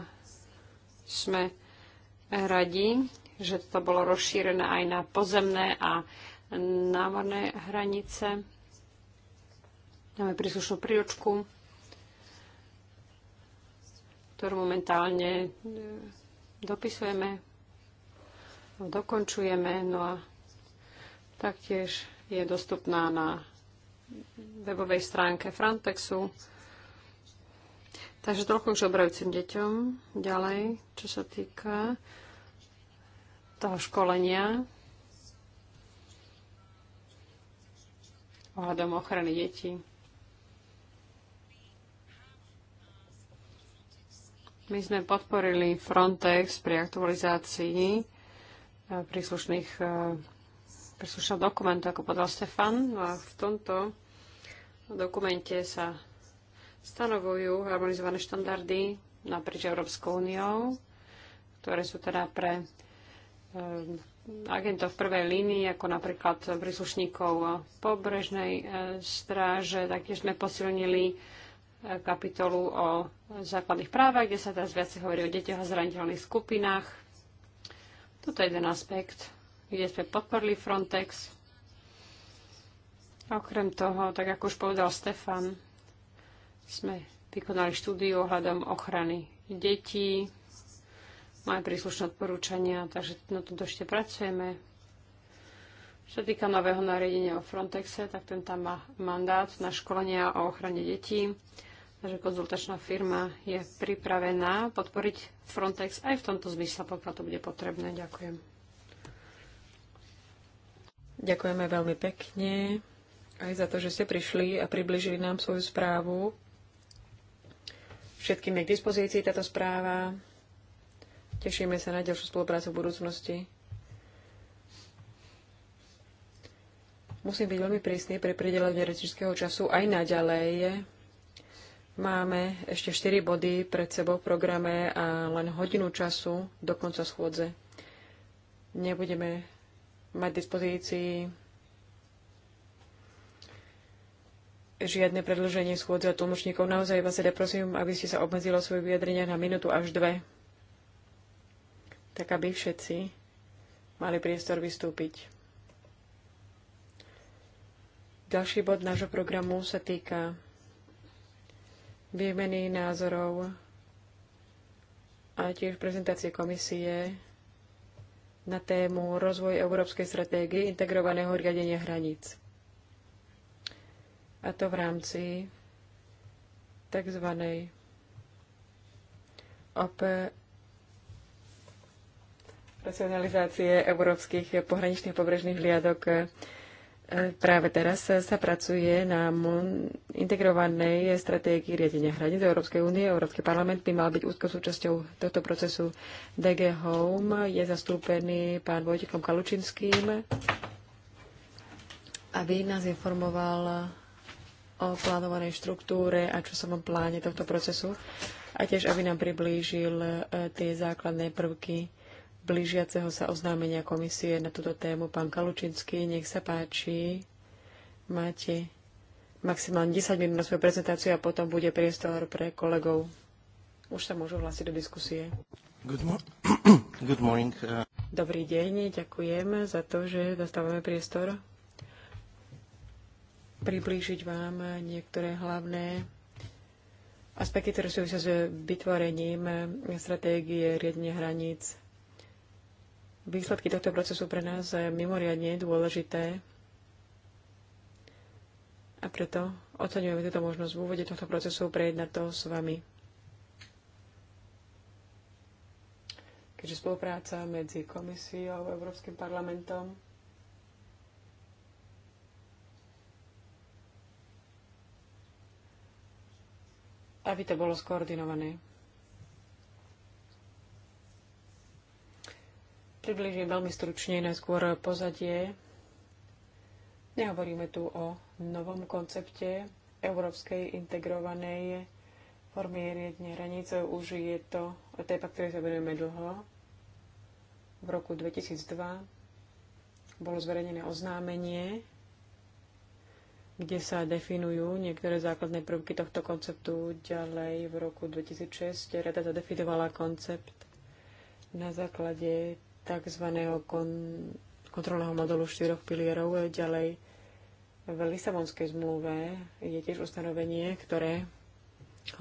sme radi, že to bolo rozšírené aj na pozemné a námorné hranice. Dáme príslušnú príručku, ktorú momentálne e, dopisujeme, dokončujeme, no a taktiež je dostupná na webovej stránke Frontexu. Takže toľko už obrajúcim deťom. Ďalej, čo sa týka toho školenia. ohľadom ochrany detí. My sme podporili Frontex pri aktualizácii eh, príslušných eh, príslušného dokumentu, ako podal Stefan. No a v tomto dokumente sa stanovujú harmonizované štandardy naprieč Európskou úniou, ktoré sú teda pre eh, agentov v prvej línii, ako napríklad príslušníkov pobrežnej eh, stráže. Taktiež sme posilnili eh, kapitolu o základných právach, kde sa teraz viac hovorí o deťoch a zraniteľných skupinách. Toto je jeden aspekt, kde sme podporili Frontex. Okrem toho, tak ako už povedal Stefan, sme vykonali štúdiu ohľadom ochrany detí, moje príslušné odporúčania, takže na tom ešte pracujeme. Čo sa týka nového nariadenia o Frontexe, tak ten tam má mandát na školenia o ochrane detí. Takže konzultačná firma je pripravená podporiť Frontex aj v tomto zmysle, pokiaľ to bude potrebné. Ďakujem. Ďakujeme veľmi pekne aj za to, že ste prišli a približili nám svoju správu. Všetkým je k dispozícii táto správa. Tešíme sa na ďalšiu spoluprácu v budúcnosti. Musím byť veľmi prísny pri pridelení rečníckého času aj naďalej. Máme ešte 4 body pred sebou v programe a len hodinu času do konca schôdze. Nebudeme mať dispozícii žiadne predlženie schôdze a tlmočníkov. Naozaj vás teda prosím, aby ste sa obmedzili svoje vyjadrenia na minútu až dve tak aby všetci mali priestor vystúpiť. Ďalší bod nášho programu sa týka výmeny názorov a tiež prezentácie komisie na tému rozvoj európskej stratégie integrovaného riadenia hraníc. A to v rámci tzv racionalizácie európskych pohraničných pobrežných hliadok. E, práve teraz sa pracuje na integrovanej stratégii riadenia hraní do Európskej únie. Európsky parlament by mal byť úzkou súčasťou tohto procesu. DG Home je zastúpený pán Vojtekom Kalučinským, aby nás informoval o plánovanej štruktúre a čo som pláne tohto procesu a tiež aby nám priblížil e, tie základné prvky blížiaceho sa oznámenia komisie na túto tému. Pán Kalučinský, nech sa páči. Máte maximálne 10 minút na svoju prezentáciu a potom bude priestor pre kolegov. Už sa môžu hlásiť do diskusie. Good, Good morning. Uh, Dobrý deň, ďakujem za to, že dostávame priestor priblížiť vám niektoré hlavné aspekty, ktoré súvisia s vytvorením stratégie riadenia hraníc Výsledky tohto procesu pre nás mimoriadne dôležité a preto oceňujeme túto možnosť v úvode tohto procesu prejednať to s vami. Keďže spolupráca medzi komisiou a Európskym parlamentom aby to bolo skoordinované. Približím veľmi stručne najskôr pozadie. Nehovoríme tu o novom koncepte európskej integrovanej formy riedne hranice. Už je to téma, ktoré sa venujeme dlho. V roku 2002 bolo zverejnené oznámenie, kde sa definujú niektoré základné prvky tohto konceptu. Ďalej v roku 2006 rada zadefinovala koncept na základe tzv. Kon- kontrolného modelu štyroch pilierov. Ďalej v Lisabonskej zmluve je tiež ustanovenie, ktoré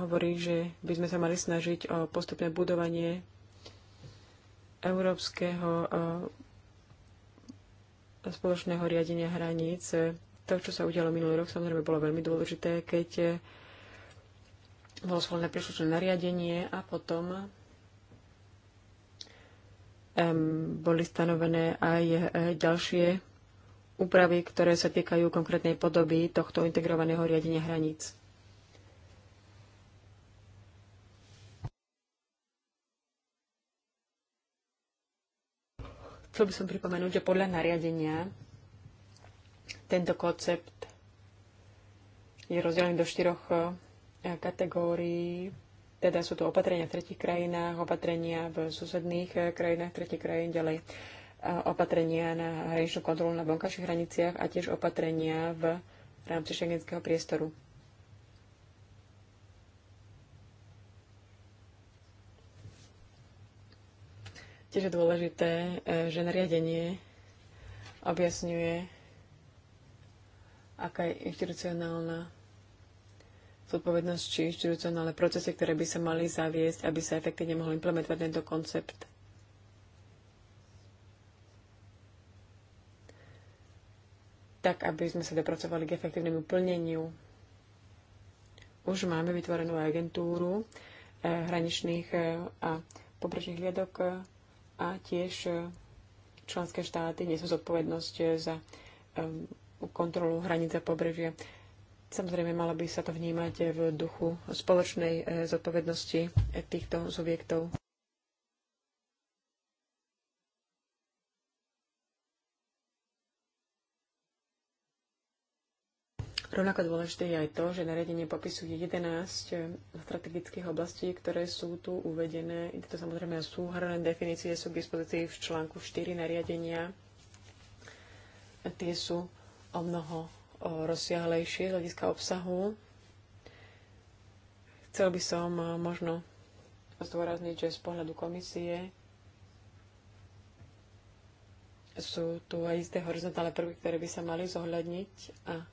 hovorí, že by sme sa mali snažiť o postupné budovanie európskeho e, spoločného riadenia hraníc. To, čo sa udialo minulý rok, samozrejme bolo veľmi dôležité, keď e, bolo schválené príslušné nariadenie a potom boli stanovené aj eh, ďalšie úpravy, ktoré sa týkajú konkrétnej podoby tohto integrovaného riadenia hraníc. Chcel by som pripomenúť, že podľa nariadenia tento koncept je rozdelený do štyroch eh, kategórií teda sú to opatrenia v tretich krajinách, opatrenia v susedných eh, krajinách tretich krajín, ďalej eh, opatrenia na hraničnú kontrolu na vonkajších hraniciach a tiež opatrenia v rámci šengenského priestoru. Tiež je dôležité, eh, že nariadenie objasňuje, aká je inštitucionálna zodpovednosť či inštitucionálne procesy, ktoré by sa mali zaviesť, aby sa efektívne mohol implementovať tento koncept. tak, aby sme sa dopracovali k efektívnemu plneniu. Už máme vytvorenú agentúru eh, hraničných eh, a pobrežných hliadok eh, a tiež členské štáty nesú zodpovednosť za kontrolu hraníc a pobrežia. Samozrejme, malo by sa to vnímať v duchu spoločnej eh, zodpovednosti týchto subjektov. Rovnako dôležité je aj to, že nariadenie popisuje 11 eh, strategických oblastí, ktoré sú tu uvedené. To samozrejme súhrné definície sú k dispozícii v článku 4 nariadenia. Tie sú o mnoho o rozsiahlejšie z hľadiska obsahu. Chcel by som eh, možno zdôrazniť, že z pohľadu komisie sú tu aj isté horizontálne prvky, ktoré by sa mali zohľadniť a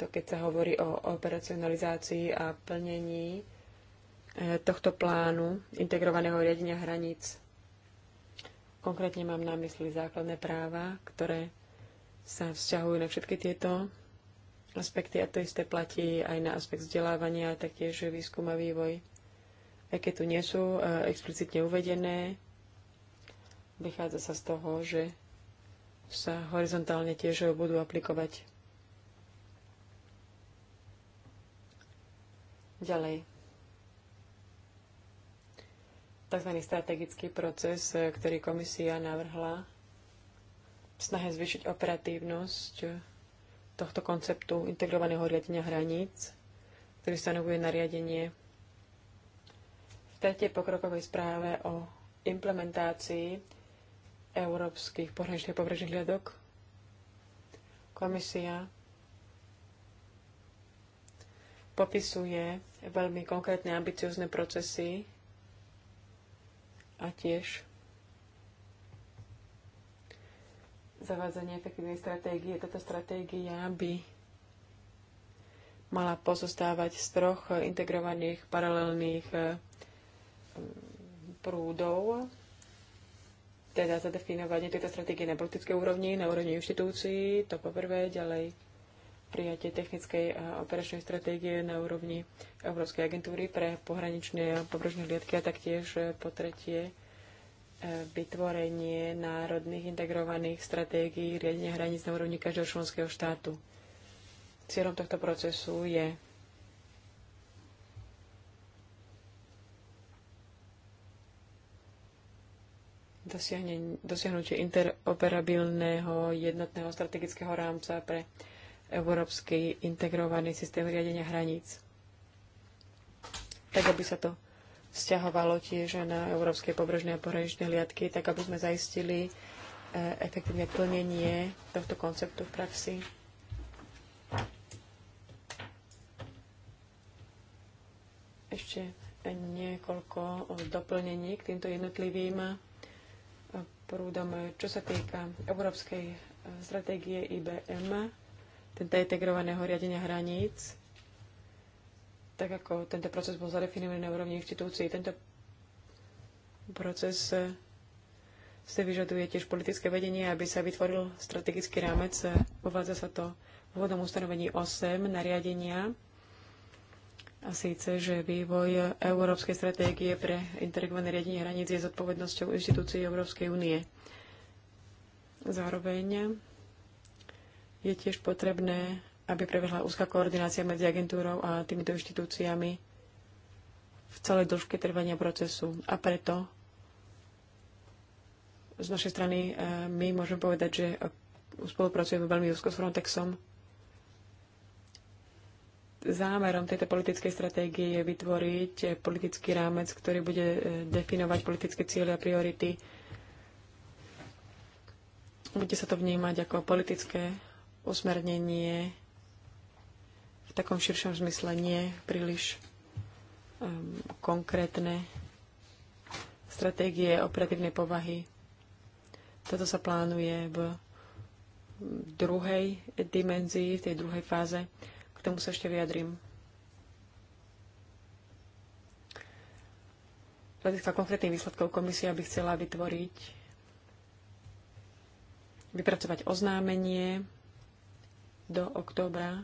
to keď sa hovorí o operacionalizácii a plnení eh, tohto plánu integrovaného riadenia hraníc. Konkrétne mám na mysli základné práva, ktoré sa vzťahujú na všetky tieto aspekty a to isté platí aj na aspekt vzdelávania, taktiež výskum a vývoj. Aj keď tu nie sú e, explicitne uvedené, vychádza sa z toho, že sa horizontálne tiež budú aplikovať. Ďalej. Takzvaný strategický proces, e, ktorý komisia navrhla v snahe zvyšiť operatívnosť tohto konceptu integrovaného riadenia hraníc, ktorý stanovuje nariadenie. V tretej pokrokovej správe o implementácii európskych pohraničných pobrežných hliadok komisia popisuje veľmi konkrétne ambiciozne procesy a tiež zavádzanie efektívnej stratégie. Táto stratégia by mala pozostávať z troch integrovaných paralelných e, prúdov, teda zadefinovanie tejto stratégie na politickej úrovni, na úrovni inštitúcií, to poprvé, ďalej prijatie technickej a operačnej stratégie na úrovni Európskej agentúry pre pohraničné a pobrežné hliadky a taktiež e, po tretie vytvorenie národných integrovaných stratégií riadenia hraníc na úrovni každého členského štátu. Cieľom tohto procesu je dosiahnutie interoperabilného jednotného strategického rámca pre európsky integrovaný systém riadenia hraníc. Tak, aby sa to vzťahovalo tiež na európske pobrežné a pohraničné hliadky, tak aby sme zaistili e, efektívne plnenie tohto konceptu v praxi. Ešte niekoľko doplnení k týmto jednotlivým e, prúdom. Čo sa týka európskej e, stratégie IBM, tento integrovaného riadenia hraníc, tak ako tento proces bol zadefinovaný na úrovni inštitúcií. Tento proces eh, si vyžaduje tiež politické vedenie, aby sa vytvoril strategický rámec. Eh, uvádza sa to v úvodnom ustanovení 8 nariadenia. A síce, že vývoj európskej stratégie pre integrované riadenie hraníc je zodpovednosťou inštitúcií Európskej únie. Zároveň je tiež potrebné aby prebehla úzka koordinácia medzi agentúrou a týmito inštitúciami v celej dĺžke trvania procesu. A preto z našej strany e, my môžeme povedať, že e, spolupracujeme veľmi úzko s Frontexom. Zámerom tejto politickej stratégie je vytvoriť e, politický rámec, ktorý bude definovať politické ciele a priority. Bude sa to vnímať ako politické usmernenie v takom širšom zmysle nie príliš um, konkrétne stratégie operatívnej povahy. Toto sa plánuje v druhej dimenzii, v tej druhej fáze. K tomu sa ešte vyjadrím. hľadiska konkrétnych výsledkov komisia by chcela vytvoriť, vypracovať oznámenie do októbra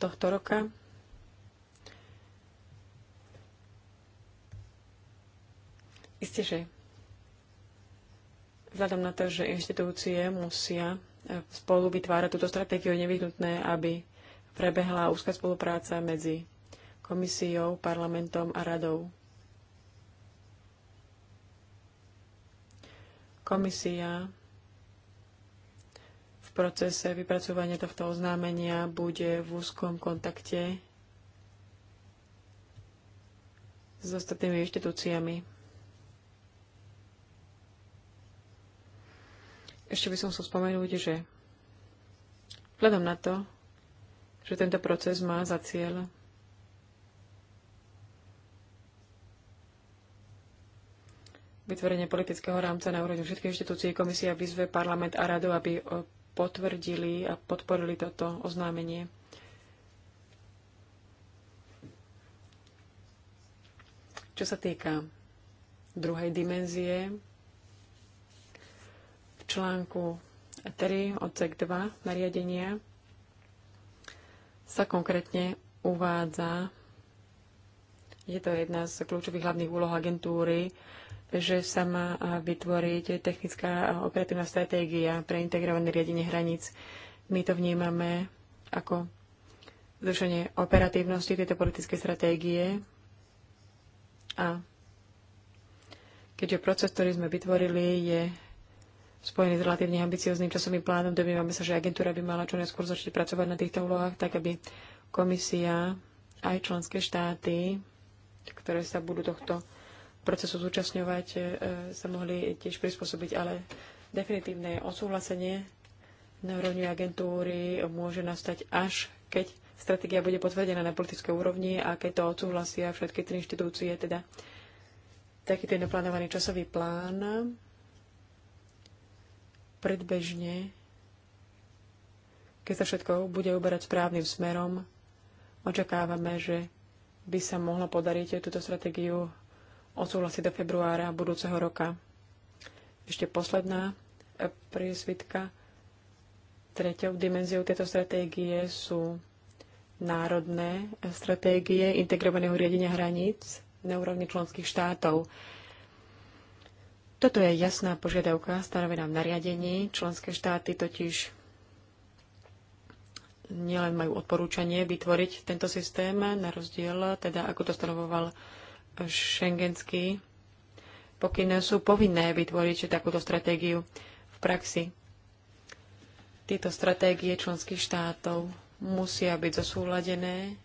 tohto roka. Isté, že vzhľadom na to, že inštitúcie musia e, spolu vytvárať túto stratégiu, je nevyhnutné, aby prebehla úzka spolupráca medzi komisiou, parlamentom a radou. Komisia procese vypracovania tohto oznámenia bude v úzkom kontakte s ostatnými inštitúciami. Ešte by som chcel spomenúť, že vzhľadom na to, že tento proces má za cieľ vytvorenie politického rámca na úrovni všetkých inštitúcií, komisia vyzve parlament a radu, aby potvrdili a podporili toto oznámenie. Čo sa týka druhej dimenzie, v článku 3 odsek 2 nariadenia sa konkrétne uvádza, je to jedna z kľúčových hlavných úloh agentúry, že sa má vytvoriť technická operatívna stratégia pre integrované riadenie hraníc. My to vnímame ako zrušenie operatívnosti tejto politickej stratégie a keďže proces, ktorý sme vytvorili, je spojený s relatívne ambiciozným časovým plánom, domnievame sa, že agentúra by mala čo najskôr začať pracovať na týchto úlohách, tak aby komisia aj členské štáty, ktoré sa budú tohto procesu zúčastňovať, e, sa mohli tiež prispôsobiť, ale definitívne odsúhlasenie na úrovni agentúry môže nastať až keď stratégia bude potvrdená na politickej úrovni a keď to odsúhlasia všetky tri inštitúcie, teda takýto je naplánovaný časový plán predbežne, keď sa všetko bude uberať správnym smerom, očakávame, že by sa mohlo podariť túto stratégiu odsúhlasiť do februára budúceho roka. Ešte posledná e, priesvitka. Tretou dimenziou tejto stratégie sú národné stratégie integrovaného riadenia hraníc na úrovni členských štátov. Toto je jasná požiadavka stanovená v nariadení. Členské štáty totiž nielen majú odporúčanie vytvoriť tento systém, na rozdiel teda, ako to stanovoval šengenský pokyn sú povinné vytvoriť takúto stratégiu v praxi. Tieto stratégie členských štátov musia byť zosúladené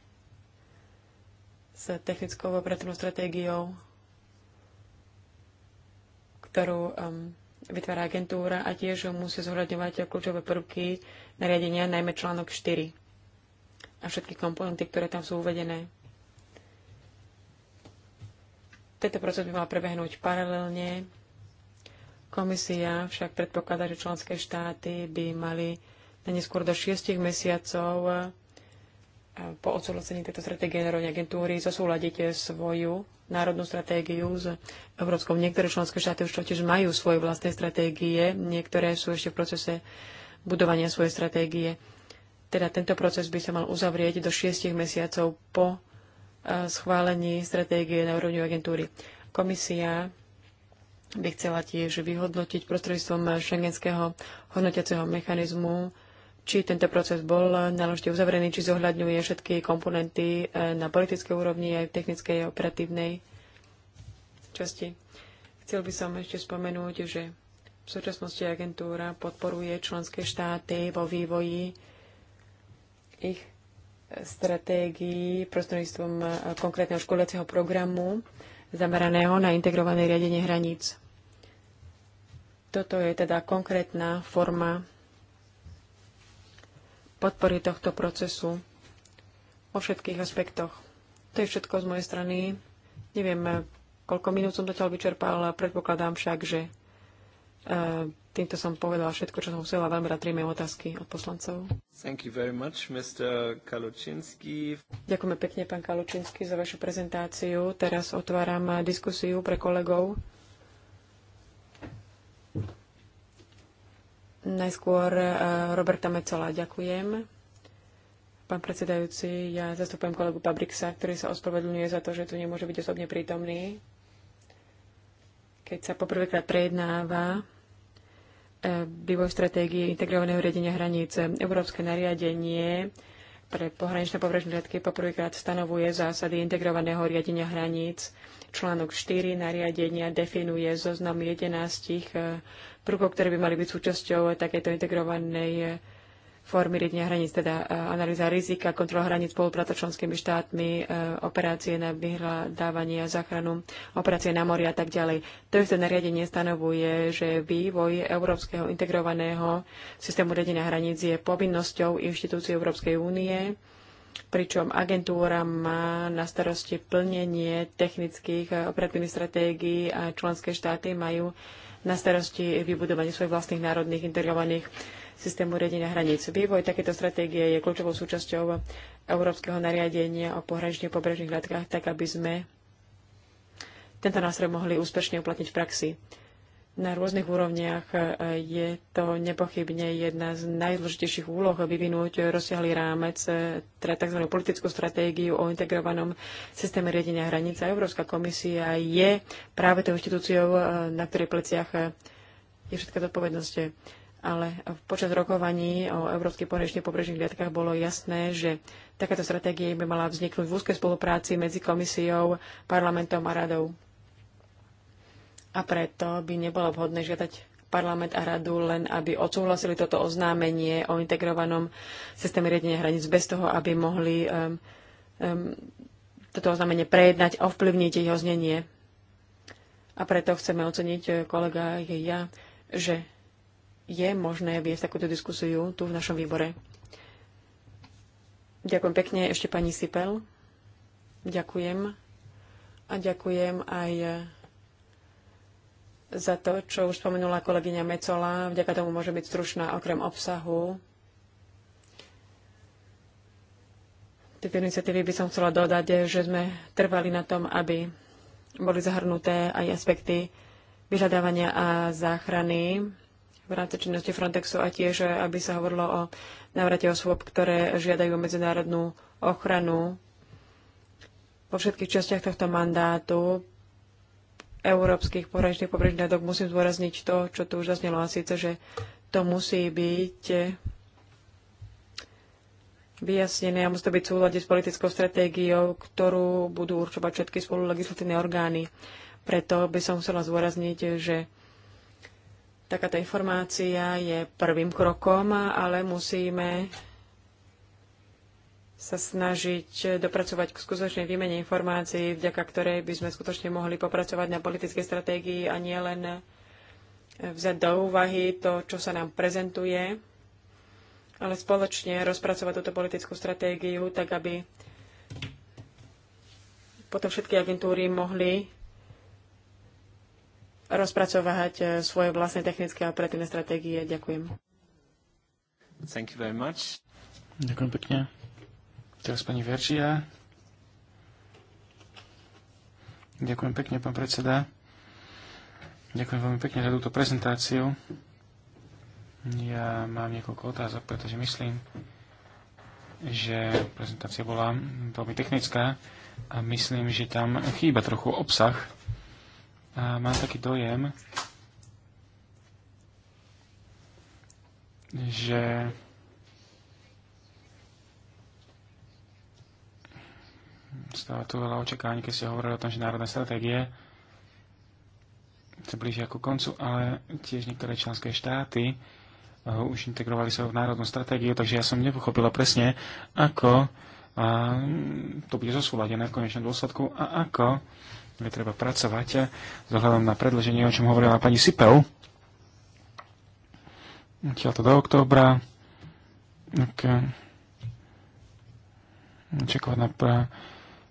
s technickou operatívnou stratégiou, ktorú um, vytvára agentúra a tiež musia zohľadňovať kľúčové prvky nariadenia, najmä článok 4 a všetky komponenty, ktoré tam sú uvedené. Tento proces by mal prebehnúť paralelne. Komisia však predpokladá, že členské štáty by mali na neskôr do 6 mesiacov eh, po odsúhlasení tejto stratégie Národnej agentúry zosúľadiť svoju národnú stratégiu s Európskou. Niektoré členské štáty už totiž majú svoje vlastné stratégie, niektoré sú ešte v procese budovania svojej stratégie. Teda tento proces by sa mal uzavrieť do 6 mesiacov po E, schválení stratégie na úrovni agentúry. Komisia by chcela tiež vyhodnotiť prostredstvom šengenského hodnotiaceho mechanizmu, či tento proces bol náležite uzavrený, či zohľadňuje všetky komponenty e, na politickej úrovni aj v technickej a operatívnej časti. Chcel by som ešte spomenúť, že v súčasnosti agentúra podporuje členské štáty vo vývoji ich stratégií prostredníctvom e, konkrétneho školiaceho programu zameraného na integrované riadenie hraníc. Toto je teda konkrétna forma podpory tohto procesu vo všetkých aspektoch. To je všetko z mojej strany. Neviem, koľko minút som zatiaľ vyčerpal, predpokladám však, že Eh, týmto som povedala všetko, čo som chcela. Vám teda trieme otázky od poslancov. Thank you very much, Mr. Ďakujeme pekne, pán Kalučinský, za vašu prezentáciu. Teraz otváram diskusiu pre kolegov. Najskôr eh, Roberta Mecola ďakujem. Pán predsedajúci, ja zastupujem kolegu Pabriksa, ktorý sa ospravedlňuje za to, že tu nemôže byť osobne prítomný. Keď sa poprvýkrát prejednáva E, vývoj stratégie integrovaného riadenia hraníc. Európske nariadenie pre pohraničné pobrežné riadky poprvýkrát stanovuje zásady integrovaného riadenia hraníc. Článok 4 nariadenia definuje zoznam 11 e, prvkov, ktoré by mali byť súčasťou takéto integrovanej formy riadenia hraníc, teda e, analýza rizika, kontrola hraníc, spolupráca členskými štátmi, e, operácie na vyhľadávanie a záchranu, operácie na mori a tak ďalej. To isté nariadenie stanovuje, že vývoj európskeho integrovaného systému riadenia hraníc je povinnosťou inštitúcií Európskej únie, pričom agentúra má na starosti plnenie technických e, operatívnych stratégií a členské štáty majú na starosti vybudovanie svojich vlastných národných integrovaných systému riadenia hraníc. Vývoj takéto stratégie je kľúčovou súčasťou Európskeho nariadenia o pohraničných pobrežných hľadkách, tak aby sme tento nástroj mohli úspešne uplatniť v praxi. Na rôznych úrovniach e, je to nepochybne jedna z najdôležitejších úloh vyvinúť rozsiahly rámec, e, teda tzv. politickú stratégiu o integrovanom systéme riadenia hraníc. A Európska komisia je práve tou inštitúciou, e, na ktorej pleciach je všetká zodpovednosť ale počas rokovaní o Európskych pohraničných pobrežných hliadkach bolo jasné, že takáto stratégia by mala vzniknúť v úzkej spolupráci medzi komisiou, parlamentom a radou. A preto by nebolo vhodné žiadať parlament a radu len, aby odsúhlasili toto oznámenie o integrovanom systéme riadenia hraníc bez toho, aby mohli um, um, toto oznámenie prejednať a ovplyvniť jeho znenie. A preto chceme oceniť eh, kolega ja, že je možné viesť takúto diskusiu tu v našom výbore. Ďakujem pekne ešte pani Sipel. Ďakujem. A ďakujem aj za to, čo už spomenula kolegyňa Mecola. Vďaka tomu môže byť stručná okrem obsahu. Tieto iniciatívy by som chcela dodať, že sme trvali na tom, aby boli zahrnuté aj aspekty vyžadávania a záchrany v rámci činnosti Frontexu a tiež, eh, aby sa hovorilo o návrate osôb, ktoré žiadajú medzinárodnú ochranu. Vo všetkých častiach tohto mandátu európskych pohraničných pobrežných hľadok musím zdôrazniť to, čo tu už zaznelo, a síce, že to musí byť vyjasnené a musí to byť v súlade s politickou stratégiou, ktorú budú určovať všetky spolulegislatívne orgány. Preto by som chcela zdôrazniť, že Takáto informácia je prvým krokom, ale musíme sa snažiť dopracovať k skutočnej výmene informácií, vďaka ktorej by sme skutočne mohli popracovať na politickej stratégii a nielen vziať do úvahy to, čo sa nám prezentuje, ale spoločne rozpracovať túto politickú stratégiu, tak aby potom všetky agentúry mohli rozpracovať e, svoje vlastné technické a operatívne stratégie. Ďakujem. Thank you very much. Ďakujem pekne. Teraz pani Veržia. Ďakujem pekne, pán predseda. Ďakujem veľmi pekne za túto prezentáciu. Ja mám niekoľko otázok, pretože myslím, že prezentácia bola veľmi technická a myslím, že tam chýba trochu obsah a mám taký dojem, že stáva tu veľa očakávaní, keď ste hovorili o tom, že národné stratégie sa blížia ku koncu, ale tiež niektoré členské štáty už integrovali sa v národnú stratégiu, takže ja som nepochopila presne, ako to bude zosúladené v konečnom dôsledku a ako kde treba pracovať eh, s ohľadom na predlženie, o čom hovorila pani Sipel. Tiaľ to do októbra. Okay. Eh, Čekovať na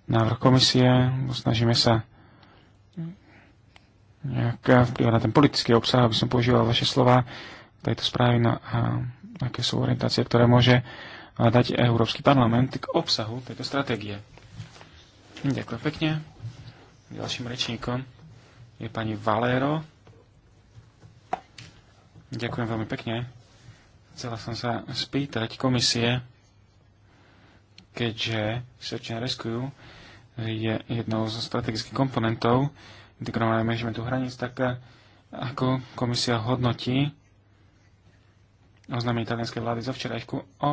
návrh komisie. Snažíme sa nejak eh, vplyvať na ten politický obsah, aby som používal vaše slova tejto správy na no a, aké sú orientácie, ktoré môže dať Európsky parlament k obsahu tejto stratégie. Ďakujem pekne. Ďalším rečníkom je pani Valero. Ďakujem veľmi pekne. Chcela som sa spýtať komisie, keďže Search and Rescue je jednou zo strategických komponentov integrovaného managementu hraníc, tak eh, ako komisia hodnotí oznámenie italianskej vlády zo včerajšku o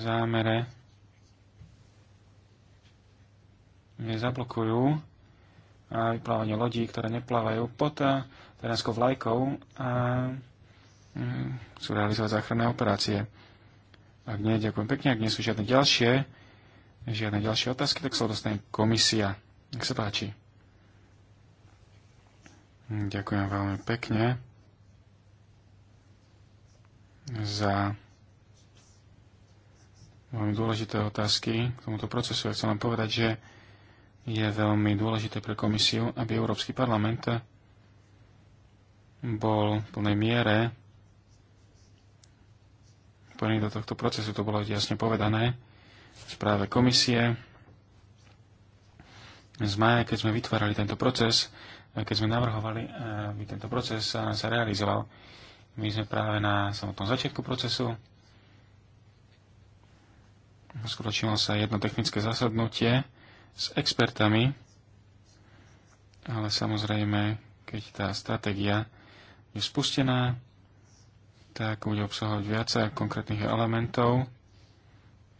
zámere zablokujú vyplávanie lodí, ktoré neplávajú pod eh, terénskou vlajkou a sú mm, realizovať záchranné operácie. Ak nie, ďakujem pekne. Ak nie sú žiadne ďalšie, žiadne ďalšie otázky, tak sa dostane komisia. Nech sa páči. Ďakujem veľmi pekne za veľmi dôležité otázky k tomuto procesu. Ja chcem len povedať, že je veľmi dôležité pre komisiu, aby Európsky parlament bol v plnej miere plný do tohto procesu. To bolo jasne povedané v správe komisie z maja, keď sme vytvárali tento proces, keď sme navrhovali, aby tento proces sa, realizoval. My sme práve na samotnom začiatku procesu. Skutočilo sa jedno technické zasadnutie s expertami, ale samozrejme, keď tá stratégia je spustená, tak bude obsahovať viac konkrétnych elementov.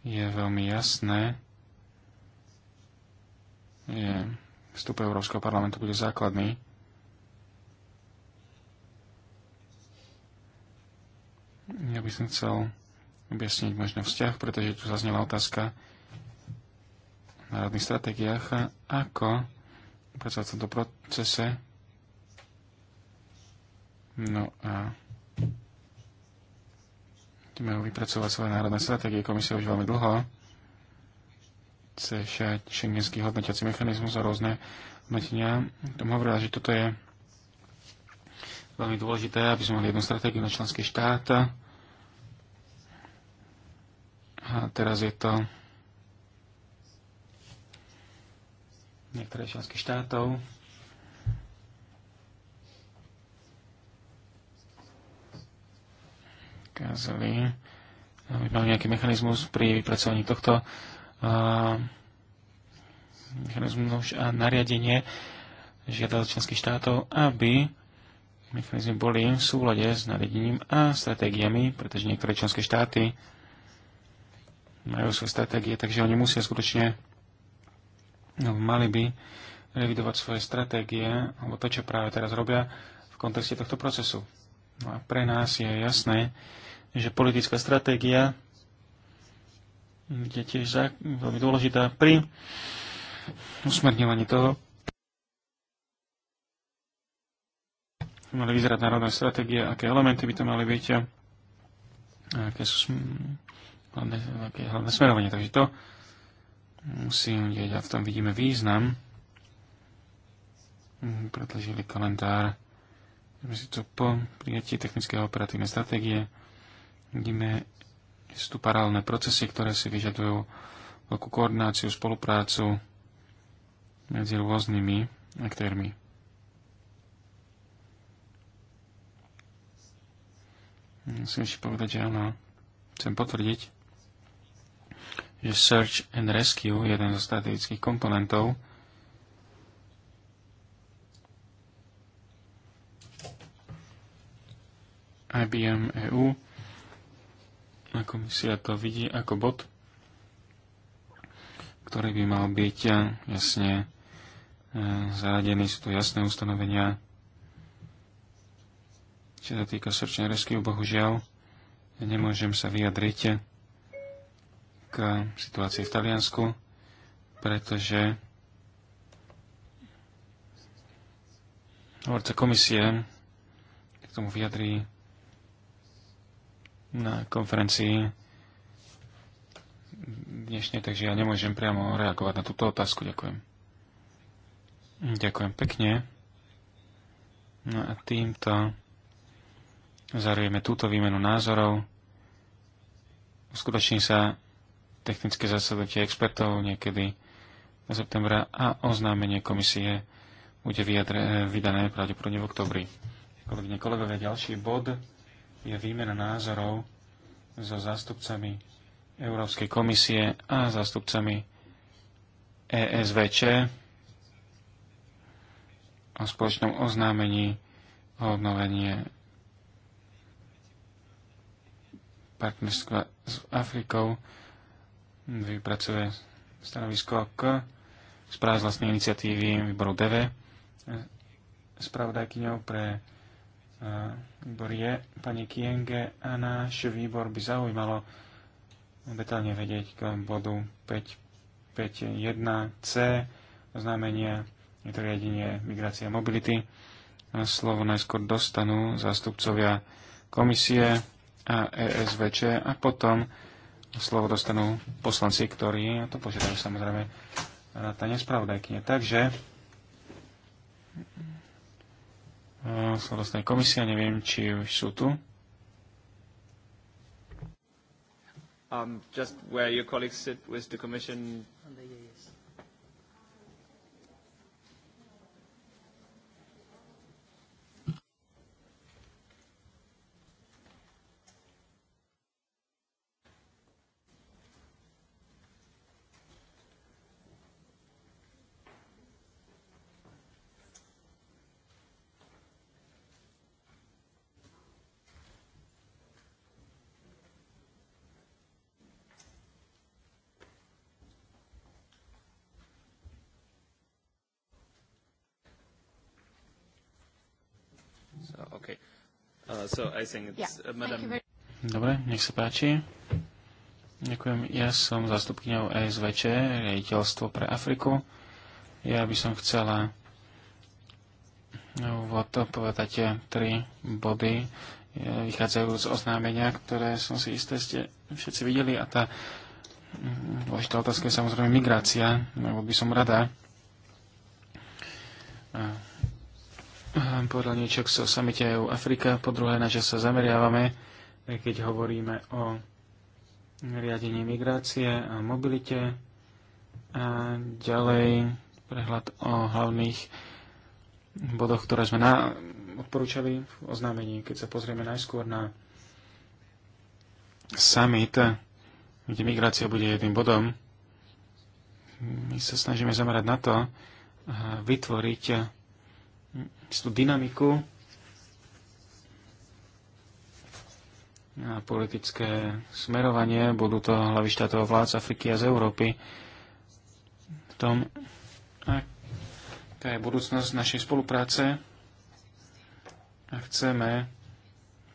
Je veľmi jasné, je, vstup Európskeho parlamentu bude základný. Ja by som chcel objasniť možno vzťah, pretože tu zaznela otázka, národných stratégiách, ako pracovať v tomto procese. No a majú vypracovať svoje národné stratégie. Komisia už veľmi dlho chce šengenský hodnotiaci mechanizmus a rôzne hodnotenia. Tom hovorila, že toto je veľmi dôležité, aby sme mali jednu stratégiu na členské štát. A teraz je to niektorých členských štátov. Kázali, aby mali nejaký mechanizmus pri vypracovaní tohto uh, mechanizmu a nariadenie žiadal členských štátov, aby mechanizmy boli v súlade s nariadením a stratégiami, pretože niektoré členské štáty majú svoje stratégie, takže oni musia skutočne No, mali by revidovať svoje stratégie, alebo to, čo práve teraz robia v kontexte tohto procesu. No a pre nás je jasné, že politická stratégia je tiež veľmi dôležitá pri usmerňovaní toho, mali vyzerať národné stratégie, aké elementy by to mali byť a aké sú hlavné, aké hlavné smerovanie. Takže to Musím vidieť, a v tom vidíme význam. Mhm, predložili kalendár to po prijatí technického operatívnej stratégie. Vidíme, že sú tu paralelné procesy, ktoré si vyžadujú veľkú koordináciu, spoluprácu medzi rôznymi aktérmi. Musím ešte povedať, že áno, chcem potvrdiť, že Search and Rescue, jeden zo strategických komponentov, IBM EU, a komisia to vidí ako bod, ktorý by mal byť eh, jasne eh, zaradený. Sú tu jasné ustanovenia. Čo sa týka Search and Rescue, bohužiaľ, nemôžem sa vyjadriť k situácii v Taliansku, pretože hovorca komisie k tomu vyjadrí na konferencii dnešne, takže ja nemôžem priamo reagovať na túto otázku. Ďakujem. Ďakujem pekne. No a týmto zarujeme túto výmenu názorov. Uskutoční sa technické zasadnutie expertov niekedy na septembra a oznámenie komisie bude vyjadre, vydané pravdepodobne v oktobri. Kolegyne, kolegovia, ďalší bod je výmena názorov so zástupcami Európskej komisie a zástupcami ESVČ o spoločnom oznámení o obnovenie partnerstva s Afrikou vypracuje stanovisko k správe z vlastnej iniciatívy výboru DV. Spravodajkyňou pre e, výbor je pani Kienge a náš výbor by zaujímalo detálne vedieť k bodu 551C oznámenie, je to riadenie migrácie a mobility. A slovo najskôr dostanú zástupcovia komisie a ESVČ a potom slovo dostanú poslanci, ktorí a to požiadajú samozrejme rátane spravodajkyne. Takže eh, slovo dostane komisia, neviem, či už sú tu. Um, just where your colleagues sit with the commission Uh, Dobre, nech sa páči. Ďakujem. Ja som zastupkyňou ESVČ, riaditeľstvo pre Afriku. Ja by som chcela úvod povedať tri body eh, vychádzajú z oznámenia, ktoré som si isté ste všetci videli a tá mm, dôležitá otázka je samozrejme migrácia, lebo by som rada a povedal niečo o samite EU Afrika, po druhé na čo sa zameriavame, keď hovoríme o riadení migrácie a mobilite a ďalej prehľad o hlavných bodoch, ktoré sme na, odporúčali v oznámení. Keď sa pozrieme najskôr na summit, kde migrácia bude jedným bodom, my sa snažíme zamerať na to, vytvoriť istú dynamiku a politické smerovanie. Budú to hlavy štátov vlád z Afriky a z Európy v tom, aká je budúcnosť našej spolupráce a chceme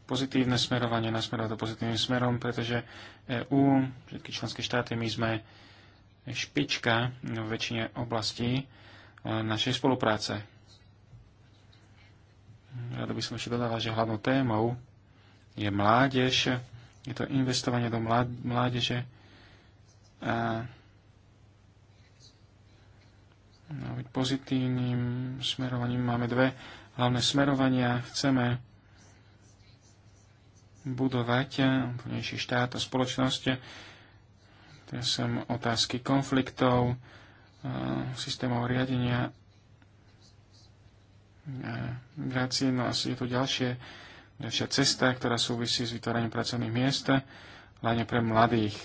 pozitívne smerovanie nasmerovať to pozitívnym smerom, pretože EÚ, všetky členské štáty, my sme špička v väčšine oblastí e, našej spolupráce rada by som ešte dodala, že hlavnou témou je mládež, je to investovanie do mládeže a no, pozitívnym smerovaním máme dve hlavné smerovania. Chceme budovať úplnejší štát a spoločnosť. To sú otázky konfliktov, systémov riadenia migrácii. No a je tu ďalšie, ďalšia cesta, ktorá súvisí s vytvorením pracovných miest, hlavne pre mladých.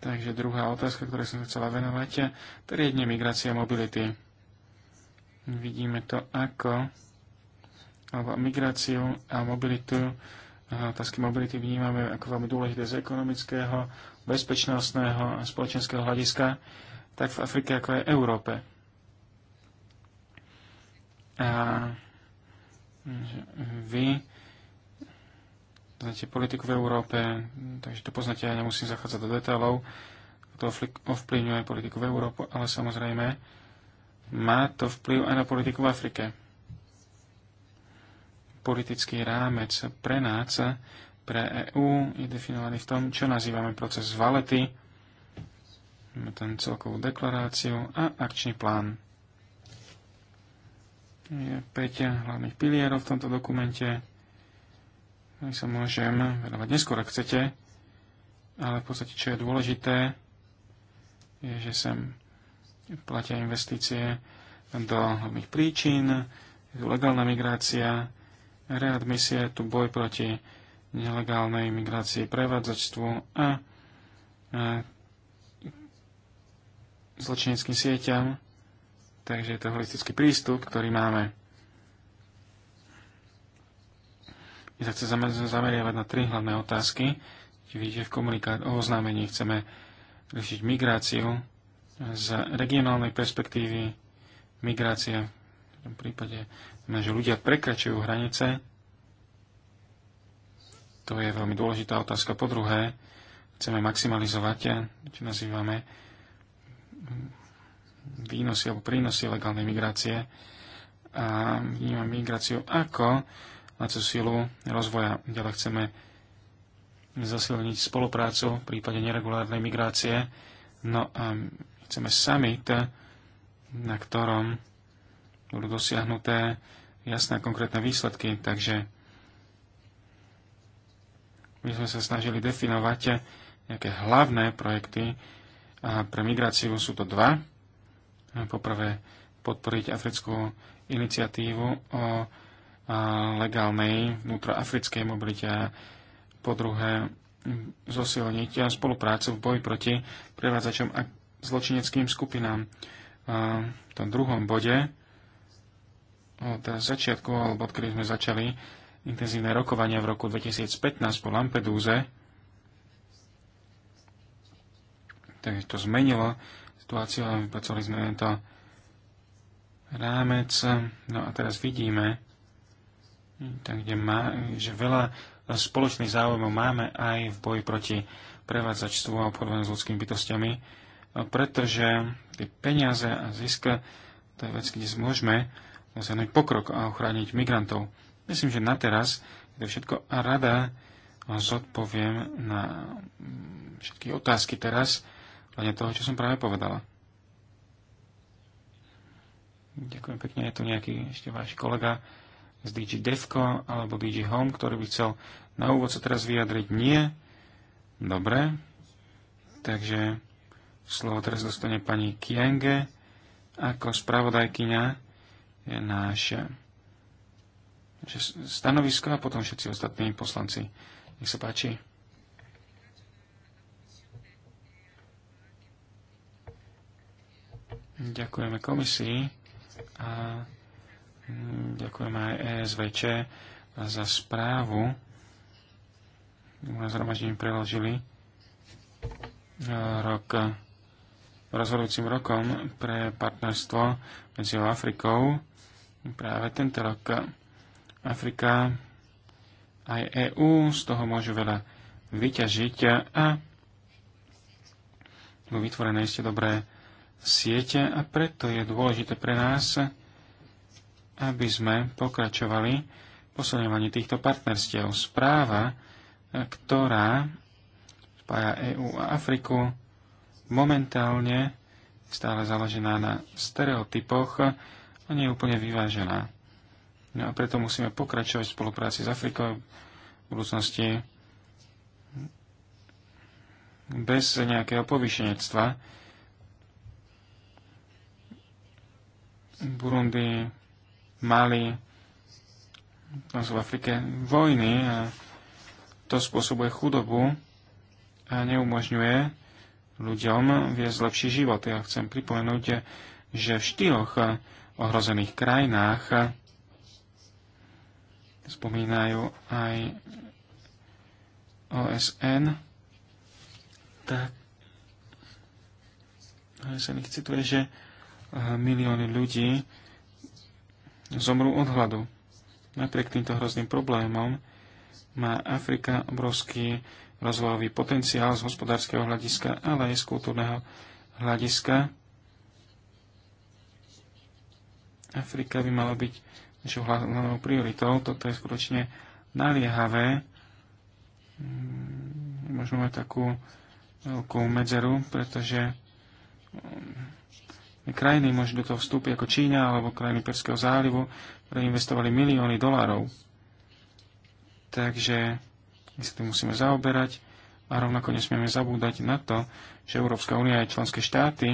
Takže druhá otázka, ktorej som chcela venovať, triedne migrácia mobility. Vidíme to ako, alebo migráciu a mobilitu, otázky mobility vnímame ako veľmi dôležité z ekonomického, bezpečnostného a spoločenského hľadiska, tak v Afrike ako aj Európe a vy znáte politiku v Európe, takže to poznáte, ja nemusím zachádzať do detailov, to ovplyvňuje politiku v Európe, ale samozrejme má to vplyv aj na politiku v Afrike. Politický rámec pre nás, pre EÚ je definovaný v tom, čo nazývame proces Valety, máme tam celkovú deklaráciu a akčný plán je 5 hlavných pilierov v tomto dokumente. My sa môžem venovať neskôr, ak chcete, ale v podstate, čo je dôležité, je, že sem platia investície do hlavných príčin, je tu legálna migrácia, readmisie, tu boj proti nelegálnej migrácii, prevádzačstvu a, a zločineckým sieťam Takže je to holistický prístup, ktorý máme. My sa chceme zameriavať na tri hlavné otázky. Čiže v komuniká- o oznámení chceme riešiť migráciu z regionálnej perspektívy. Migrácia v tom prípade, že ľudia prekračujú hranice. To je veľmi dôležitá otázka. Po druhé, chceme maximalizovať, čo nazývame výnosy alebo prínosy legálnej migrácie a vnímam migráciu ako na tú silu rozvoja. Ďalej chceme zasilniť spoluprácu v prípade neregulárnej migrácie. No a chceme summit, na ktorom budú dosiahnuté jasné a konkrétne výsledky. Takže my sme sa snažili definovať nejaké hlavné projekty a pre migráciu sú to dva poprvé podporiť africkú iniciatívu o legálnej vnútroafrickej mobilite a po druhé zosilniť spoluprácu v boji proti prevádzačom a zločineckým skupinám. V tom druhom bode od začiatku, alebo odkedy sme začali intenzívne rokovania v roku 2015 po Lampedúze, tak to zmenilo situácia, vypracovali sme tento rámec. No a teraz vidíme, tak, kde má, že veľa spoločných záujmov máme aj v boji proti prevádzačstvu a obchodovaniu s ľudskými bytostiami, pretože tie peniaze a zisk, to je vec, kde môžeme dosiahnuť pokrok a ochrániť migrantov. Myslím, že na teraz je to všetko a rada zodpoviem na všetky otázky teraz základe toho, čo som práve povedala. Ďakujem pekne. Je tu nejaký ešte váš kolega z DG Devko alebo DG Home, ktorý by chcel na úvod sa teraz vyjadriť? Nie. Dobre. Takže slovo teraz dostane pani Kienge ako spravodajkyňa je náš stanovisko a potom všetci ostatní poslanci. Nech sa páči. Ďakujeme komisii a mm, ďakujeme aj ESVČ za správu. Na zhromaždení preložili e, rok rozhodujúcim rokom pre partnerstvo medzi Afrikou. Práve tento rok Afrika aj EÚ z toho môžu veľa vyťažiť a vytvorené ste dobré siete a preto je dôležité pre nás, aby sme pokračovali posilňovaní týchto partnerstiev. Správa, ktorá spája EÚ a Afriku, momentálne stále založená na stereotypoch a nie je úplne vyvážená. No a preto musíme pokračovať v spolupráci s Afrikou v budúcnosti bez nejakého povyšenectva, Burundi, Mali, tam sú v Afrike vojny a to spôsobuje chudobu a neumožňuje ľuďom viesť lepší život. Ja chcem pripomenúť, že v štyroch ohrozených krajinách spomínajú aj OSN, tak OSN ich cituje, že milióny ľudí zomrú od hladu. Napriek týmto hrozným problémom má Afrika obrovský rozvojový potenciál z hospodárskeho hľadiska, ale aj z kultúrneho hľadiska. Afrika by mala byť našou hlavnou prioritou. Toto je skutočne naliehavé. Môžeme mm, mať takú veľkú medzeru, pretože krajiny, môžu do toho vstúpiť ako Čína alebo krajiny Perského zálivu, ktoré investovali milióny dolárov. Takže my sa tým musíme zaoberať a rovnako nesmieme zabúdať na to, že Európska únia aj členské štáty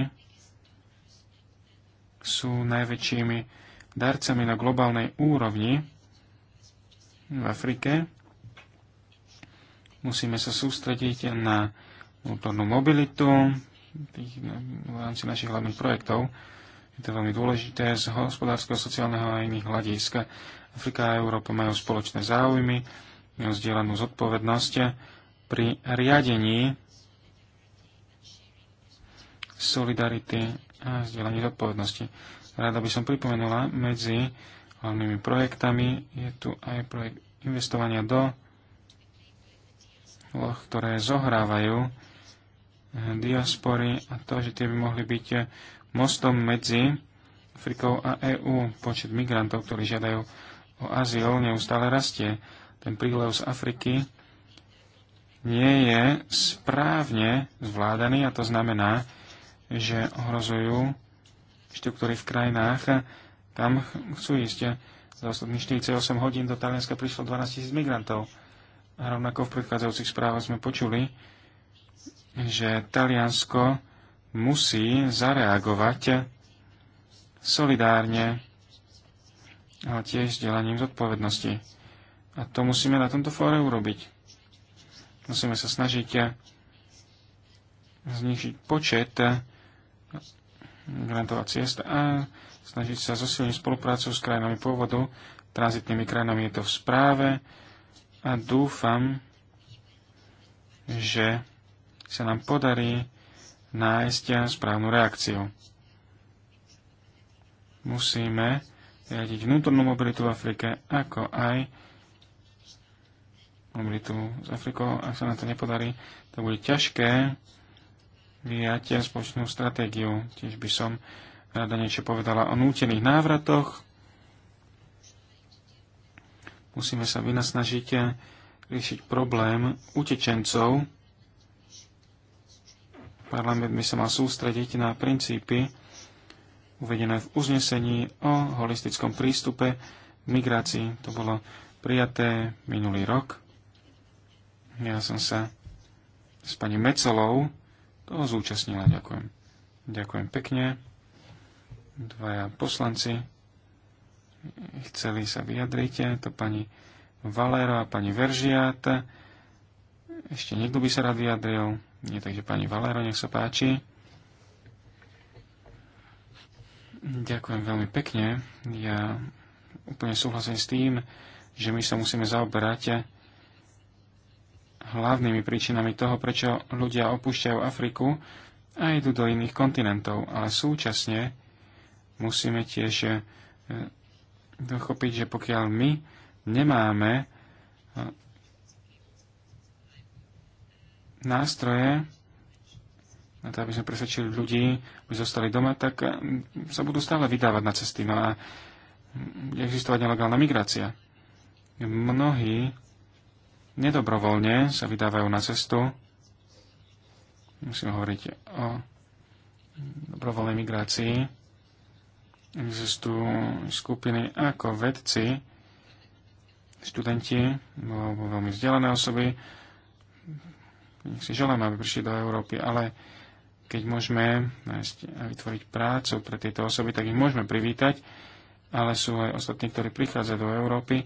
sú najväčšími darcami na globálnej úrovni v Afrike. Musíme sa sústrediť na vnútornú mobilitu, tých, v rámci našich hlavných projektov. Je to veľmi dôležité z hospodárskeho, sociálneho a iných hľadisk. Afrika a Európa majú spoločné záujmy, majú zodpovednosť pri riadení solidarity a vzdielaní zodpovednosti. Rada by som pripomenula, medzi hlavnými projektami je tu aj projekt investovania do loh, ktoré zohrávajú diaspory a to, že tie by mohli byť eh, mostom medzi Afrikou a EÚ. Počet migrantov, ktorí žiadajú o azyl, neustále rastie. Ten prílev z Afriky nie je správne zvládaný a to znamená, že ohrozujú štruktúry v krajinách, kam chcú ísť. Za ostatných 48 hodín do Talianska prišlo 12 tisíc migrantov. A rovnako v predchádzajúcich správach sme počuli, že Taliansko musí zareagovať solidárne, ale tiež delaním zodpovednosti. A to musíme na tomto fóre urobiť. Musíme sa snažiť znižiť počet migrantov a ciest a snažiť sa zosilniť spoluprácu s krajinami pôvodu, tranzitnými krajinami je to v správe a dúfam, že sa nám podarí nájsť správnu reakciu. Musíme riadiť vnútornú mobilitu v Afrike, ako aj mobilitu s Afrikou. Ak sa nám to nepodarí, to bude ťažké vyjať spoločnú stratégiu. Tiež by som rada niečo povedala o nútených návratoch. Musíme sa vynasnažiť riešiť problém utečencov, Parlament by sa mal sústrediť na princípy uvedené v uznesení o holistickom prístupe k migrácii. To bolo prijaté minulý rok. Ja som sa s pani Mecelou toho zúčastnila. Ďakujem. Ďakujem pekne. Dvaja poslanci chceli sa vyjadriť. To pani Valero a pani Veržiat. Ešte niekto by sa rád vyjadril. Nie, takže pani Valero, nech sa páči. Ďakujem veľmi pekne. Ja úplne súhlasím s tým, že my sa musíme zaoberať hlavnými príčinami toho, prečo ľudia opúšťajú Afriku a idú do iných kontinentov. Ale súčasne musíme tiež eh, dochopiť, že pokiaľ my nemáme eh, nástroje na to, aby sme presvedčili ľudí, aby zostali doma, tak eh, sa budú stále vydávať na cesty. No a bude existovať nelegálna migrácia. Mnohí nedobrovoľne sa vydávajú na cestu. Musím hovoriť o dobrovoľnej migrácii. Existujú skupiny ako vedci, študenti, alebo veľmi vzdelané osoby, si želáme, aby prišli do Európy, ale keď môžeme nájsť a vytvoriť prácu pre tieto osoby, tak ich môžeme privítať, ale sú aj ostatní, ktorí prichádzajú do Európy,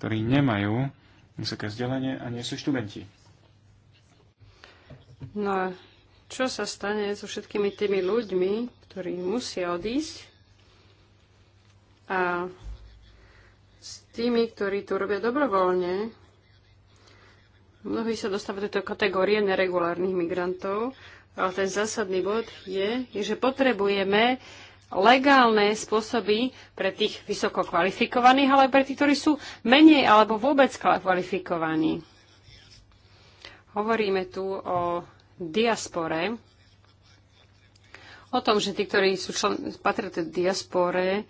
ktorí nemajú vysoké vzdelanie a nie sú študenti. No a čo sa stane so všetkými tými ľuďmi, ktorí musia odísť a s tými, ktorí tu robia dobrovoľne, Mnohí sa dostávajú do kategórie neregulárnych migrantov, ale ten zásadný bod je, je že potrebujeme legálne spôsoby pre tých vysoko kvalifikovaných, ale aj pre tých, ktorí sú menej alebo vôbec kvalifikovaní. Hovoríme tu o diaspore, o tom, že tí, ktorí sú člen, patria tej diaspore,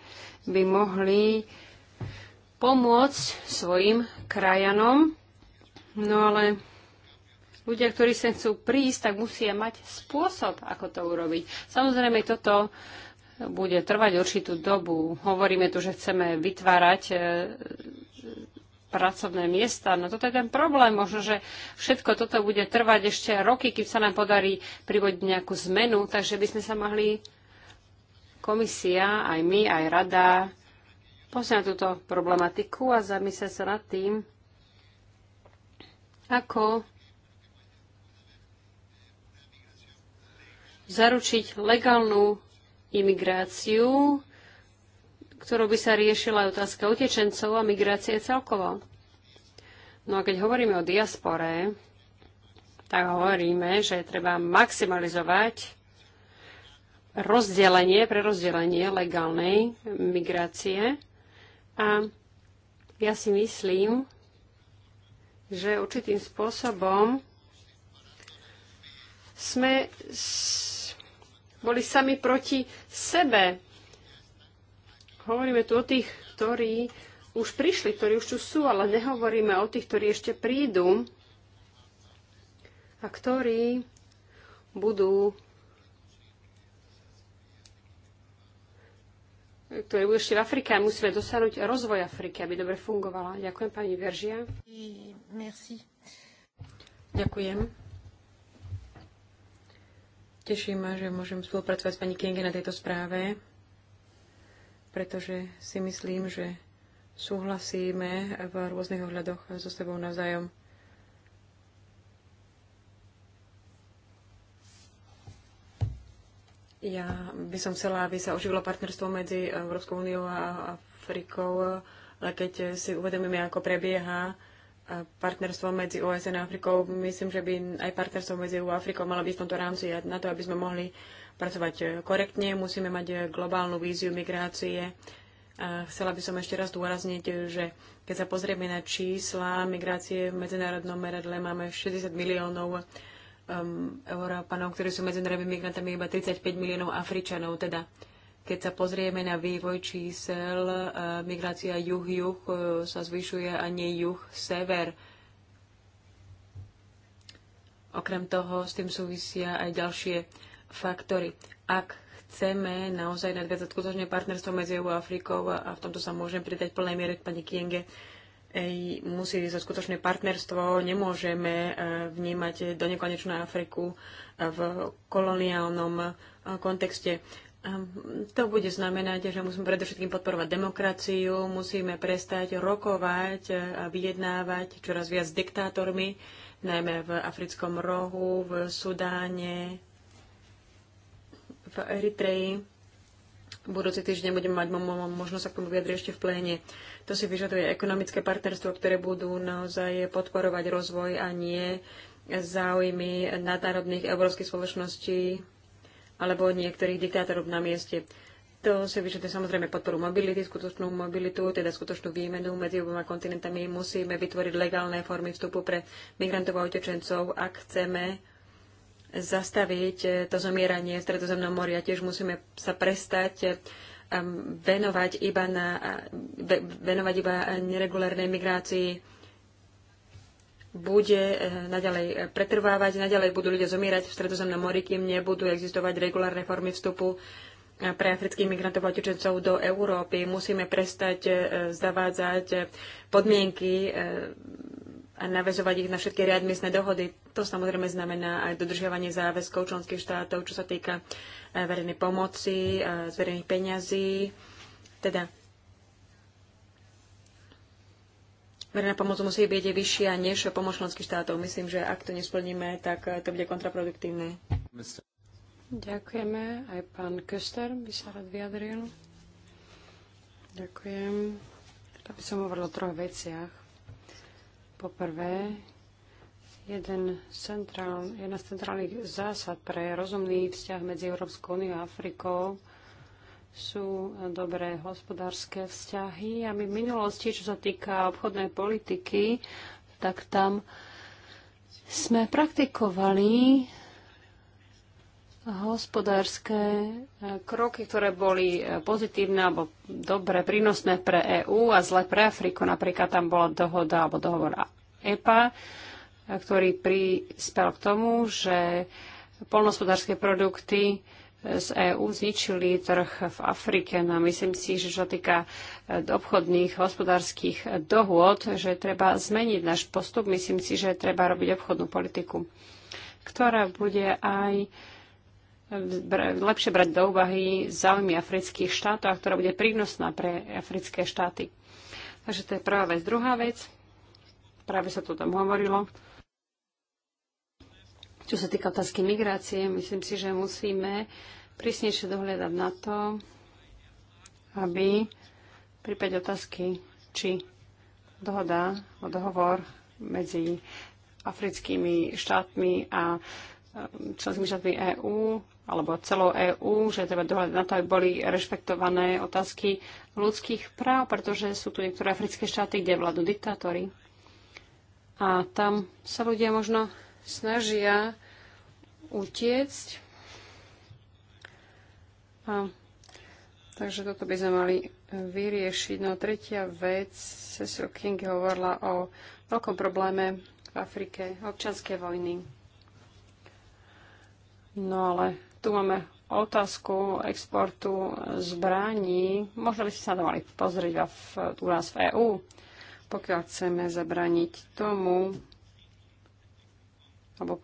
by mohli pomôcť svojim krajanom No ale ľudia, ktorí sem chcú prísť, tak musia mať spôsob, ako to urobiť. Samozrejme, toto bude trvať určitú dobu. Hovoríme tu, že chceme vytvárať e, pracovné miesta. No toto je ten problém. Možno, že všetko toto bude trvať ešte roky, kým sa nám podarí privodiť nejakú zmenu. Takže by sme sa mohli komisia, aj my, aj rada pozrieť túto problematiku a zamyslieť sa nad tým, ako zaručiť legálnu imigráciu, ktorou by sa riešila aj otázka utečencov a migrácie celkovo. No a keď hovoríme o diaspore, tak hovoríme, že treba maximalizovať rozdelenie, prerozdelenie legálnej migrácie. A ja si myslím, že určitým spôsobom sme boli sami proti sebe. Hovoríme tu o tých, ktorí už prišli, ktorí už tu sú, ale nehovoríme o tých, ktorí ešte prídu a ktorí budú ktoré budú ešte v Afrike a musíme dosiahnuť rozvoj Afriky, aby dobre fungovala. Ďakujem pani Veržia. Merci. Ďakujem. Teším ma, že môžem spolupracovať s pani Kienge na tejto správe, pretože si myslím, že súhlasíme v rôznych ohľadoch so sebou navzájom. Ja by som chcela, aby sa oživilo partnerstvo medzi Európskou úniou a Afrikou, ale keď si uvedomíme, ako prebieha partnerstvo medzi OSN a Afrikou, myslím, že by aj partnerstvo medzi EU a Afrikou malo byť v tomto rámci a na to, aby sme mohli pracovať korektne, musíme mať globálnu víziu migrácie. A chcela by som ešte raz dôrazniť, že keď sa pozrieme na čísla migrácie v medzinárodnom meradle, máme 60 miliónov um, Európanov, ktorí sú medzinárodnými migrantami, iba 35 miliónov Afričanov. Teda keď sa pozrieme na vývoj čísel, uh, migrácia juh-juh uh, sa zvyšuje a nie juh-sever. Okrem toho s tým súvisia aj ďalšie faktory. Ak chceme naozaj nadviazať skutočné partnerstvo medzi EU a Afrikou, a v tomto sa môžem pridať plnej miere k pani Kienge, uh, musí ísť o skutočné partnerstvo. Nemôžeme e, vnímať do nekonečnú Afriku e, v koloniálnom e, kontexte. Ehm, to bude znamenať, že musíme predovšetkým podporovať demokraciu, musíme prestať rokovať a vyjednávať čoraz viac s diktátormi, najmä v Africkom rohu, v Sudáne, v Eritreji Budúci týždeň budeme mať možnosť sa k tomu vyjadriť ešte v pléne. To si vyžaduje ekonomické partnerstvo, ktoré budú naozaj podporovať rozvoj a nie záujmy nadnárodných európskych spoločností alebo niektorých diktátorov na mieste. To si vyžaduje samozrejme podporu mobility, skutočnú mobilitu, teda skutočnú výmenu medzi oboma kontinentami. Musíme vytvoriť legálne formy vstupu pre migrantov a utečencov, ak chceme zastaviť eh, to zomieranie v Stredozemnom mori a tiež musíme sa prestať eh, venovať iba, na, eh, venovať iba neregulárnej migrácii bude naďalej pretrvávať, naďalej budú ľudia zomierať v Stredozemnom mori, kým nebudú existovať regulárne formy vstupu pre afrických migrantov a utečencov do Európy. Musíme prestať zavádzať podmienky a navezovať ich na všetky riadmiestne dohody. To samozrejme znamená aj dodržiavanie záväzkov členských štátov, čo sa týka eh, verejnej pomoci, eh, z verejných peňazí. Teda verejná pomoc musí byť vyššia než pomoc členských štátov. Myslím, že ak to nesplníme, tak eh, to bude kontraproduktívne. Ďakujeme. Aj pán Köster by sa rád vyjadril. Ďakujem. Aby som hovoril o troch veciach. Poprvé, jeden centrál, jedna z centrálnych zásad pre rozumný vzťah medzi Európskou úniou a Afrikou sú dobré hospodárske vzťahy. A my v minulosti, čo sa týka obchodnej politiky, tak tam sme praktikovali hospodárske eh, kroky, ktoré boli eh, pozitívne alebo dobre prínosné pre EÚ a zle pre Afriku. Napríklad tam bola dohoda alebo dohovor EPA, e eh, ktorý prispel k tomu, že polnospodárske produkty z EÚ zničili trh v Afrike. No myslím si, že čo týka obchodných hospodárskych dohôd, že treba zmeniť náš postup. Myslím si, že treba robiť obchodnú politiku, ktorá bude aj lepšie brať do úvahy záujmy afrických štátov, ktorá bude prínosná pre africké štáty. Takže to je prvá vec. Druhá vec, práve sa to tam hovorilo, čo sa týka otázky migrácie, myslím si, že musíme prísnejšie dohľadať na to, aby v prípade otázky, či dohoda o dohovor medzi africkými štátmi a členskými štátmi EÚ alebo celou EÚ, že treba dohľadať na to, aby boli rešpektované otázky ľudských práv, pretože sú tu niektoré africké štáty, kde vládnu diktátory. A tam sa ľudia možno snažia utiecť. A, takže toto by sme mali vyriešiť. No tretia vec, Cecil King hovorila o veľkom probléme v Afrike, občanské vojny. No ale tu máme otázku exportu zbraní. Možno by ste sa to mali pozrieť v, u nás v EÚ, pokiaľ chceme zabraniť tomu, alebo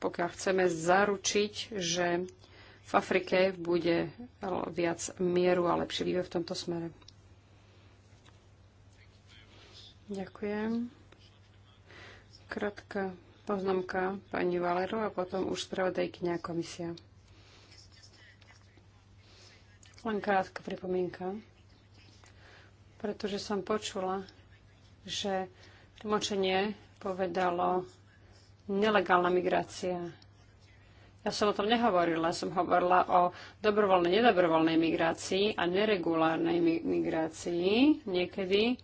pokiaľ chceme zaručiť, že v Afrike bude viac mieru a lepší vývoj v tomto smere. Ďakujem. Krátka poznámka pani Valero a potom už spravodajkynia komisia. Len krátka pripomienka, pretože som počula, že tlmočenie povedalo nelegálna migrácia. Ja som o tom nehovorila, som hovorila o dobrovoľnej, nedobrovoľnej migrácii a neregulárnej migrácii niekedy,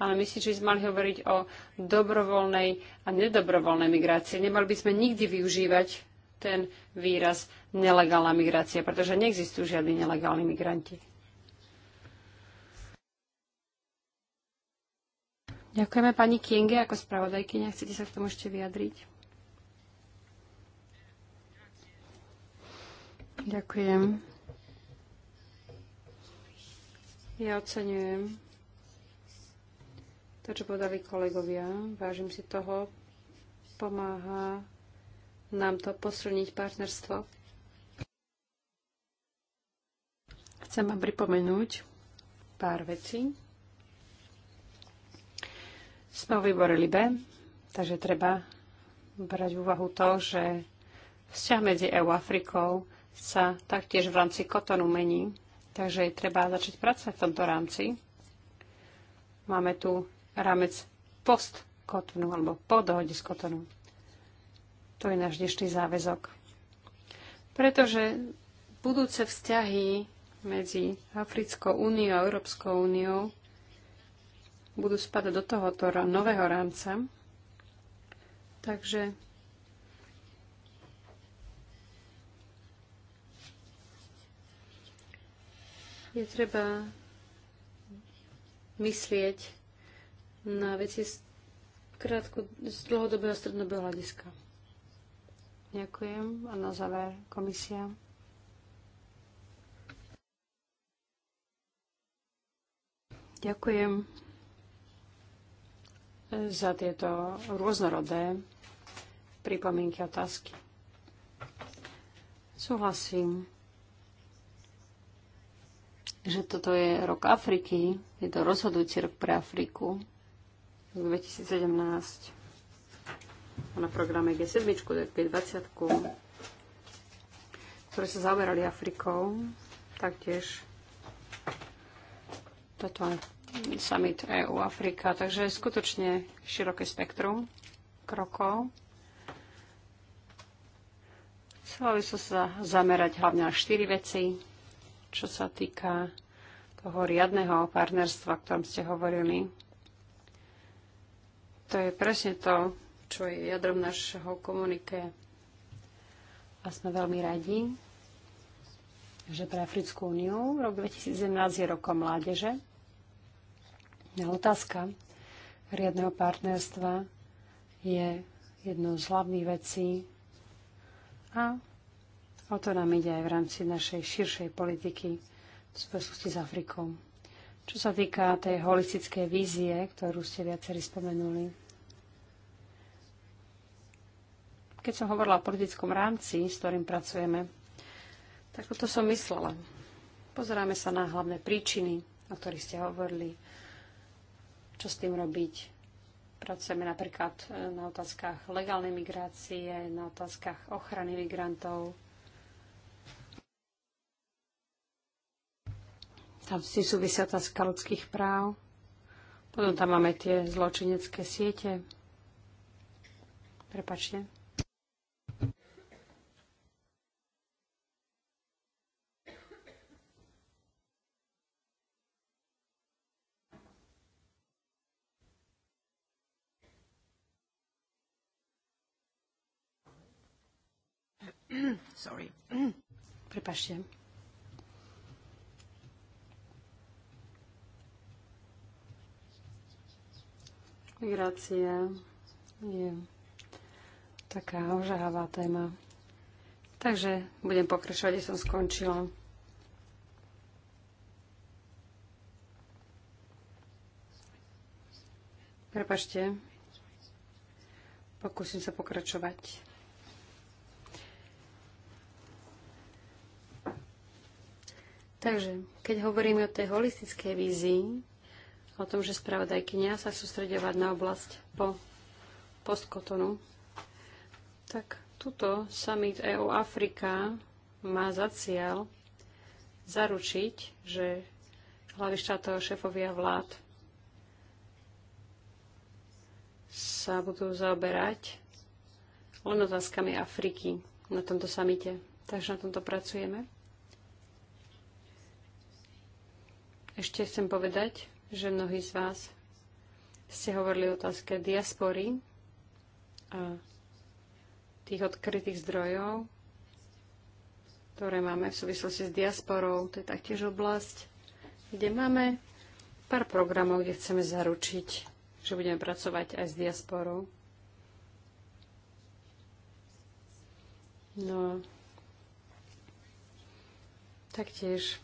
ale myslím, že by sme mali hovoriť o dobrovoľnej a nedobrovoľnej migrácii. Nemali by sme nikdy využívať ten výraz nelegálna migrácia, pretože neexistujú žiadni nelegálni migranti. Ďakujeme pani Kienge ako spravodajkyňa. Chcete sa k tomu ešte vyjadriť? Ďakujem. Ja oceňujem to, čo podali kolegovia. Vážim si toho. Pomáha nám to posilniť partnerstvo. Chcem vám pripomenúť pár vecí. Sme o výbore Libe, takže treba brať v úvahu to, že vzťah medzi EU a Afrikou sa taktiež v rámci kotonu mení, takže je treba začať pracovať v tomto rámci. Máme tu rámec post kotonu alebo po dohode s kotonu. To je náš dnešný záväzok. Pretože budúce vzťahy medzi Africkou úniou a Európskou úniou budú spadať do tohoto nového rámca. Takže je treba myslieť na veci z, krátku, z dlhodobého strednodobého hľadiska. Ďakujem. A na záver komisia. Ďakujem za tieto rôznorodé pripomienky a otázky. Súhlasím, že toto je rok Afriky, je to rozhodujúci rok pre Afriku, 2017 na programe G7, G20, ktoré sa zaoberali Afrikou, taktiež toto summit EU-Afrika. Takže skutočne široké spektrum krokov. Chcela by som sa zamerať hlavne na štyri veci, čo sa týka toho riadneho partnerstva, o ktorom ste hovorili. To je presne to, čo je jadrom našho komuniké. A sme veľmi radi, že pre Africkú úniu rok 2017 je rokom mládeže. A otázka riadneho partnerstva je jednou z hlavných vecí a o to nám ide aj v rámci našej širšej politiky v súvislosti s Afrikou. Čo sa týka tej holistickej vízie, ktorú ste viacerí spomenuli, keď som hovorila o politickom rámci, s ktorým pracujeme, tak toto som myslela. Pozeráme sa na hlavné príčiny, o ktorých ste hovorili, čo s tým robiť. Pracujeme napríklad e, na otázkach legálnej migrácie, na otázkach ochrany migrantov. Tam si súvisia otázka ľudských práv. Potom tam máme tie zločinecké siete. Prepačte. Sorry. Prepašte. Migrácia je taká ožahavá téma. Takže budem pokračovať, kde som skončila. Prepašte. Pokúsim sa pokračovať. Takže, keď hovoríme o tej holistickej vízii, o tom, že spravodajkynia sa sústredovať na oblasť po postkotonu, tak tuto summit EU Afrika má za cieľ zaručiť, že hlavy štátov šéfovia vlád sa budú zaoberať len otázkami Afriky na tomto samite. Takže na tomto pracujeme. Ešte chcem povedať, že mnohí z vás ste hovorili o otázke diaspory a tých odkrytých zdrojov, ktoré máme v súvislosti s diasporou. To je taktiež oblasť, kde máme pár programov, kde chceme zaručiť, že budeme pracovať aj s diasporou. No, taktiež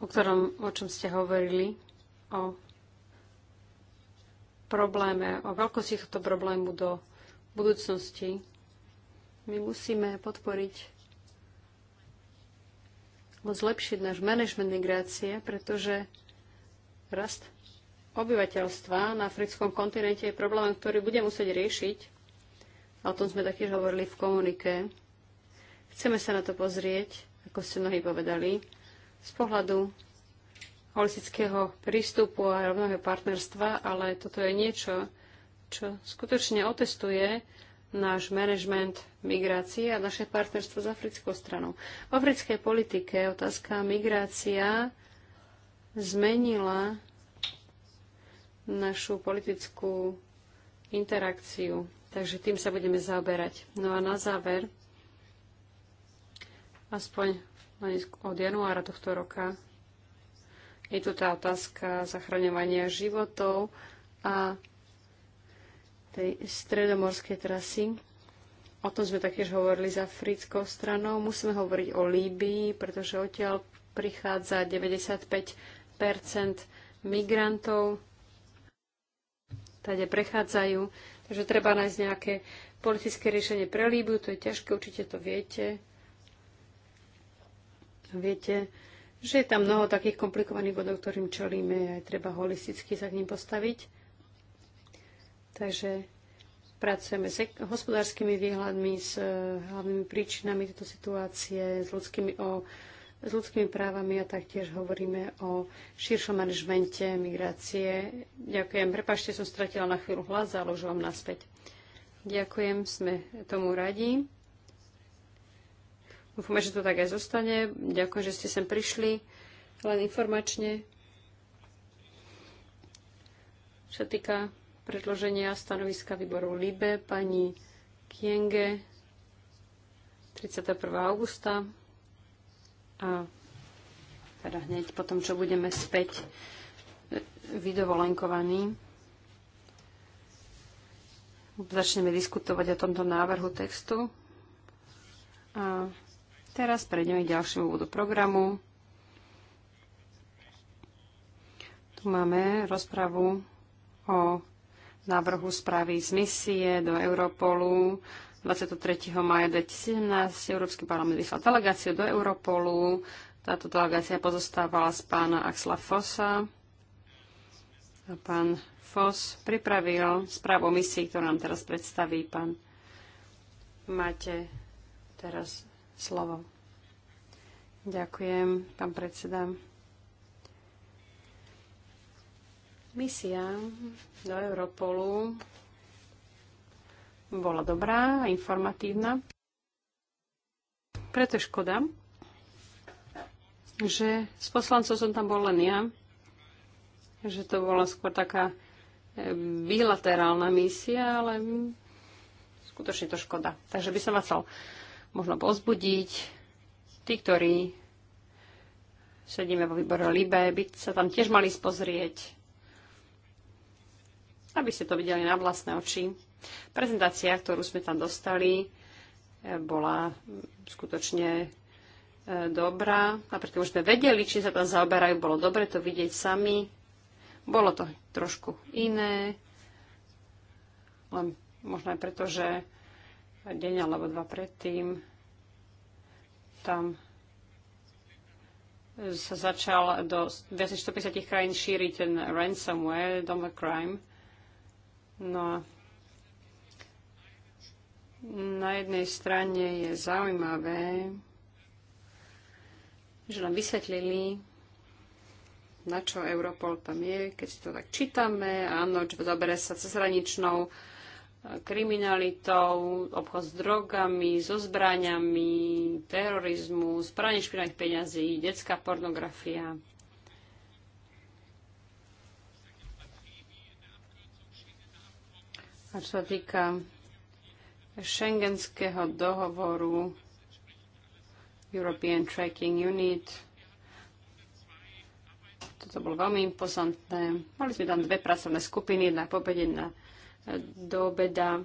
o ktorom, o čom ste hovorili, o probléme, o veľkosti tohto problému do budúcnosti. My musíme podporiť alebo zlepšiť náš manažment migrácie, pretože rast obyvateľstva na africkom kontinente je problém, ktorý bude musieť riešiť. O tom sme taktiež hovorili v komunike. Chceme sa na to pozrieť, ako ste mnohí povedali z pohľadu holistického prístupu a rovného partnerstva, ale toto je niečo, čo skutočne otestuje náš manažment migrácie a naše partnerstvo s africkou stranou. V africkej politike otázka migrácia zmenila našu politickú interakciu. Takže tým sa budeme zaoberať. No a na záver, aspoň od januára tohto roka. Je tu tá otázka zachraňovania životov a tej stredomorskej trasy. O tom sme taktiež hovorili s africkou stranou. Musíme hovoriť o Líbii, pretože odtiaľ prichádza 95 migrantov. Tade prechádzajú. Takže treba nájsť nejaké politické riešenie pre Líbiu. To je ťažké, určite to viete. Viete, že je tam mnoho takých komplikovaných bodov, ktorým čelíme a treba holisticky sa k ním postaviť. Takže pracujeme s hospodárskymi výhľadmi, s eh, hlavnými príčinami tejto situácie, s ľudskými, o, s ľudskými právami a taktiež hovoríme o širšom manažmente migrácie. Ďakujem. Prepašte, som stratila na chvíľu hlas, ale už vám naspäť. Ďakujem, sme tomu radi. Dúfame, že to tak aj zostane. Ďakujem, že ste sem prišli, len informačne. Čo týka predloženia stanoviska výboru LIBE, pani Kienge 31. augusta a teda hneď potom, čo budeme späť vydovolenkovaní. Začneme diskutovať o tomto návrhu textu. A Teraz prejdeme k ďalšiemu bodu programu. Tu máme rozpravu o návrhu správy z misie do Europolu 23. maja 2017. Európsky parlament vyslal delegáciu do Europolu. Táto delegácia pozostávala z pána Axla Fossa. A pán Foss pripravil správu o misii, ktorú nám teraz predstaví pán. Máte teraz slovo. Ďakujem, pán predseda. Misia do Europolu bola dobrá a informatívna. Preto je škoda, že s poslancov som tam bol len ja, že to bola skôr taká e, bilaterálna misia, ale skutočne to škoda. Takže by som vás chcel možno pozbudiť. Tí, ktorí sedíme vo výbore Libe, by sa tam tiež mali spozrieť, aby ste to videli na vlastné oči. Prezentácia, ktorú sme tam dostali, bola skutočne e, dobrá. Napriek už sme vedeli, či sa tam zaoberajú, bolo dobre to vidieť sami. Bolo to trošku iné, len možno aj preto, že deň alebo dva predtým, tam sa začal do 250 krajín šíriť ten ransomware, domer crime. No a na jednej strane je zaujímavé, že nám vysvetlili, na čo Europol tam je, keď si to tak čítame. Áno, že zabere sa uh, kriminalitou, obchod s drogami, so zbraniami, terorizmu, spranie špinavých peňazí, detská pornografia. A čo sa týka šengenského dohovoru European Tracking Unit, toto bolo veľmi impozantné. Mali sme tam dve pracovné skupiny, jedna po jedna do obeda.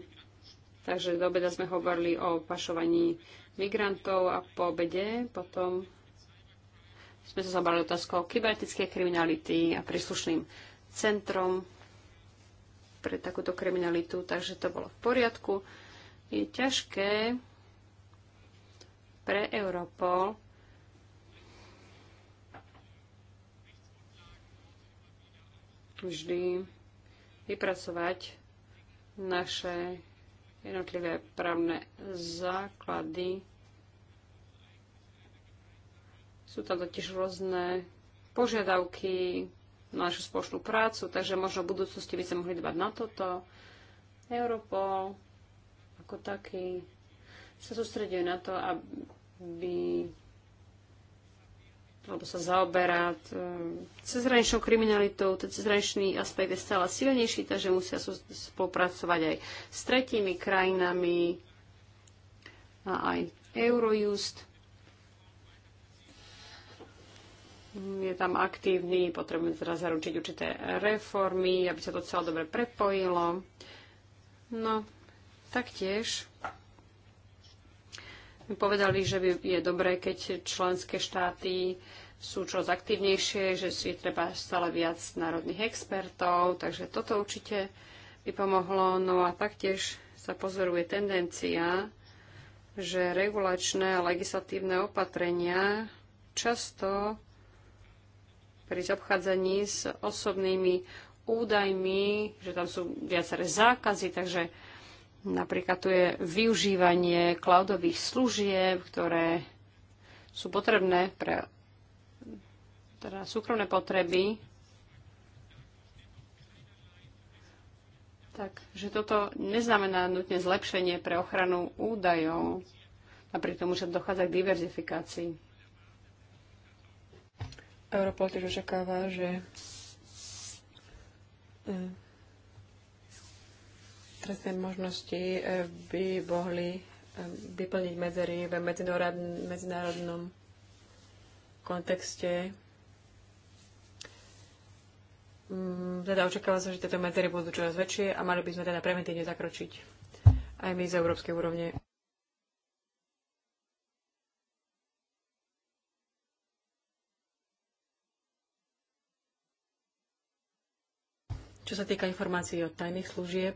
Takže do obeda sme hovorili o pašovaní migrantov a po obede potom sme sa zabrali otázkou kybernetickej kriminality a príslušným centrom pre takúto kriminalitu, takže to bolo v poriadku. Je ťažké pre Europol vždy vypracovať naše jednotlivé právne základy. Sú tam totiž rôzne požiadavky na našu spoločnú prácu, takže možno v budúcnosti by sme mohli dbať na toto. Europol ako taký sa sústreduje na to, aby alebo sa zaoberá cezhraničnou kriminalitou, ten cezhraničný aspekt je stále silnejší, takže musia spolupracovať aj s tretími krajinami a aj Eurojust. Je tam aktívny, potrebujeme teraz zaručiť určité reformy, aby sa to celé dobre prepojilo. No, taktiež povedali, že je dobré, keď členské štáty sú čoraz aktívnejšie, že si treba stále viac národných expertov, takže toto určite by pomohlo. No a taktiež sa pozoruje tendencia, že regulačné a legislatívne opatrenia často pri zobchádzaní s osobnými údajmi, že tam sú viaceré zákazy, takže Napríklad tu je využívanie cloudových služieb, ktoré sú potrebné pre teda súkromné potreby. Takže toto neznamená nutne zlepšenie pre ochranu údajov, napriek tomu, že dochádza k diverzifikácii. Europol tiež očakáva, že e, trestné možnosti e, by mohli e, vyplniť medzery v medzinárodnom kontexte. Mm, teda očakáva sa, že tieto medzery budú čoraz väčšie a mali by sme teda preventívne zakročiť aj my z európskej úrovne. Čo sa týka informácií od tajných služieb,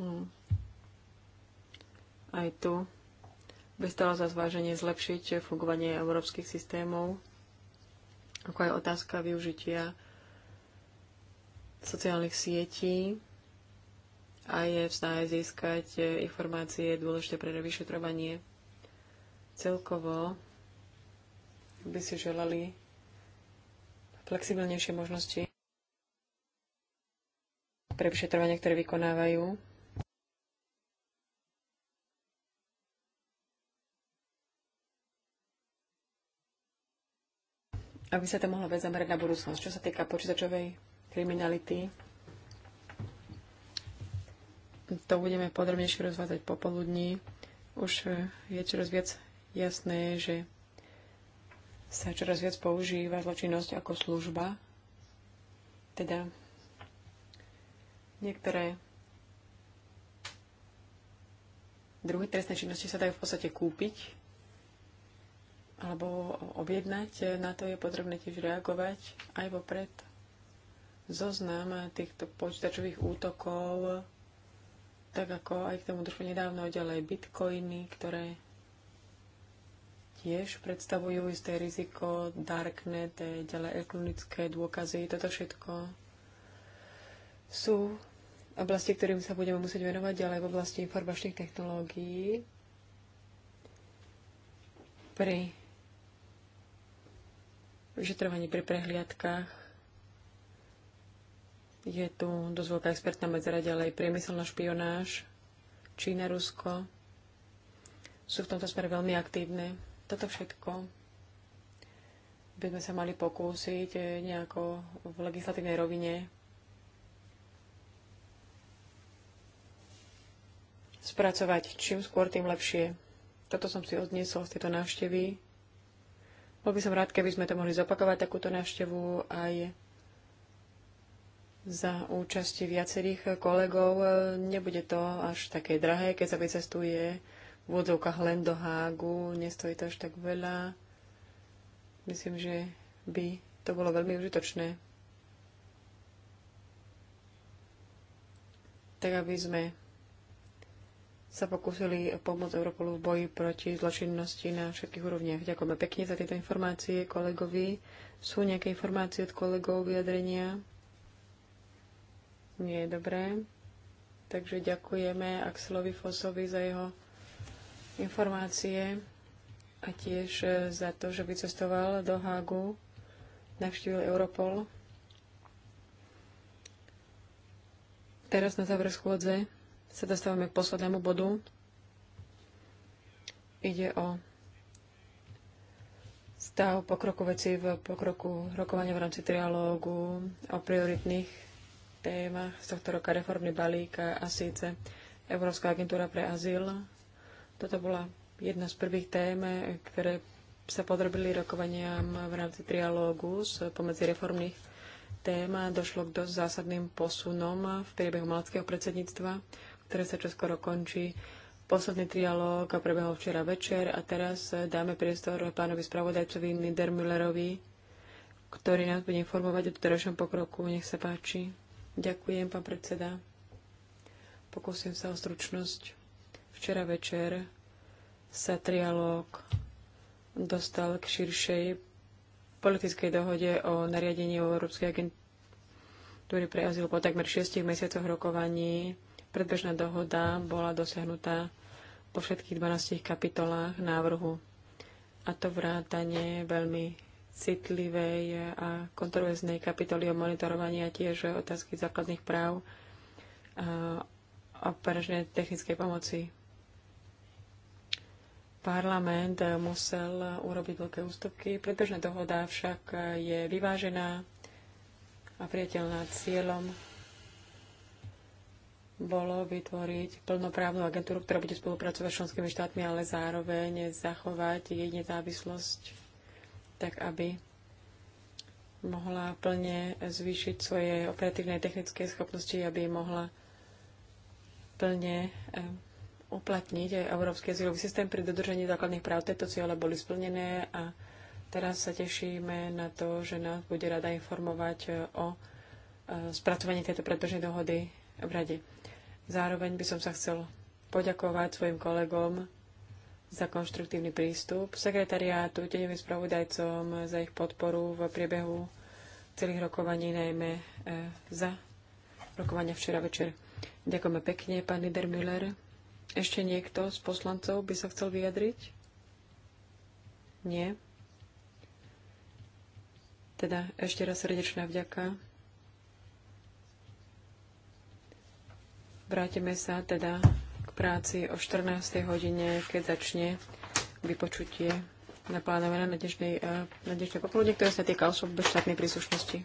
Mm. aj tu by stalo za zváženie zlepšiť fungovanie európskych systémov, ako aj otázka využitia sociálnych sietí a je v snahe získať informácie dôležité pre vyšetrovanie. Celkovo by si želali flexibilnejšie možnosti pre vyšetrovanie, ktoré vykonávajú aby sa to mohlo viac zamerať na budúcnosť. Čo sa týka počítačovej kriminality, to budeme podrobnejšie rozvádzať popoludní. Už eh, je čoraz viac jasné, že sa čoraz viac používa zločinnosť ako služba. Teda niektoré druhy trestnej činnosti sa dajú v podstate kúpiť alebo objednať, na to je potrebné tiež reagovať aj vopred. Zoznam týchto počítačových útokov, tak ako aj k tomu došlo nedávno ďalej bitcoiny, ktoré tiež predstavujú isté riziko, darknet, ďalej elektronické dôkazy, toto všetko sú oblasti, ktorým sa budeme musieť venovať ďalej v oblasti informačných technológií pri vyšetrovaní pri prehliadkách je tu dosť veľká expertná medzera ďalej. Priemyselná špionáž, Čína, Rusko sú v tomto smere veľmi aktívne. Toto všetko by sme sa mali pokúsiť nejako v legislatívnej rovine spracovať čím skôr, tým lepšie. Toto som si odniesol z tejto návštevy bol by som rád, keby sme to mohli zopakovať, takúto návštevu aj za účasti viacerých kolegov. Nebude to až také drahé, keď sa vycestuje v úvodzovkách len do Hágu. Nestojí to až tak veľa. Myslím, že by to bolo veľmi užitočné. Tak aby sme sa pokúsili pomôcť Europolu v boji proti zločinnosti na všetkých úrovniach. Ďakujeme pekne za tieto informácie kolegovi. Sú nejaké informácie od kolegov vyjadrenia? Nie je dobré. Takže ďakujeme Axelovi Fosovi za jeho informácie a tiež e, za to, že vycestoval do Hágu, navštívil Europol. Teraz na záver schôdze sa dostávame k poslednému bodu. Ide o stav pokroku veci v pokroku rokovania v rámci trialógu o prioritných témach z tohto roka reformný balík a síce Európska agentúra pre azyl. Toto bola jedna z prvých tém, ktoré sa podrobili rokovaniam v rámci trialógu z pomedzi reformných tém. Došlo k dosť zásadným posunom v priebehu malackého predsedníctva ktoré sa čoskoro končí. Posledný trialóg prebehol včera večer a teraz dáme priestor pánovi spravodajcovi Niedermüllerovi, ktorý nás bude informovať o doterajšom pokroku. Nech sa páči. Ďakujem, pán predseda. Pokúsim sa o stručnosť. Včera večer sa trialóg dostal k širšej politickej dohode o nariadení Európskej agentúry pre azyl po takmer šiestich mesiacoch rokovaní Predbežná dohoda bola dosiahnutá po všetkých 12 kapitolách návrhu, a to vrátanie veľmi citlivej a kontroverznej kapitoly o monitorovaní a tiež otázky základných práv a operačnej technickej pomoci. Parlament musel urobiť veľké ústupky. Predbežná dohoda však je vyvážená a priateľná cieľom bolo vytvoriť plnoprávnu agentúru, ktorá bude spolupracovať s členskými štátmi, ale zároveň zachovať jej nezávislosť, tak aby mohla plne zvýšiť svoje operatívne a technické schopnosti, aby mohla plne eh, uplatniť Európsky azylový systém pri dodržaní základných práv. Tieto ciele boli splnené a teraz sa tešíme na to, že nás bude rada informovať o eh, spracovaní tejto predbežnej dohody v Rade. Zároveň by som sa chcel poďakovať svojim kolegom za konštruktívny prístup, sekretariátu, tenevým spravodajcom za ich podporu v priebehu celých rokovaní, najmä e, za rokovania včera večer. Ďakujeme pekne, pán Lider Müller. Ešte niekto z poslancov by sa chcel vyjadriť? Nie. Teda ešte raz srdečná vďaka Vrátime sa teda k práci o 14. hodine, keď začne vypočutie naplánované na eh, dnešné, na popoludne, ktoré sa týka osob bez štátnej príslušnosti.